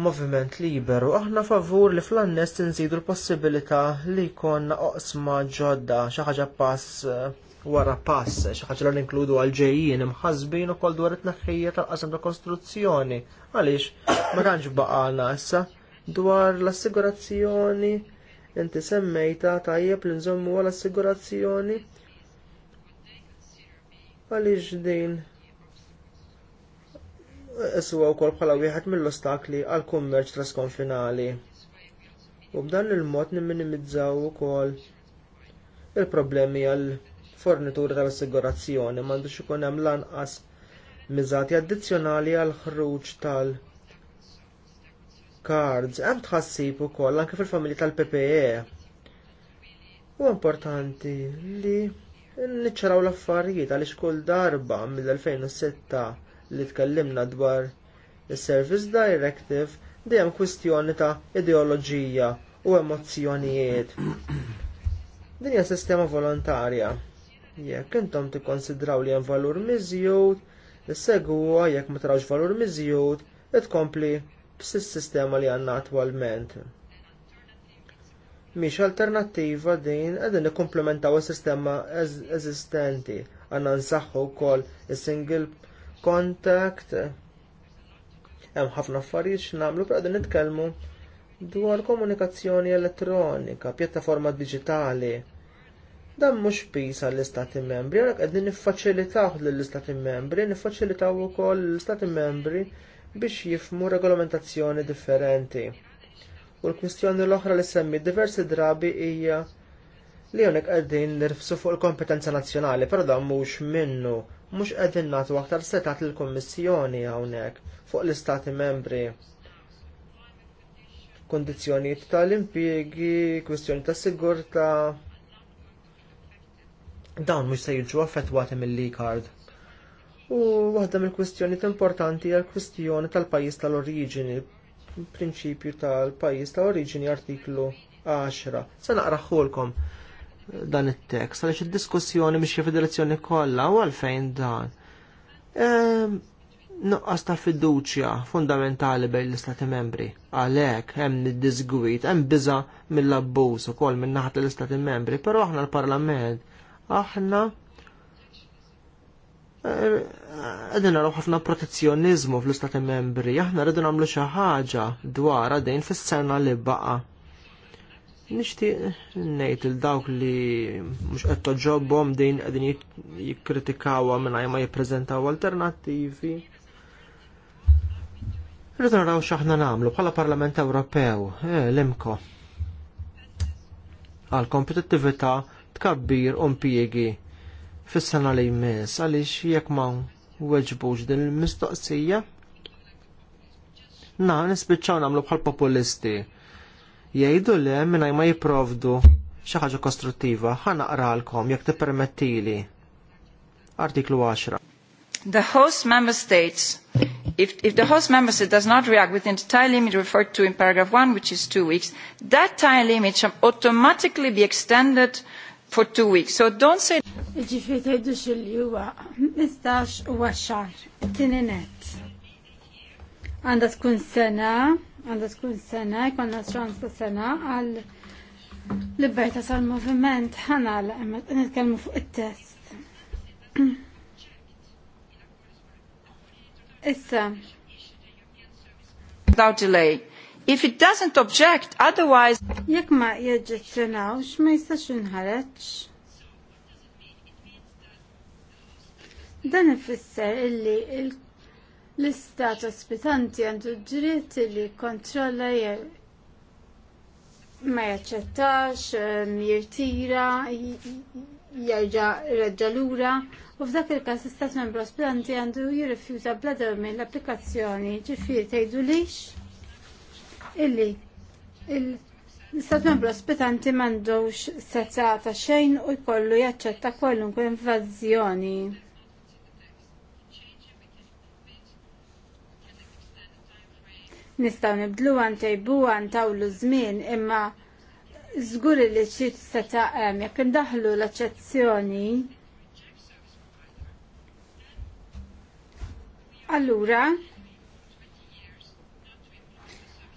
moviment liberu, aħna favur li fl annest nżidu l-possibilità li jkollna oqsma ġodda, xi ħaġa pass eh, wara pass, xi ħaġa inkludu għal għal-ġejjin imħasbin kol dwar it naħħija tal-qasam ta' kostruzzjoni. Għaliex, ma tantx baqalna issa dwar l-assigurazzjoni inti semmejta tajjeb li nżommu għall assigurazzjoni Għaliex din iswa wkoll bħala wieħed mill-ostakli għall kummerċ trasconfinali. U b'dan il-mod nimminimizzaw ukoll il-problemi għal fornituri tal-assigurazzjoni m'għandux ikun hemm lanqas miżati addizzjonali għal ħruġ tal- kards hemm tħassib ukoll anke fil-familji tal-PPE. Huwa importanti li niċċaraw l-affarijiet għaliex kull darba mill-2006 li tkellimna dwar is-Service Directive dejjem kwistjoni ta' ideoloġija u emozzjonijiet. Din hija sistema volontarja. Jekk intom tikkonsidraw li hemm valur miżjud, is-segwa jekk ma tarawx valur miżjud, tkompli b'sis-sistema li għandna attwalment. Mhix alternattiva din qegħdin nikkumplementaw is-sistema eżistenti għandna nsaħħu wkoll is-single contact, hemm ħafna affarijiet x'n'amlu, però qegħdin nitkellmu dwar komunikazzjoni elettronika, pjattaforma diġitali. Dan mhux pis għall-Istati Membri, għalhekk qegħdin niffaċilitaw lill-Istati Membri, niffaċilitaw ukoll l-Istati Membri biex jifmu regolamentazzjoni differenti. U l-kwistjoni l-oħra li semmi diversi drabi hija li hawnhekk qegħdin nirfsu fuq il-kompetenza nazzjonali, però dan mhux minnu mhux qegħdin nagħtu aktar setat lill kummissjoni hawnhekk fuq l-Istati membri. Kundizzjonijiet tal-impjiegi, kwistjoni tas sigurtà dawn mhux se jiġu affettwati mill-e-card. U waħda mill-kwistjonijiet importanti hija l-kwistjoni tal-pajjiż tal-oriġini, prinċipju tal-pajjiż tal-oriġini artiklu 10. Se naqraħħulkom dan it-tekst, għalix id-diskussjoni mhix fid kolla, kollha u għalfejn dan. Nuqqas ta' fiduċja fundamentali bejn l-Istati membri. Għalhekk hemm nid-disgwit, hemm biża mill-abbuż ukoll minn naħat l-Istati membri, però aħna l-Parlament aħna għedin għaraw ħafna protezzjonizmu fl-istati membri, aħna rridu nagħmlu xi ħaġa dwar għadin fis-sena li baqa' Nixtieq ngħid il dawk li mhux qed ġobbom din qegħdin jikkritikawha mingħajr ma jippreżentaw alternattivi. Rritu naraw x'aħna nagħmlu bħala Parlament Ewropew, eh, l-imko. Għal kompetittività tkabbir u piegi fis-sena li jmiss għaliex jekk ma weġbux din il-mistoqsija. Na, nispiċċaw nagħmlu bħal populisti jgħidu le mingħajr ma jiprovdu xaħġa ħaġa ħana Ħa jek te permettili. Artiklu 10. The host member states If, if the host member state does not react within the time limit referred to in paragraph 1, which is two weeks, that time limit shall automatically be extended for two weeks. So don't say... Ġifri tajdu xilli huwa 15 u għaxar, tininet. Għanda tkun sena, għandha tkun sena, jkollna ċans ta' sena għal libertà sal-moviment ħanala nitkellmu fuq il test Issa. Without delay. If it doesn't object, otherwise... Jek ma sena, jieġġezzjonawx, ma jistax inħareġ. Dan ifisser illi il l-istat ospitanti għandu dritt li kontrolla ma jaċċettax, ehm, jirtira, jarġa reġġalura u f'dak il-każ istat membru ospitanti għandu jirrifjuta bla dewmin l-applikazzjoni ġifieri tgħidu lix illi l-istat membru ospitanti m'għandux setta ta' xejn u jkollu jaċċetta kwalunkwe invażjoni. nistaw nibdlu għan tawlu zmin imma zguri li ċit seta' għem jek ndaħlu l-accezzjoni allura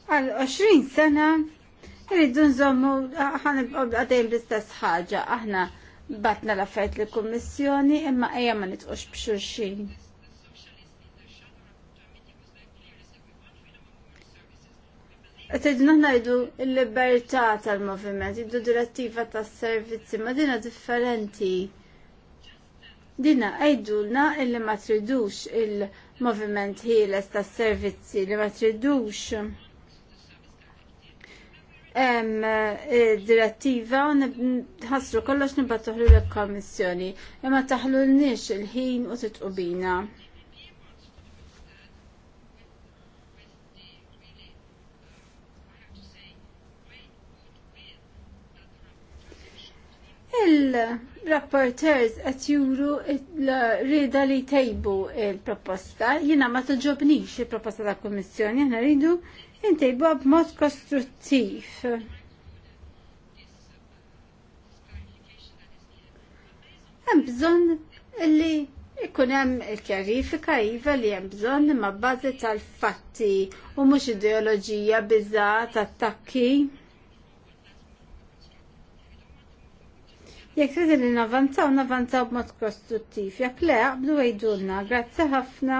għal 20 sena rridu nżommu għan għadajn bl-istess ħaġa aħna batna l-affarijiet l-kummissjoni imma għajja ma nitqux b'xulxin. Għetedna najdu il-libertà tal-moviment, id direttiva tas servizzi ma dina differenti. Dina għajdulna illi ma tridux il-moviment ħieles tas servizzi li ma tridux. Em, eh, direttiva ħasru kollox nibattuħlu l-Kommissjoni, imma taħlu l-nix il-ħin u t bina. Il-rapporters qed juru l-rida li tejbu il-proposta, jiena ma toġobnix il-proposta ta' kummissjoni, aħna rridu intejbu b'mod kostruttiv. Hemm bżonn li ikun hemm il-kjarifika iva li hemm bżonn imma bażi tal-fatti u mhux ideoloġija biża' tattakki. Jekk tridin li navanzaw, navanzaw b'mod kostruttiv. Jek le, għabdu għajdunna, Grazzi ħafna.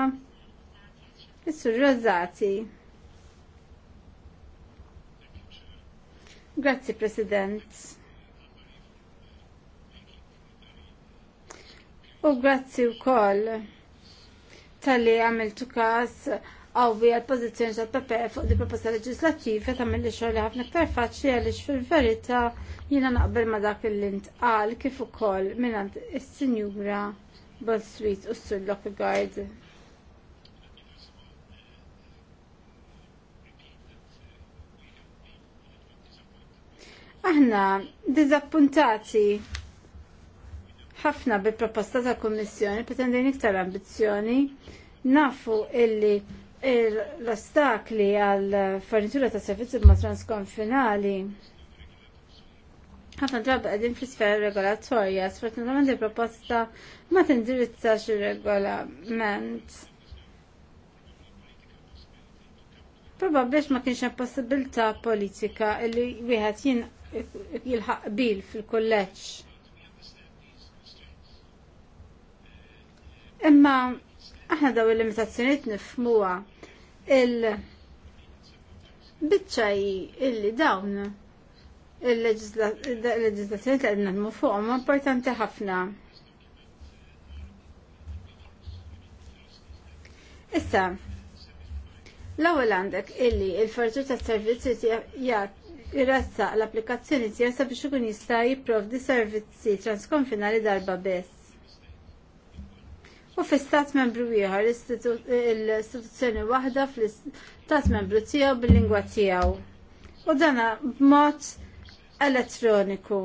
Issu rrazzati. Grazzi, President. U grazzi u koll tal-li għamiltu kas qawwi għal pożizzjoni tal pepe fuq di proposta leġislattiva ta' mill xogħol ħafna iktar faċli għaliex fil-verità jiena naqbel ma' dak li għal kif ukoll il-senjura sinjura sweet u s-Sur Lockegaard. Aħna diżappuntati ħafna bil-proposta tal-Kummissjoni pretendejn iktar ambizzjoni nafu illi l-ostakli għal fornitura ta' servizzi ma' transkonfinali ħafna drabi għedin fl-sfera regolatorja, sfortunatamente proposta ma tindirizzax il-regolament. Probabilx ma kienx hemm possibilità politika li wieħed jien jilħaq bil fil-kulleġġ. Imma aħna daw il-limitazzjonijiet nifhmuha il-bicċaj illi dawn il-leġizlazzjoni ta' għedna nmu fuqhom importanti ħafna. Issa, l-ewwel għandek illi il-forġu ta' servizzi jirassaq l-applikazzjoni tiegħek sabiex ikun jista' jipprovdi servizzi transkonfinali darba biss u fi stat membru ieħor l-istituzzjoni waħda fl-stat membru tiegħu bil-lingwa tiegħu. U dana b'mod elettroniku.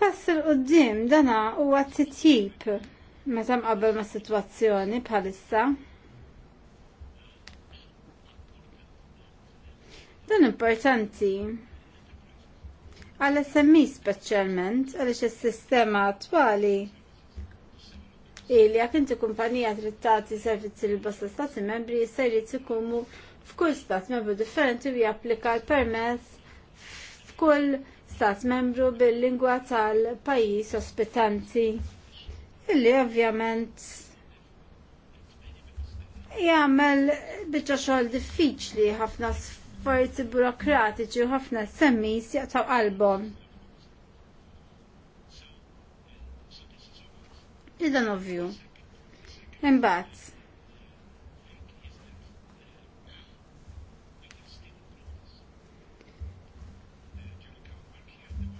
Pass il-qoddim dana huwa titjib meta mqabbel ma' sitwazzjoni bħalissa. Dan importanti għal SMI e speċjalment għaliex is-sistema attwali li jekk inti kumpanija trittati servizzi lil bosta stati membri jista' jrid ikunu f'kull stat membru differenti u japplika l-permess f'kull stat membru bil-lingwa tal-pajjiż ospitanti. Illi ovvjament jagħmel biċċa xogħol diffiċli ħafna forzi burokratiċi u ħafna semmi jisjaqtaw qalbhom. Idan ovvju. Imbagħad.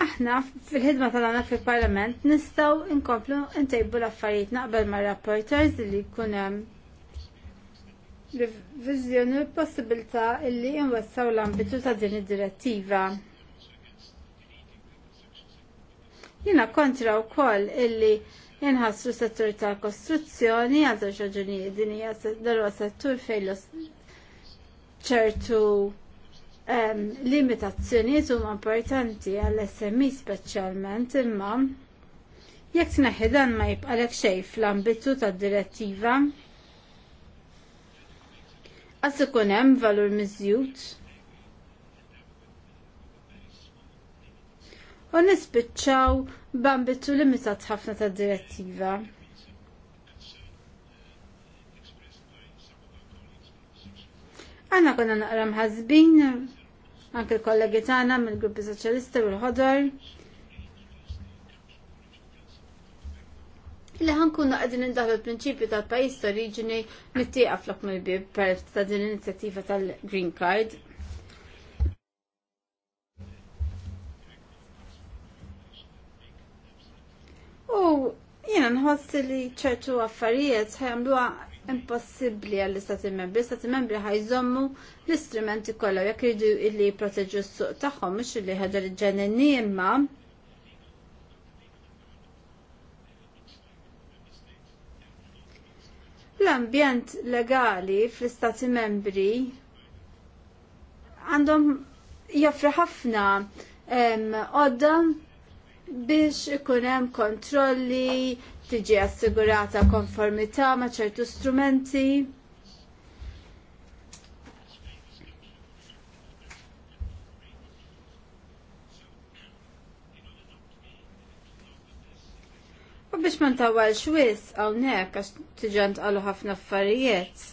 Aħna fil-ħidma tagħna fil-Parlament nistgħu nkomplu ntejbu l-affarijiet naqbel mar-rapporters li jkun hemm revizjoni l-possibilità illi jinwessaw l-ambitu ta' din id-direttiva. Jina kontra u koll illi jinħassru settur ta' kostruzzjoni għal ġoġuni din hija darba settur fejn ċertu um, limitazzjonijiet huma importanti għall SMI e speċjalment imma jekk tneħħi dan ma jibqalek xejn fl-ambitu tad-direttiva Għas ikun hemm valur miżjud. U nispiċċaw b'ambitu limitat ħafna ta' direttiva. Għanna konna naqra mħazbin, anke l-kollegi tagħna mill-Gruppi Soċjalista u l-Ħodor, illi kunna għadin indaħlu l-prinċipju tal-pajis tal oriġini mittieqa flok mil bib per ta' din l-inizjattiva tal-Green Card. U jena nħoss li ċertu affarijiet ħamluwa impossibli għall-istati membri. Istati membri ħajżommu l-istrumenti kollha jekk jridu illi jipproteġu s-suq tagħhom mhux illi ħadar il-ġenenni imma L-ambjent legali fl-istati membri għandhom joffri ħafna għodda biex ikun hemm kontrolli, tiġi assigurata konformità ma' ċertu strumenti. biex ma ntawal xwis hawnhekk għax tiġant qalu ħafna affarijiet.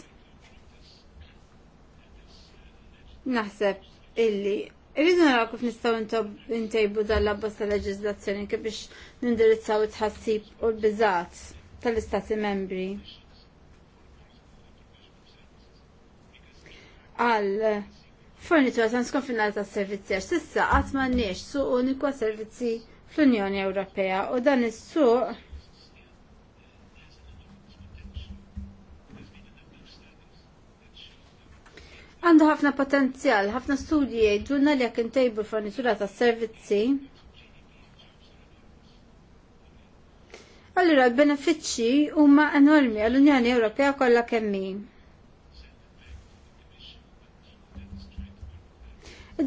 Naħseb illi Irridu naraw kif nistgħu ntejbu dal-abbas tal-leġiżlazzjoni kif biex nindirizzaw it-ħassib u l bizat tal-istati membri. Għal fornitura ta' skonfinali ta' servizzi għax sissa qatt m'għandniex suq uniku servizzi fl-Unjoni Ewropea u dan is-suq għandu ħafna potenzjal, ħafna studji jgħidulna li jekk intejbu l-fornitura ta' servizzi. Allura l-benefiċċji huma enormi għall-Unjoni Ewropea kollha kemm hi.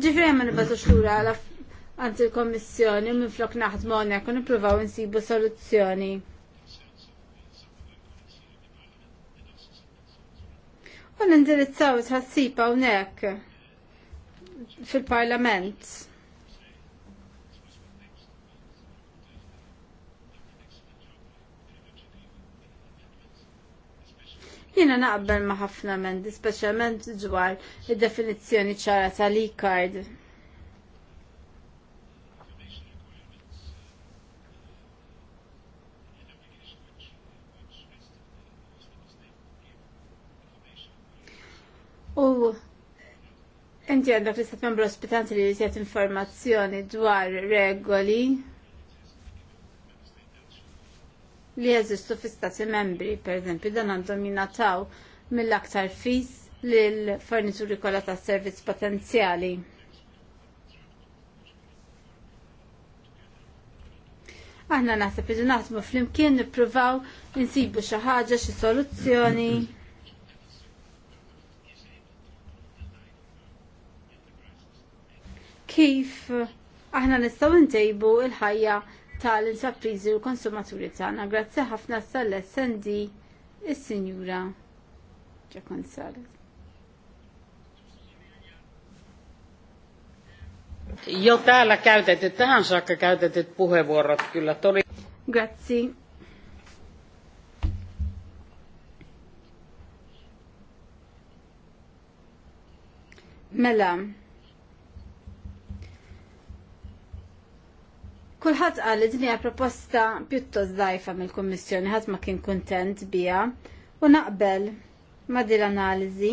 Ġifri ma nibgħatux lura għand il-Kommissjoni u minflok naħdmu hawnhekk u nippruvaw insibu soluzzjoni. u nindirizzaw tħassiba hawnhekk fil-Parlament. Jina naqbel ma' ħafna mendi, specialment dwar id-definizzjoni ċara tal-e-card. U inti għandak l-istat membru ospitanti li jizjet informazzjoni dwar regoli li jeżistu fi stati membri, per eżempju, dan għandhom jinataw mill-aktar fis l-fornituri kollha ta' servizz potenzjali. Aħna naħseb idu naħdmu flimkien nippruvaw insibu xi ħaġa xi soluzzjoni. kif aħna nistgħu ntejbu il-ħajja tal-intrapriżi u konsumaturi tagħna. Grazzi ħafna sal sendi is-Sinjura Ġakon Salet. Jo täällä käytetyt, kardet it puhe borrat kulla tori. Grazzi. Mela. Kulħadd qal li din hija proposta pjuttost dajfa mill-Kummissjoni ħadd ma kien kuntent biha u naqbel ma' din l-analiżi.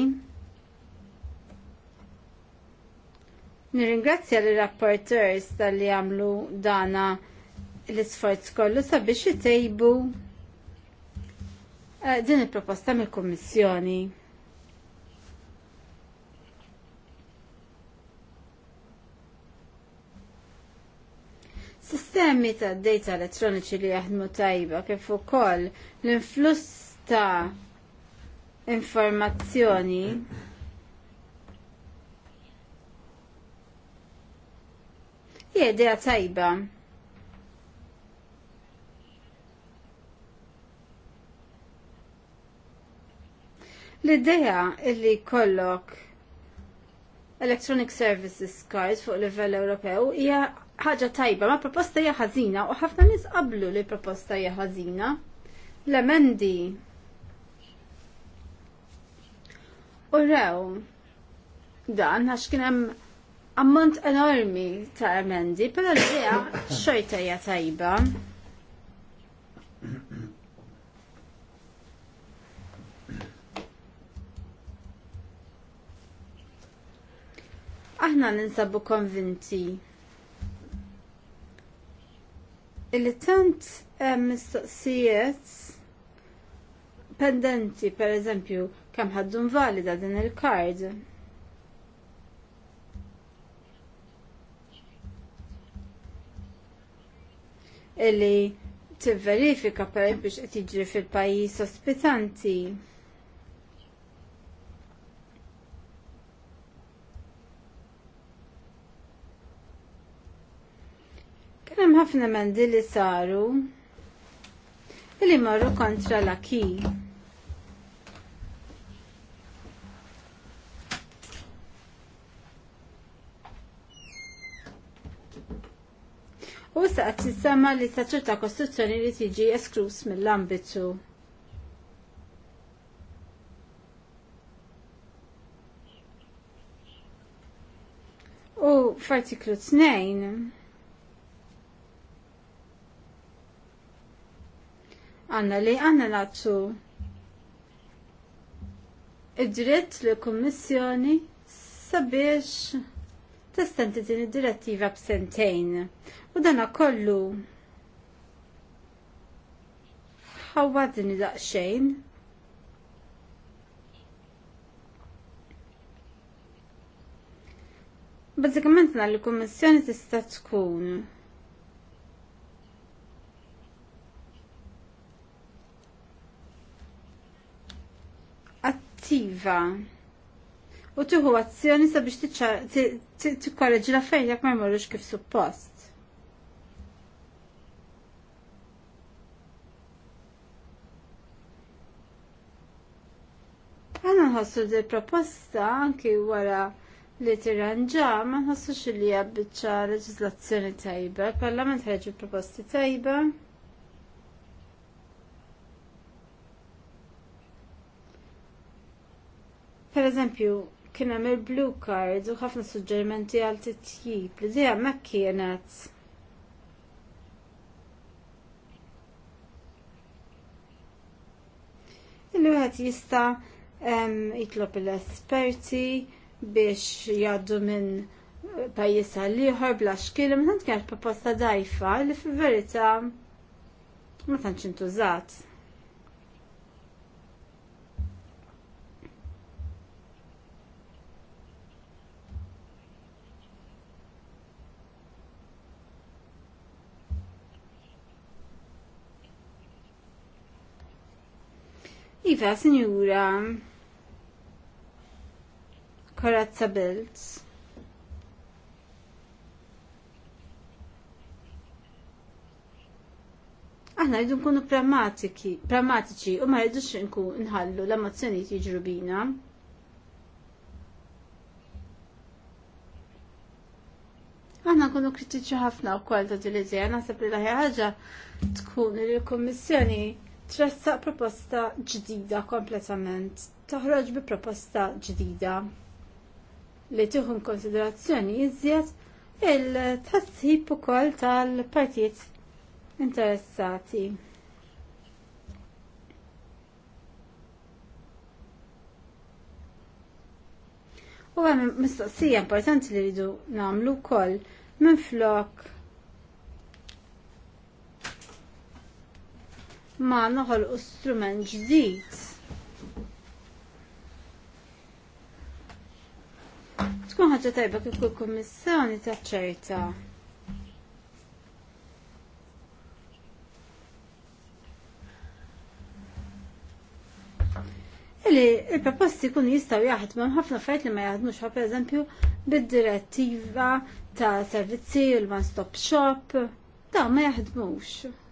Nirringrazzja l rapporteurs tal-li għamlu dana l-isforz kollu sabiex jitejbu eh, din il-proposta mill-Kummissjoni. sistemi ta' data elettroniċi li jaħdmu tajba kif ukoll l-influss ta' informazzjoni hija idea tajba. L-idea li kollok Electronic Services Card fuq livell Ewropew hija ħaġa tajba, ma proposta hija ħażina u ħafna nies qablu li proposta hija ħażina. L-emendi. U rew dan għax kien hemm ammont enormi ta' emendi, però l-idea xorta hija tajba. Aħna ninsabu konvinti illi tant eh, mistoqsijiet pendenti per eżempju kemm ħaddu valida din il-kard. Illi tivverifika per biex qed jiġri fil-pajjiż ospitanti. Hemm ħafna mendi li saru li marru kontra l-aki. U saqt tissama li statut ta' kostruzzjoni li tiġi esklus mill-ambitu. U f'artiklu 2 għanna li għanna naċċu id-dritt li kummissjoni sabiex testenti din id-direttiva b'sentejn. U dana kollu ħawadni daqsxejn. Bazzikament na l-Kummissjoni tista' tkun attiva u tuħu azzjoni sabiex t-korreġi la fejn jekk ma jmorrux kif suppost. Għana nħossu di proposta anki wara li tirranġa ma nħossux li hija biċċa leġislazzjoni tajba, parlament ħreġu proposti tajba. Per eżempju, kien hemm il-blue card u ħafna suġġerimenti għal titjib li dejjem ma kienet. Illi wieħed jista' jitlob l-esperti biex jgħaddu minn pajjiż għal ieħor bla xkil, ma tant kienet proposta dajfa li fil-verità ma tantx intużat. Iva, signora. Corazza Bills. Aħna rridu nkunu prammatiċi u ma rridux nkun nħallu l-emozzjonijiet jiġru bina. Aħna nkunu kritiċi ħafna u kwalta din l-idea, naħseb li l-aħjar ħaġa tkun il-Kummissjoni tressaq proposta ġdida kompletament, toħroġ bi proposta ġdida li tieħu konsiderazzjoni iżjed il u ukoll tal partiet interessati. U għem mistoqsija importanti li rridu namlu koll minn flok ma noħolqu strument ġdid. Tkun ħaġa tajba kif kull kummissjoni taċċerta. Illi il-proposti kun jistaw jaħdmu ħafna fajt li ma jaħdmux ħa eżempju bid-direttiva ta' servizzi l-one-stop shop, ta' ma jaħdmux.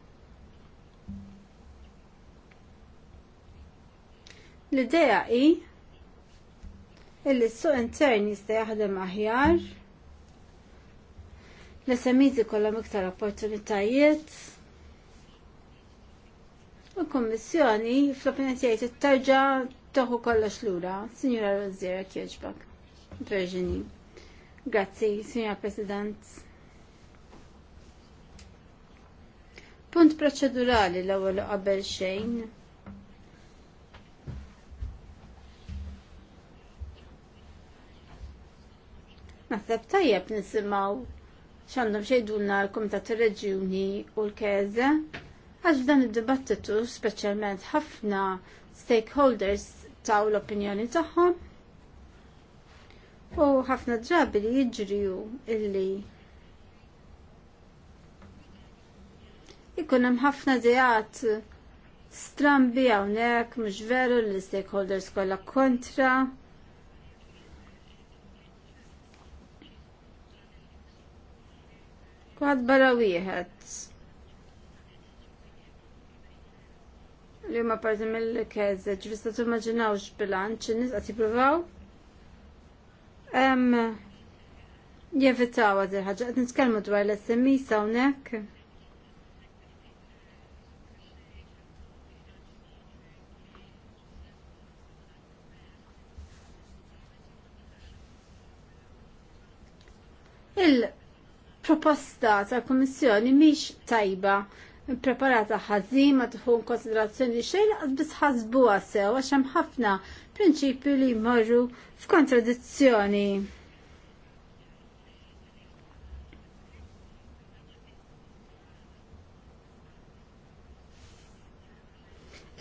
L-idea hi illi s-suq intern jista' jaħdem aħjar, l-SMEs ikollhom iktar opportunitajiet, u l-Kummissjoni fl-opinjoni tiegħi tittarġa toħu kollox lura, Sinjura Rozier Kieġbak, Virginie. Grazzi, Sinjura President. Punt proċedurali l-ewwel qabel xejn. Naħseb tajjeb nisimgħu x'għandhom xejdulna l-Kumitat ir-Reġjuni u l keza għax f'dan id-dibattitu speċjalment ħafna stakeholders taw l-opinjoni tagħhom u ħafna drabi li jiġriju illi ikun hemm ħafna dejat strambi hawnhekk mhux veru l-stakeholders kollha kontra Waħad barra wieħed. li ma parti mill-keze, ġivista tu maġinawx bilanċ, nis għati provaw. Jevitaw għad il-ħagġa, għad nitkelmu dwar l-SMI sawnek. il-proposta tal-Kummissjoni mhix tajba preparata ħażin ma tħu konsiderazzjoni xejn biss ħasbuha sew għax hemm ħafna prinċipju li jmorru f'kontradizzjoni.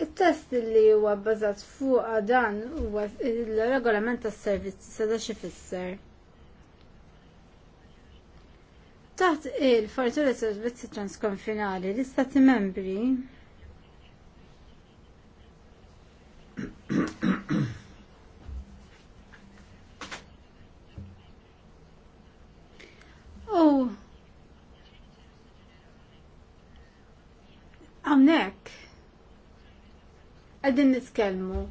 Il-test li huwa bbażat fuq dan huwa il-regolament tas-servizzi sada xi fisser. Taħt il-fortuna servizzi transkonfinali l-istati membri U oh. għamnek għadin niskelmu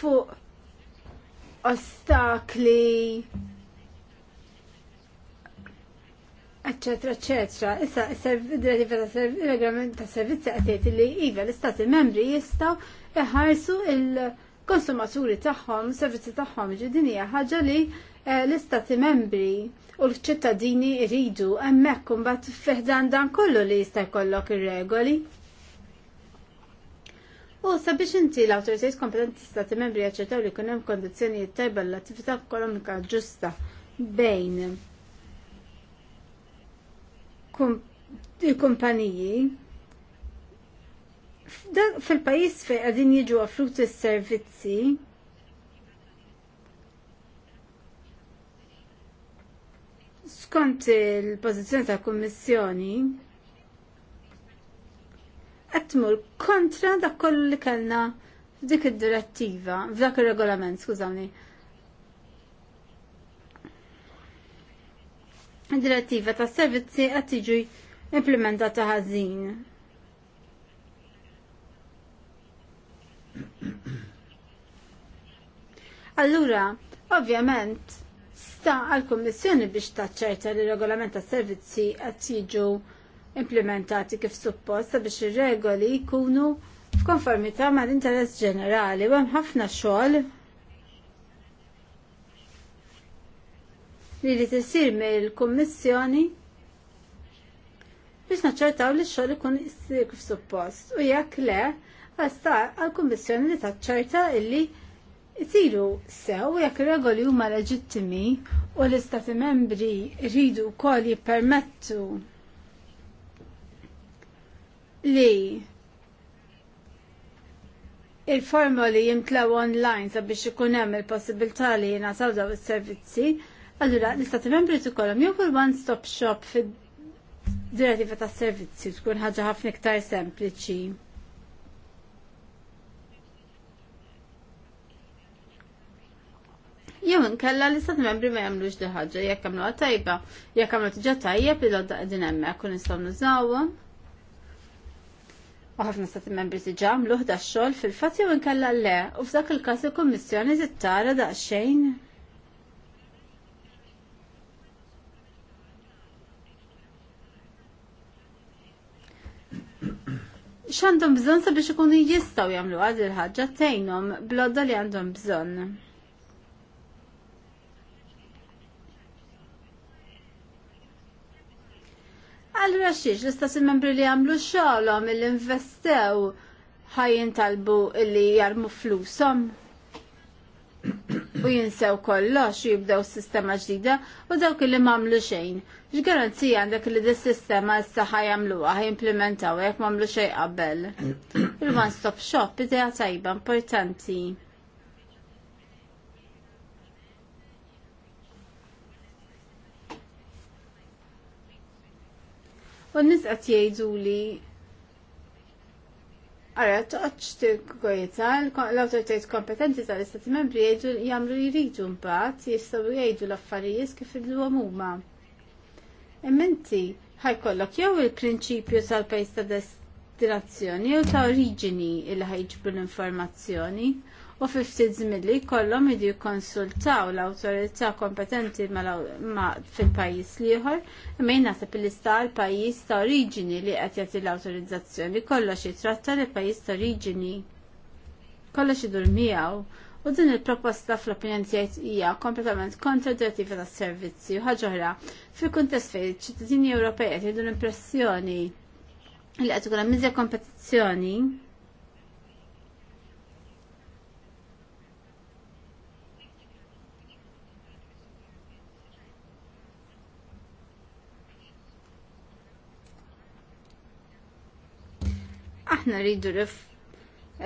fuq ostakli eccetera, eccetera. Issa, direttiva ta' regolament ta' servizzi għatiet li iva l-istati membri jistaw iħarsu il-konsumaturi tagħhom, servizzi tagħhom ġidinija ħaġa li eh, l-istati membri u l-ċittadini iridu hemmhekk kumbat fiħdan dan kollu li jista' jkollok ir-regoli. U sabiex inti l-autoritajiet kompetenti stati membri jaċċertaw li jkun hemm kondizzjonijiet tajba l-attività ekonomika ġusta bejn il-kumpaniji fil-pajis fej għadin jiġu għafrut il-servizzi skont il-pozizjoni ta' kummissjoni għattmur kontra da' kollu li kellna f'dik id-direttiva, f'dak il-regolament, skużawni. Direttiva ta' servizzi qed tiġi implementata ħażin. Allura, ovvjament, sta għal-Kommissjoni biex taċċerta li regolament ta' servizzi qed jiġu implementati kif supposta biex ir-regoli jkunu f'konformità mal-interess ġenerali u hemm ħafna xogħol li li tisir mill-Kummissjoni biex naċċertaw li x-xogħol ikun kif suppost u jekk le għasta għal-Kummissjoni li taċċerta illi jisiru sew jekk regoli huma leġittimi u l-Istati membri rridu wkoll jippermettu li il-formoli jimtlaw online sabiex ikun hemm il-possibilità li jingħataw daw is-servizzi Allura, l-istati membri tukolom jew one-stop shop fid direttiva ta' servizzi tkun ħaġa ħafna iktar sempliċi. Jew inkella l-istat membri ma jagħmlux li ħaġa jekk għamluha tajba, jekk għamlu tiġa tajjeb li għodda qegħdin hemmhekk kun nistgħu nużawhom. U ħafna stati membri tiġa għamluh da xogħol fil-fatt jew inkella le, u f'dak il-każ il-Kummissjoni tittara daqsxejn x'għandhom bżonn sabiex ikunu jistgħu jagħmlu għad il-ħaġa tgħinhom blodda li għandhom bżonn. Allura xiex l-istess il-membri li għamlu xogħolhom il-investew ħajjin talbu illi jarmu flushom u jinsew kollox u jibdew sistema ġdida u dawk li mamlu xejn. X'garanzija għandek li dis sistema issa ħajamluha ħajimplementaw jekk mamlu xejn qabel. Il-one stop shop idea tajba importanti. U n jgħidu li Għara, toċ t-gojita, l-autoritajt kompetenti tal-istati membri jgħidu jgħamlu jridu mbaħt, jistaw jgħidu l-affarijiet kif iddu għamuma. Imminti, ħajkollok jew il-prinċipju tal-pajis ta' destinazzjoni jew ta' oriġini il ħajġbu l-informazzjoni u fi ftit żmien li jkollhom idu jikkonsultaw l-awtorità kompetenti fil-pajjiż ieħor imma jien naħseb li sta l-pajjiż ta' oriġini li qed jagħti l-awtorizzazzjoni kollox jitratta li pajjiż ta' oriġini kollox idur miegħu U din il-proposta fl-opinjoni tiegħi hija kompletament kontra d-direttiva tas-servizzi u ħaġa oħra, fil-kuntest fejn iċ-ċittadini Ewropej qed jgħidu l-impressjoni li qed ikun hemm kompetizzjoni aħna rridu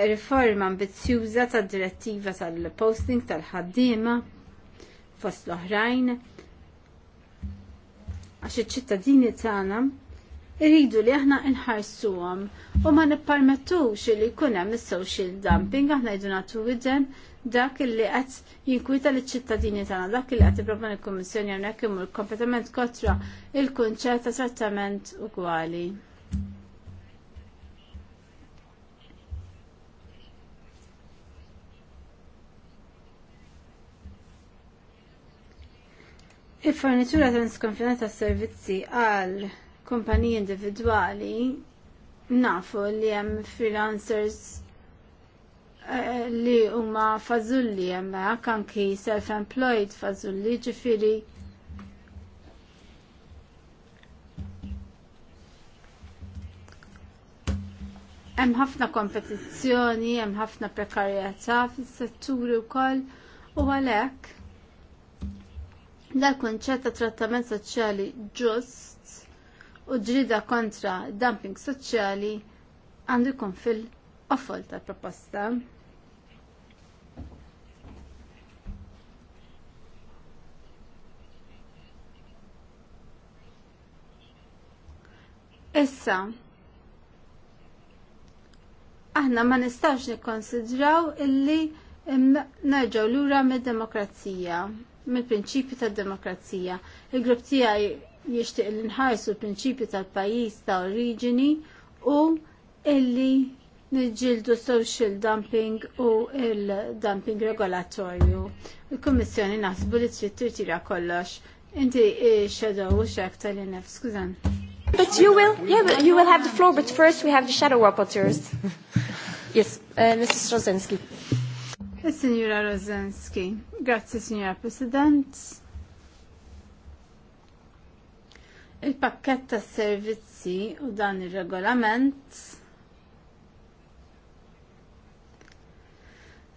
riforma ambizzjuża tad-direttiva tal-posting tal-ħaddiema fost l-oħrajn għax iċ-ċittadini tagħna irridu li aħna nħarsuhom u ma nippermettux li jkun hemm is-social dumping aħna jdu nagħtu widen dak li qed jinkwita liċ ċittadini tagħna dak li qed tipproponi l-Kummissjoni hawnhekk imur kompletament kontra il-kunċett ta' trattament ugwali. Il-fornitura ta' transkonfina ta' servizzi għal kumpaniji individwali nafu li hemm freelancers eh, li huma fażulli hemmhekk anki self-employed fażulli ġifieri hemm ħafna kompetizzjoni, hemm ħafna prekarjetà fis-setturi wkoll u għalhekk Dal kunċett ta' trattament soċjali ġust u ġrida kontra dumping soċjali għandu jkun fil qofol tal-proposta. Issa, aħna ma nistax nikkonsidraw illi nerġaw lura mid-demokrazija mill-prinċipju tad-demokrazija. Il-grupp tiegħi jixtieq li nħarsu l-prinċipju tal-pajjiż ta' oriġini u illi niġġieldu social dumping u il-dumping regolatorju. Il-Kummissjoni naħsbu li trid tirtira kollox. Inti eh, shadow u xek tal-inef, skużan. But you will, yeah, but you will have the floor, but first we have the shadow rapporteurs. yes, uh, Mrs. Rosinski. Il-Sinjura Rozenski. Grazzi, Sinjura President. Il-pakket ta' servizzi u dan il-regolament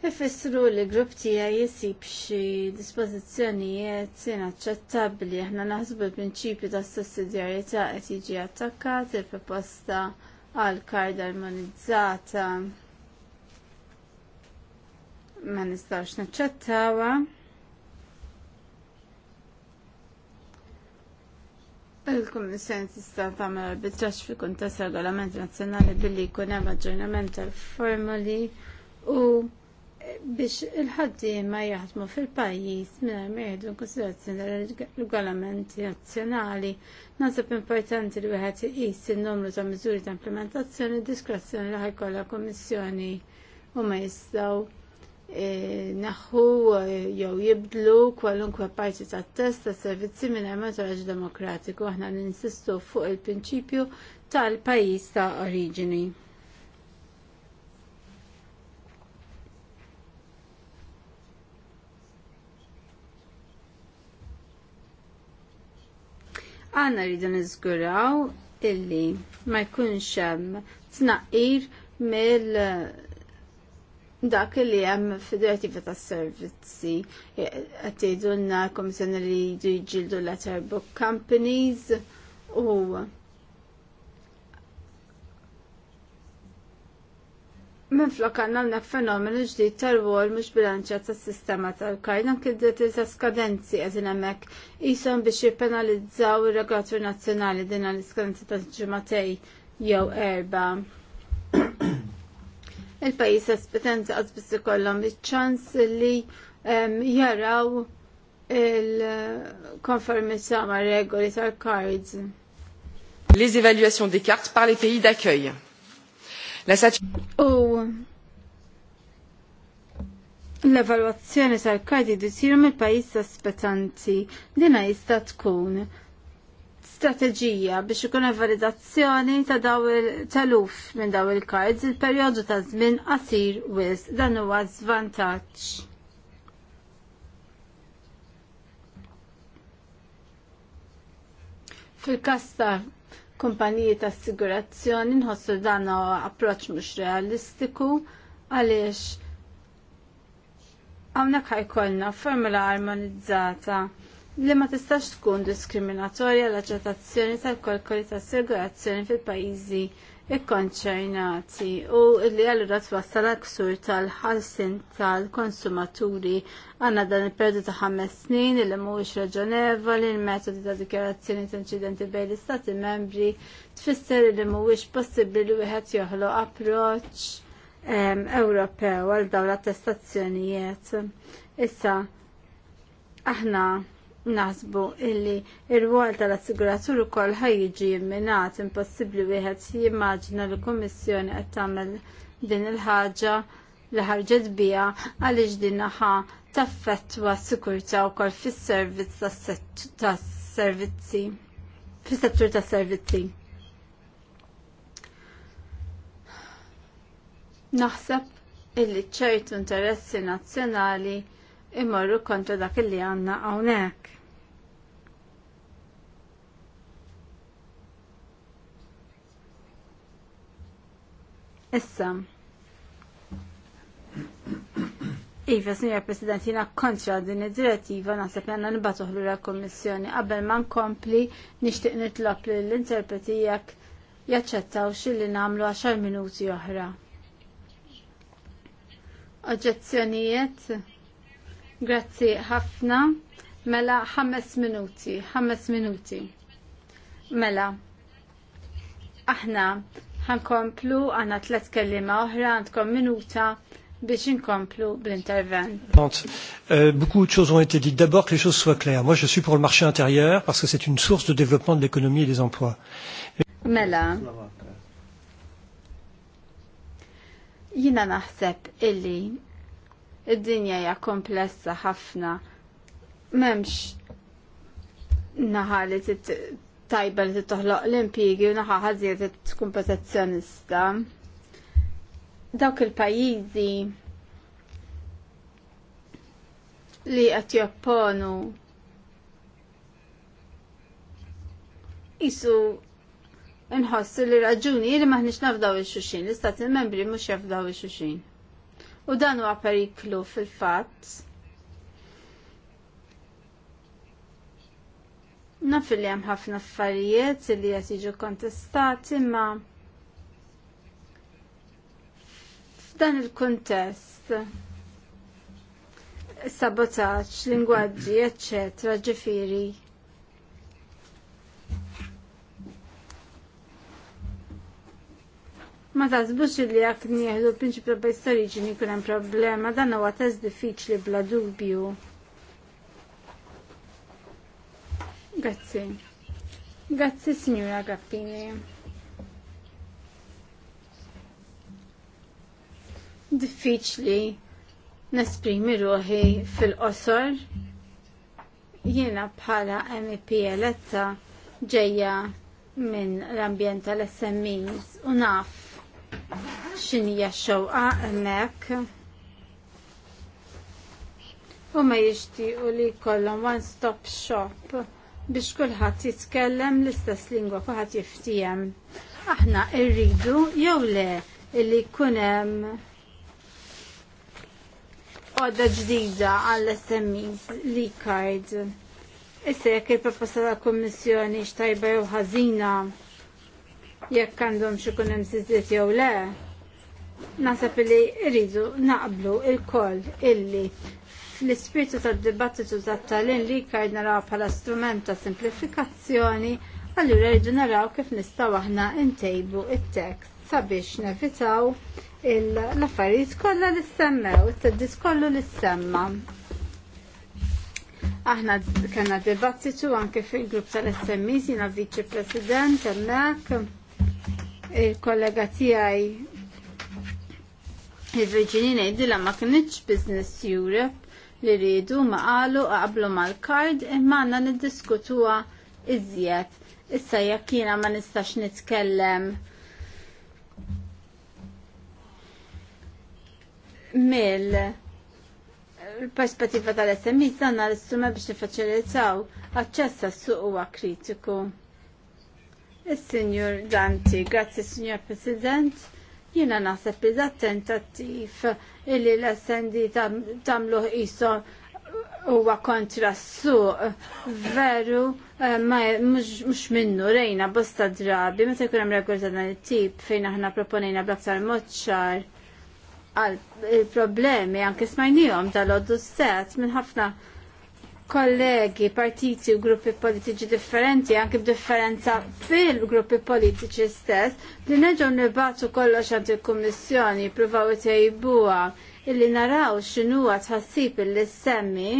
Ifissru li grupp tiegħi jisib xi dispożizzjonijiet inaċċettabbli aħna naħsbu l-prinċipju ta' sussidjarjetà qed jiġi attakkat il-proposta għal karda armonizzata ma nistax naċċettawa. Il-Kummissjoni tista' tagħmel arbitraġġ fi kuntest regolament nazzjonali billi jkun hemm aġġornament tal-formuli u biex il ma jaħdmu fil-pajjiż mingħajr ma jieħdu konsiderazzjoni regolamenti nazzjonali. Naħseb importanti li wieħed iqis in-numru ta' miżuri ta' implementazzjoni diskrezzjoni li ħajkollha Kummissjoni u ma jistgħu Eh, naħħu eh, jew jibdlu kwalunkwe parti tat test ta' servizzi minn armaturaġ demokratiku aħna ninsistu fuq il-prinċipju tal-pajjiż ta' oriġini. Għanna rridu niżguraw illi ma jkunx hemm tnaqir mill dak li hemm fid-direttiva tas-servizzi qed tgħidulna li jridu jġildu letter book companies u Min flok għanna l fenomenu ġdid tal-wol mux bilanċa tas sistema tal-kajna kiddet ta' skadenzi għazin għamek jisom biex jipenalizzaw il-regatur nazjonali dina l-skadenzi tal-ġumatej jew erba il-pajis aspetenti għazbis ikollhom iċ-ċans li jaraw il-konformità ma' regoli tal-cards. Les évaluations des cartes par les pays d'accueil. La U l-evaluazzjoni tal-karti disiru mill-pajis aspetanti. Dina jista' tkun strateġija biex ikun validazzjoni ta' daw il-taluf minn daw il kards il-perjodu ta' żmien qasir wis dan huwa żvantaġġ. fil każ ta' kumpaniji ta' assigurazzjoni nħossu dan approċċ mhux realistiku għaliex hawnhekk ħajkollna formula armonizzata li ma tistax tkun diskriminatorja l aġġettazzjoni tal-kolkoli ta' assigurazzjoni fil-pajjiżi ikkonċernati u li għallura twassal ksur tal-ħalsin tal-konsumaturi għanna dan il-perdu ta' ħames snin li mhuwiex li l metodi ta' dikjarazzjoni ta' inċidenti bejn l-istati membri tfisser li mhuwiex possibbli li wieħed joħloq approċċ Ewropew għal dawn l-attestazzjonijiet. Issa, aħna nasbu illi r rwol tal-assiguratur ukoll ħajjiġi jimminat impossibbli wieħed jimmaġina li kummissjoni qed tagħmel din il-ħaġa li ħarġet biha għaliex din naħa taffettwa s-sikurtà wkoll fis-servizz tas-servizzi fis-settur tas-servizzi. Naħseb illi ċertu interessi nazzjonali imorru kontra dak li għanna hawnhekk. Issa. Iva, Signor President, jina kontra din id-direttiva naħseb għanna nibatuħlu la kommissjoni qabel ma nkompli nixtieq nitlob li l-interpreti jekk jaċċettaw xilli nagħmlu 10 minuti oħra. Oġġezzjonijiet? Grazzi ħafna. Mela ħames minuti, ħames minuti. Mela, aħna ħankomplu għanna tlet kellima oħra għandkom minuta biex inkomplu bl-intervent. Euh, beaucoup de choses ont été dites. D'abord, que les choses soient claires. Moi, je suis pour le marché intérieur parce que c'est une source de développement de l'économie et des emplois. Mela. Jina naħseb illi id-dinja hija komplessa ħafna. M'hemmx naħa li tajba li tittoħloq l impigi u naħa t tkun Dawk il-pajjiżi li qed jopponu isu nħossu li raġuni li maħniex nafdaw il-xuxin, l-istati membri mhux jafdaw il-xuxin. U dan huwa periklu fil-fatt Naf li hemm ħafna affarijiet li qed jiġu kontestati ma f'dan il-kuntest sabotaġġ, lingwaġġi, eċċetera, ġifieri. Ma tasbux li jekk nieħdu l-prinċipju bejn storiġini kien hemm problema dan huwa test diffiċli bla dubju. Grazie. Grazzi signora Grappini. Diffiċli nesprimi ruħi fil-qosor. Jiena bħala MEP eletta ġejja minn l-ambjent tal-SMEs u naf xinija xewqa hemmhekk u ma jixtiequ li jkollhom one-stop shop biex kulħadd jitkellem l-istess lingwa kullħat jiftijem. Aħna irridu jew le illi jkun hemm għodda ġdida għall-SMEs li kajd. Issa jekk il-proposta ta' kommissjoni xtajba jew ħażina jekk għandhom xi kunem hemm siżiet jew le. Nasab li rridu naqblu il-koll illi fl-ispirtu tad-dibattitu tat-talin li kard naraw bħala strument ta' simplifikazzjoni, allura rridu naraw kif nistgħu aħna ntejbu t tekst sabiex nevitaw l-affarijiet kollha li semmew, it-teddis kollu li semma. Aħna kena dibattitu anke fil-grupp tal-SMIs jina viċi president hemmhekk il-kollega tiegħi il-Virginina id ma kienx Business Europe li rridu ma qalu qablu mal-kard imma għandna niddiskutuha iżjed. Issa jekk jiena ma nistax nitkellem mill perspettiva tal-SMI sanna l-istrument biex nifaċilitaw aċċess għas-suq huwa kritiku. Is-Sinjur Danti, grazzi Sinjur President. Jiena naħseb li tentattiv illi l-assendi tamlu jiso huwa kontra s-suq veru eh, ma mhux minnu rejna bosta drabi meta jkun hemm rekord dan it-tip fejn aħna proponejna b'aktar moċċar għal il-problemi anke smajnijom tal-oddu set minn ħafna kollegi, partiti u gruppi politiċi differenti, anke b'differenza fil-gruppi politiċi stess, li neġaw nibatu kollox għand il-Kummissjoni, provaw tejbuha illi naraw x'inhuwa tħassib illi semmi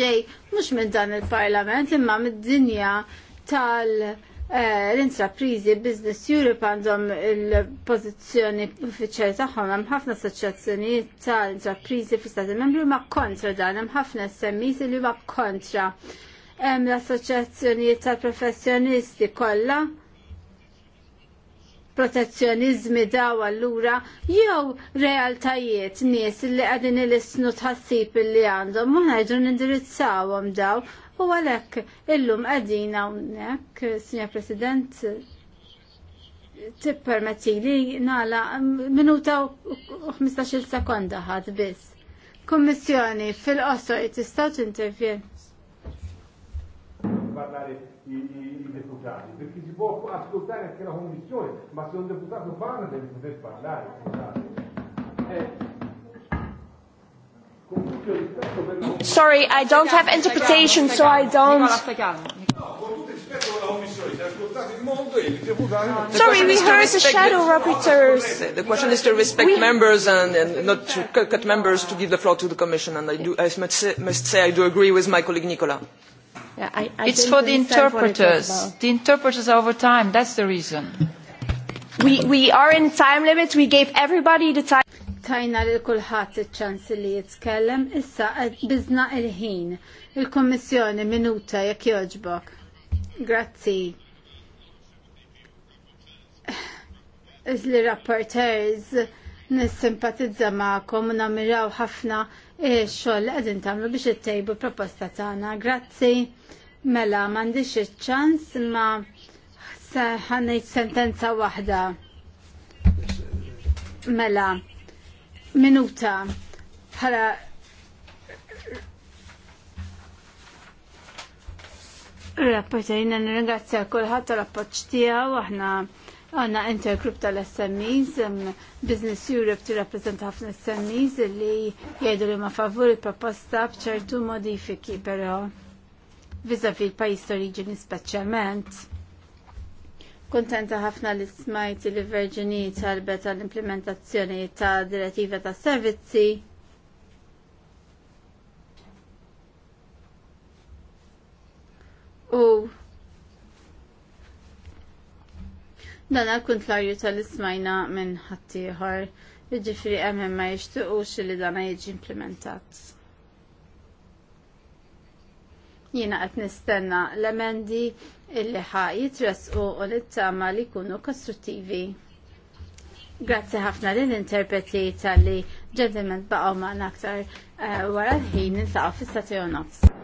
ġej mhux minn dan il-Parlament imma mid-dinja tal- Eh, l-intraprizi Business Europe għandhom il-pozizjoni uffiċjali tagħhom hemm ħafna assoċjazzjonijiet tal-intraprizi fl-Stati Membri ma kontra dan hemm ħafna SMEs li huma kontra. Hemm l-assoċjazzjonijiet tal-professjonisti kollha protezzjonizmi daw allura jew realtajiet nies li qegħdin il-isnu tħassib li għandhom ma ngħidu nindirizzawhom daw u għalek, illum għadina unnek, Sinja President, t-permetti li nala minuta u 15 sekonda ħad biss. Kummissjoni fil-qosor t-intervjen. Parlare i deputati, perché si può ascoltare anche la commissione, ma se un deputato parla deve poter parlare. Eh, Sorry, I don't have interpretation, so I don't. Sorry, we heard the shadow rapporteurs. The question is to respect we... members and, and not to cut members to give the floor to the Commission. And I, do, I must, say, must say I do agree with my colleague Nicola. Yeah, I, I it's for the interpreters. The interpreters are over time. That's the reason. We, we are in time limit. We gave everybody the time tajna li kulħadd iċ-ċans li jitkellem, issa bizna il-ħin. Il-Kommissjoni minuta jekk joġbok. Grazzi. Iżli rapporters nissimpatizza ma'kom u namiraw ħafna xogħol qegħdin tagħmlu biex ittejbu proposta tagħna. Grazzi. Mela m'għandix iċ-ċans ma ħanejt sentenza waħda. Mela, minuta bħala Rapporterina nirringrazzja kulħadd tal-appoġġ tiegħu aħna għandna intergrup tal-SMEs, um, Business Europe tirrappreżenta ħafna SMEs li jgħidu li ma favur il-proposta b'ċertu modifiki però viżavi l-pajjiż origini speċjalment. Kontenta ħafna li smajti li Virginie talbet għal implementazzjoni ta' direttiva ta' servizzi. U dan l kontlarju tal-ismajna minn ħattijħor, ġifri għemmen ma jishtuqux li dan jiġi implementat. Jina għet nistenna l-emendi il ħa jitresqu u l-ittama li jkunu kostruttivi. Grazzi ħafna l interpreti tal-li ġentilment baqaw ma' aktar eh, wara l-ħin niltaqgħu fis nofs.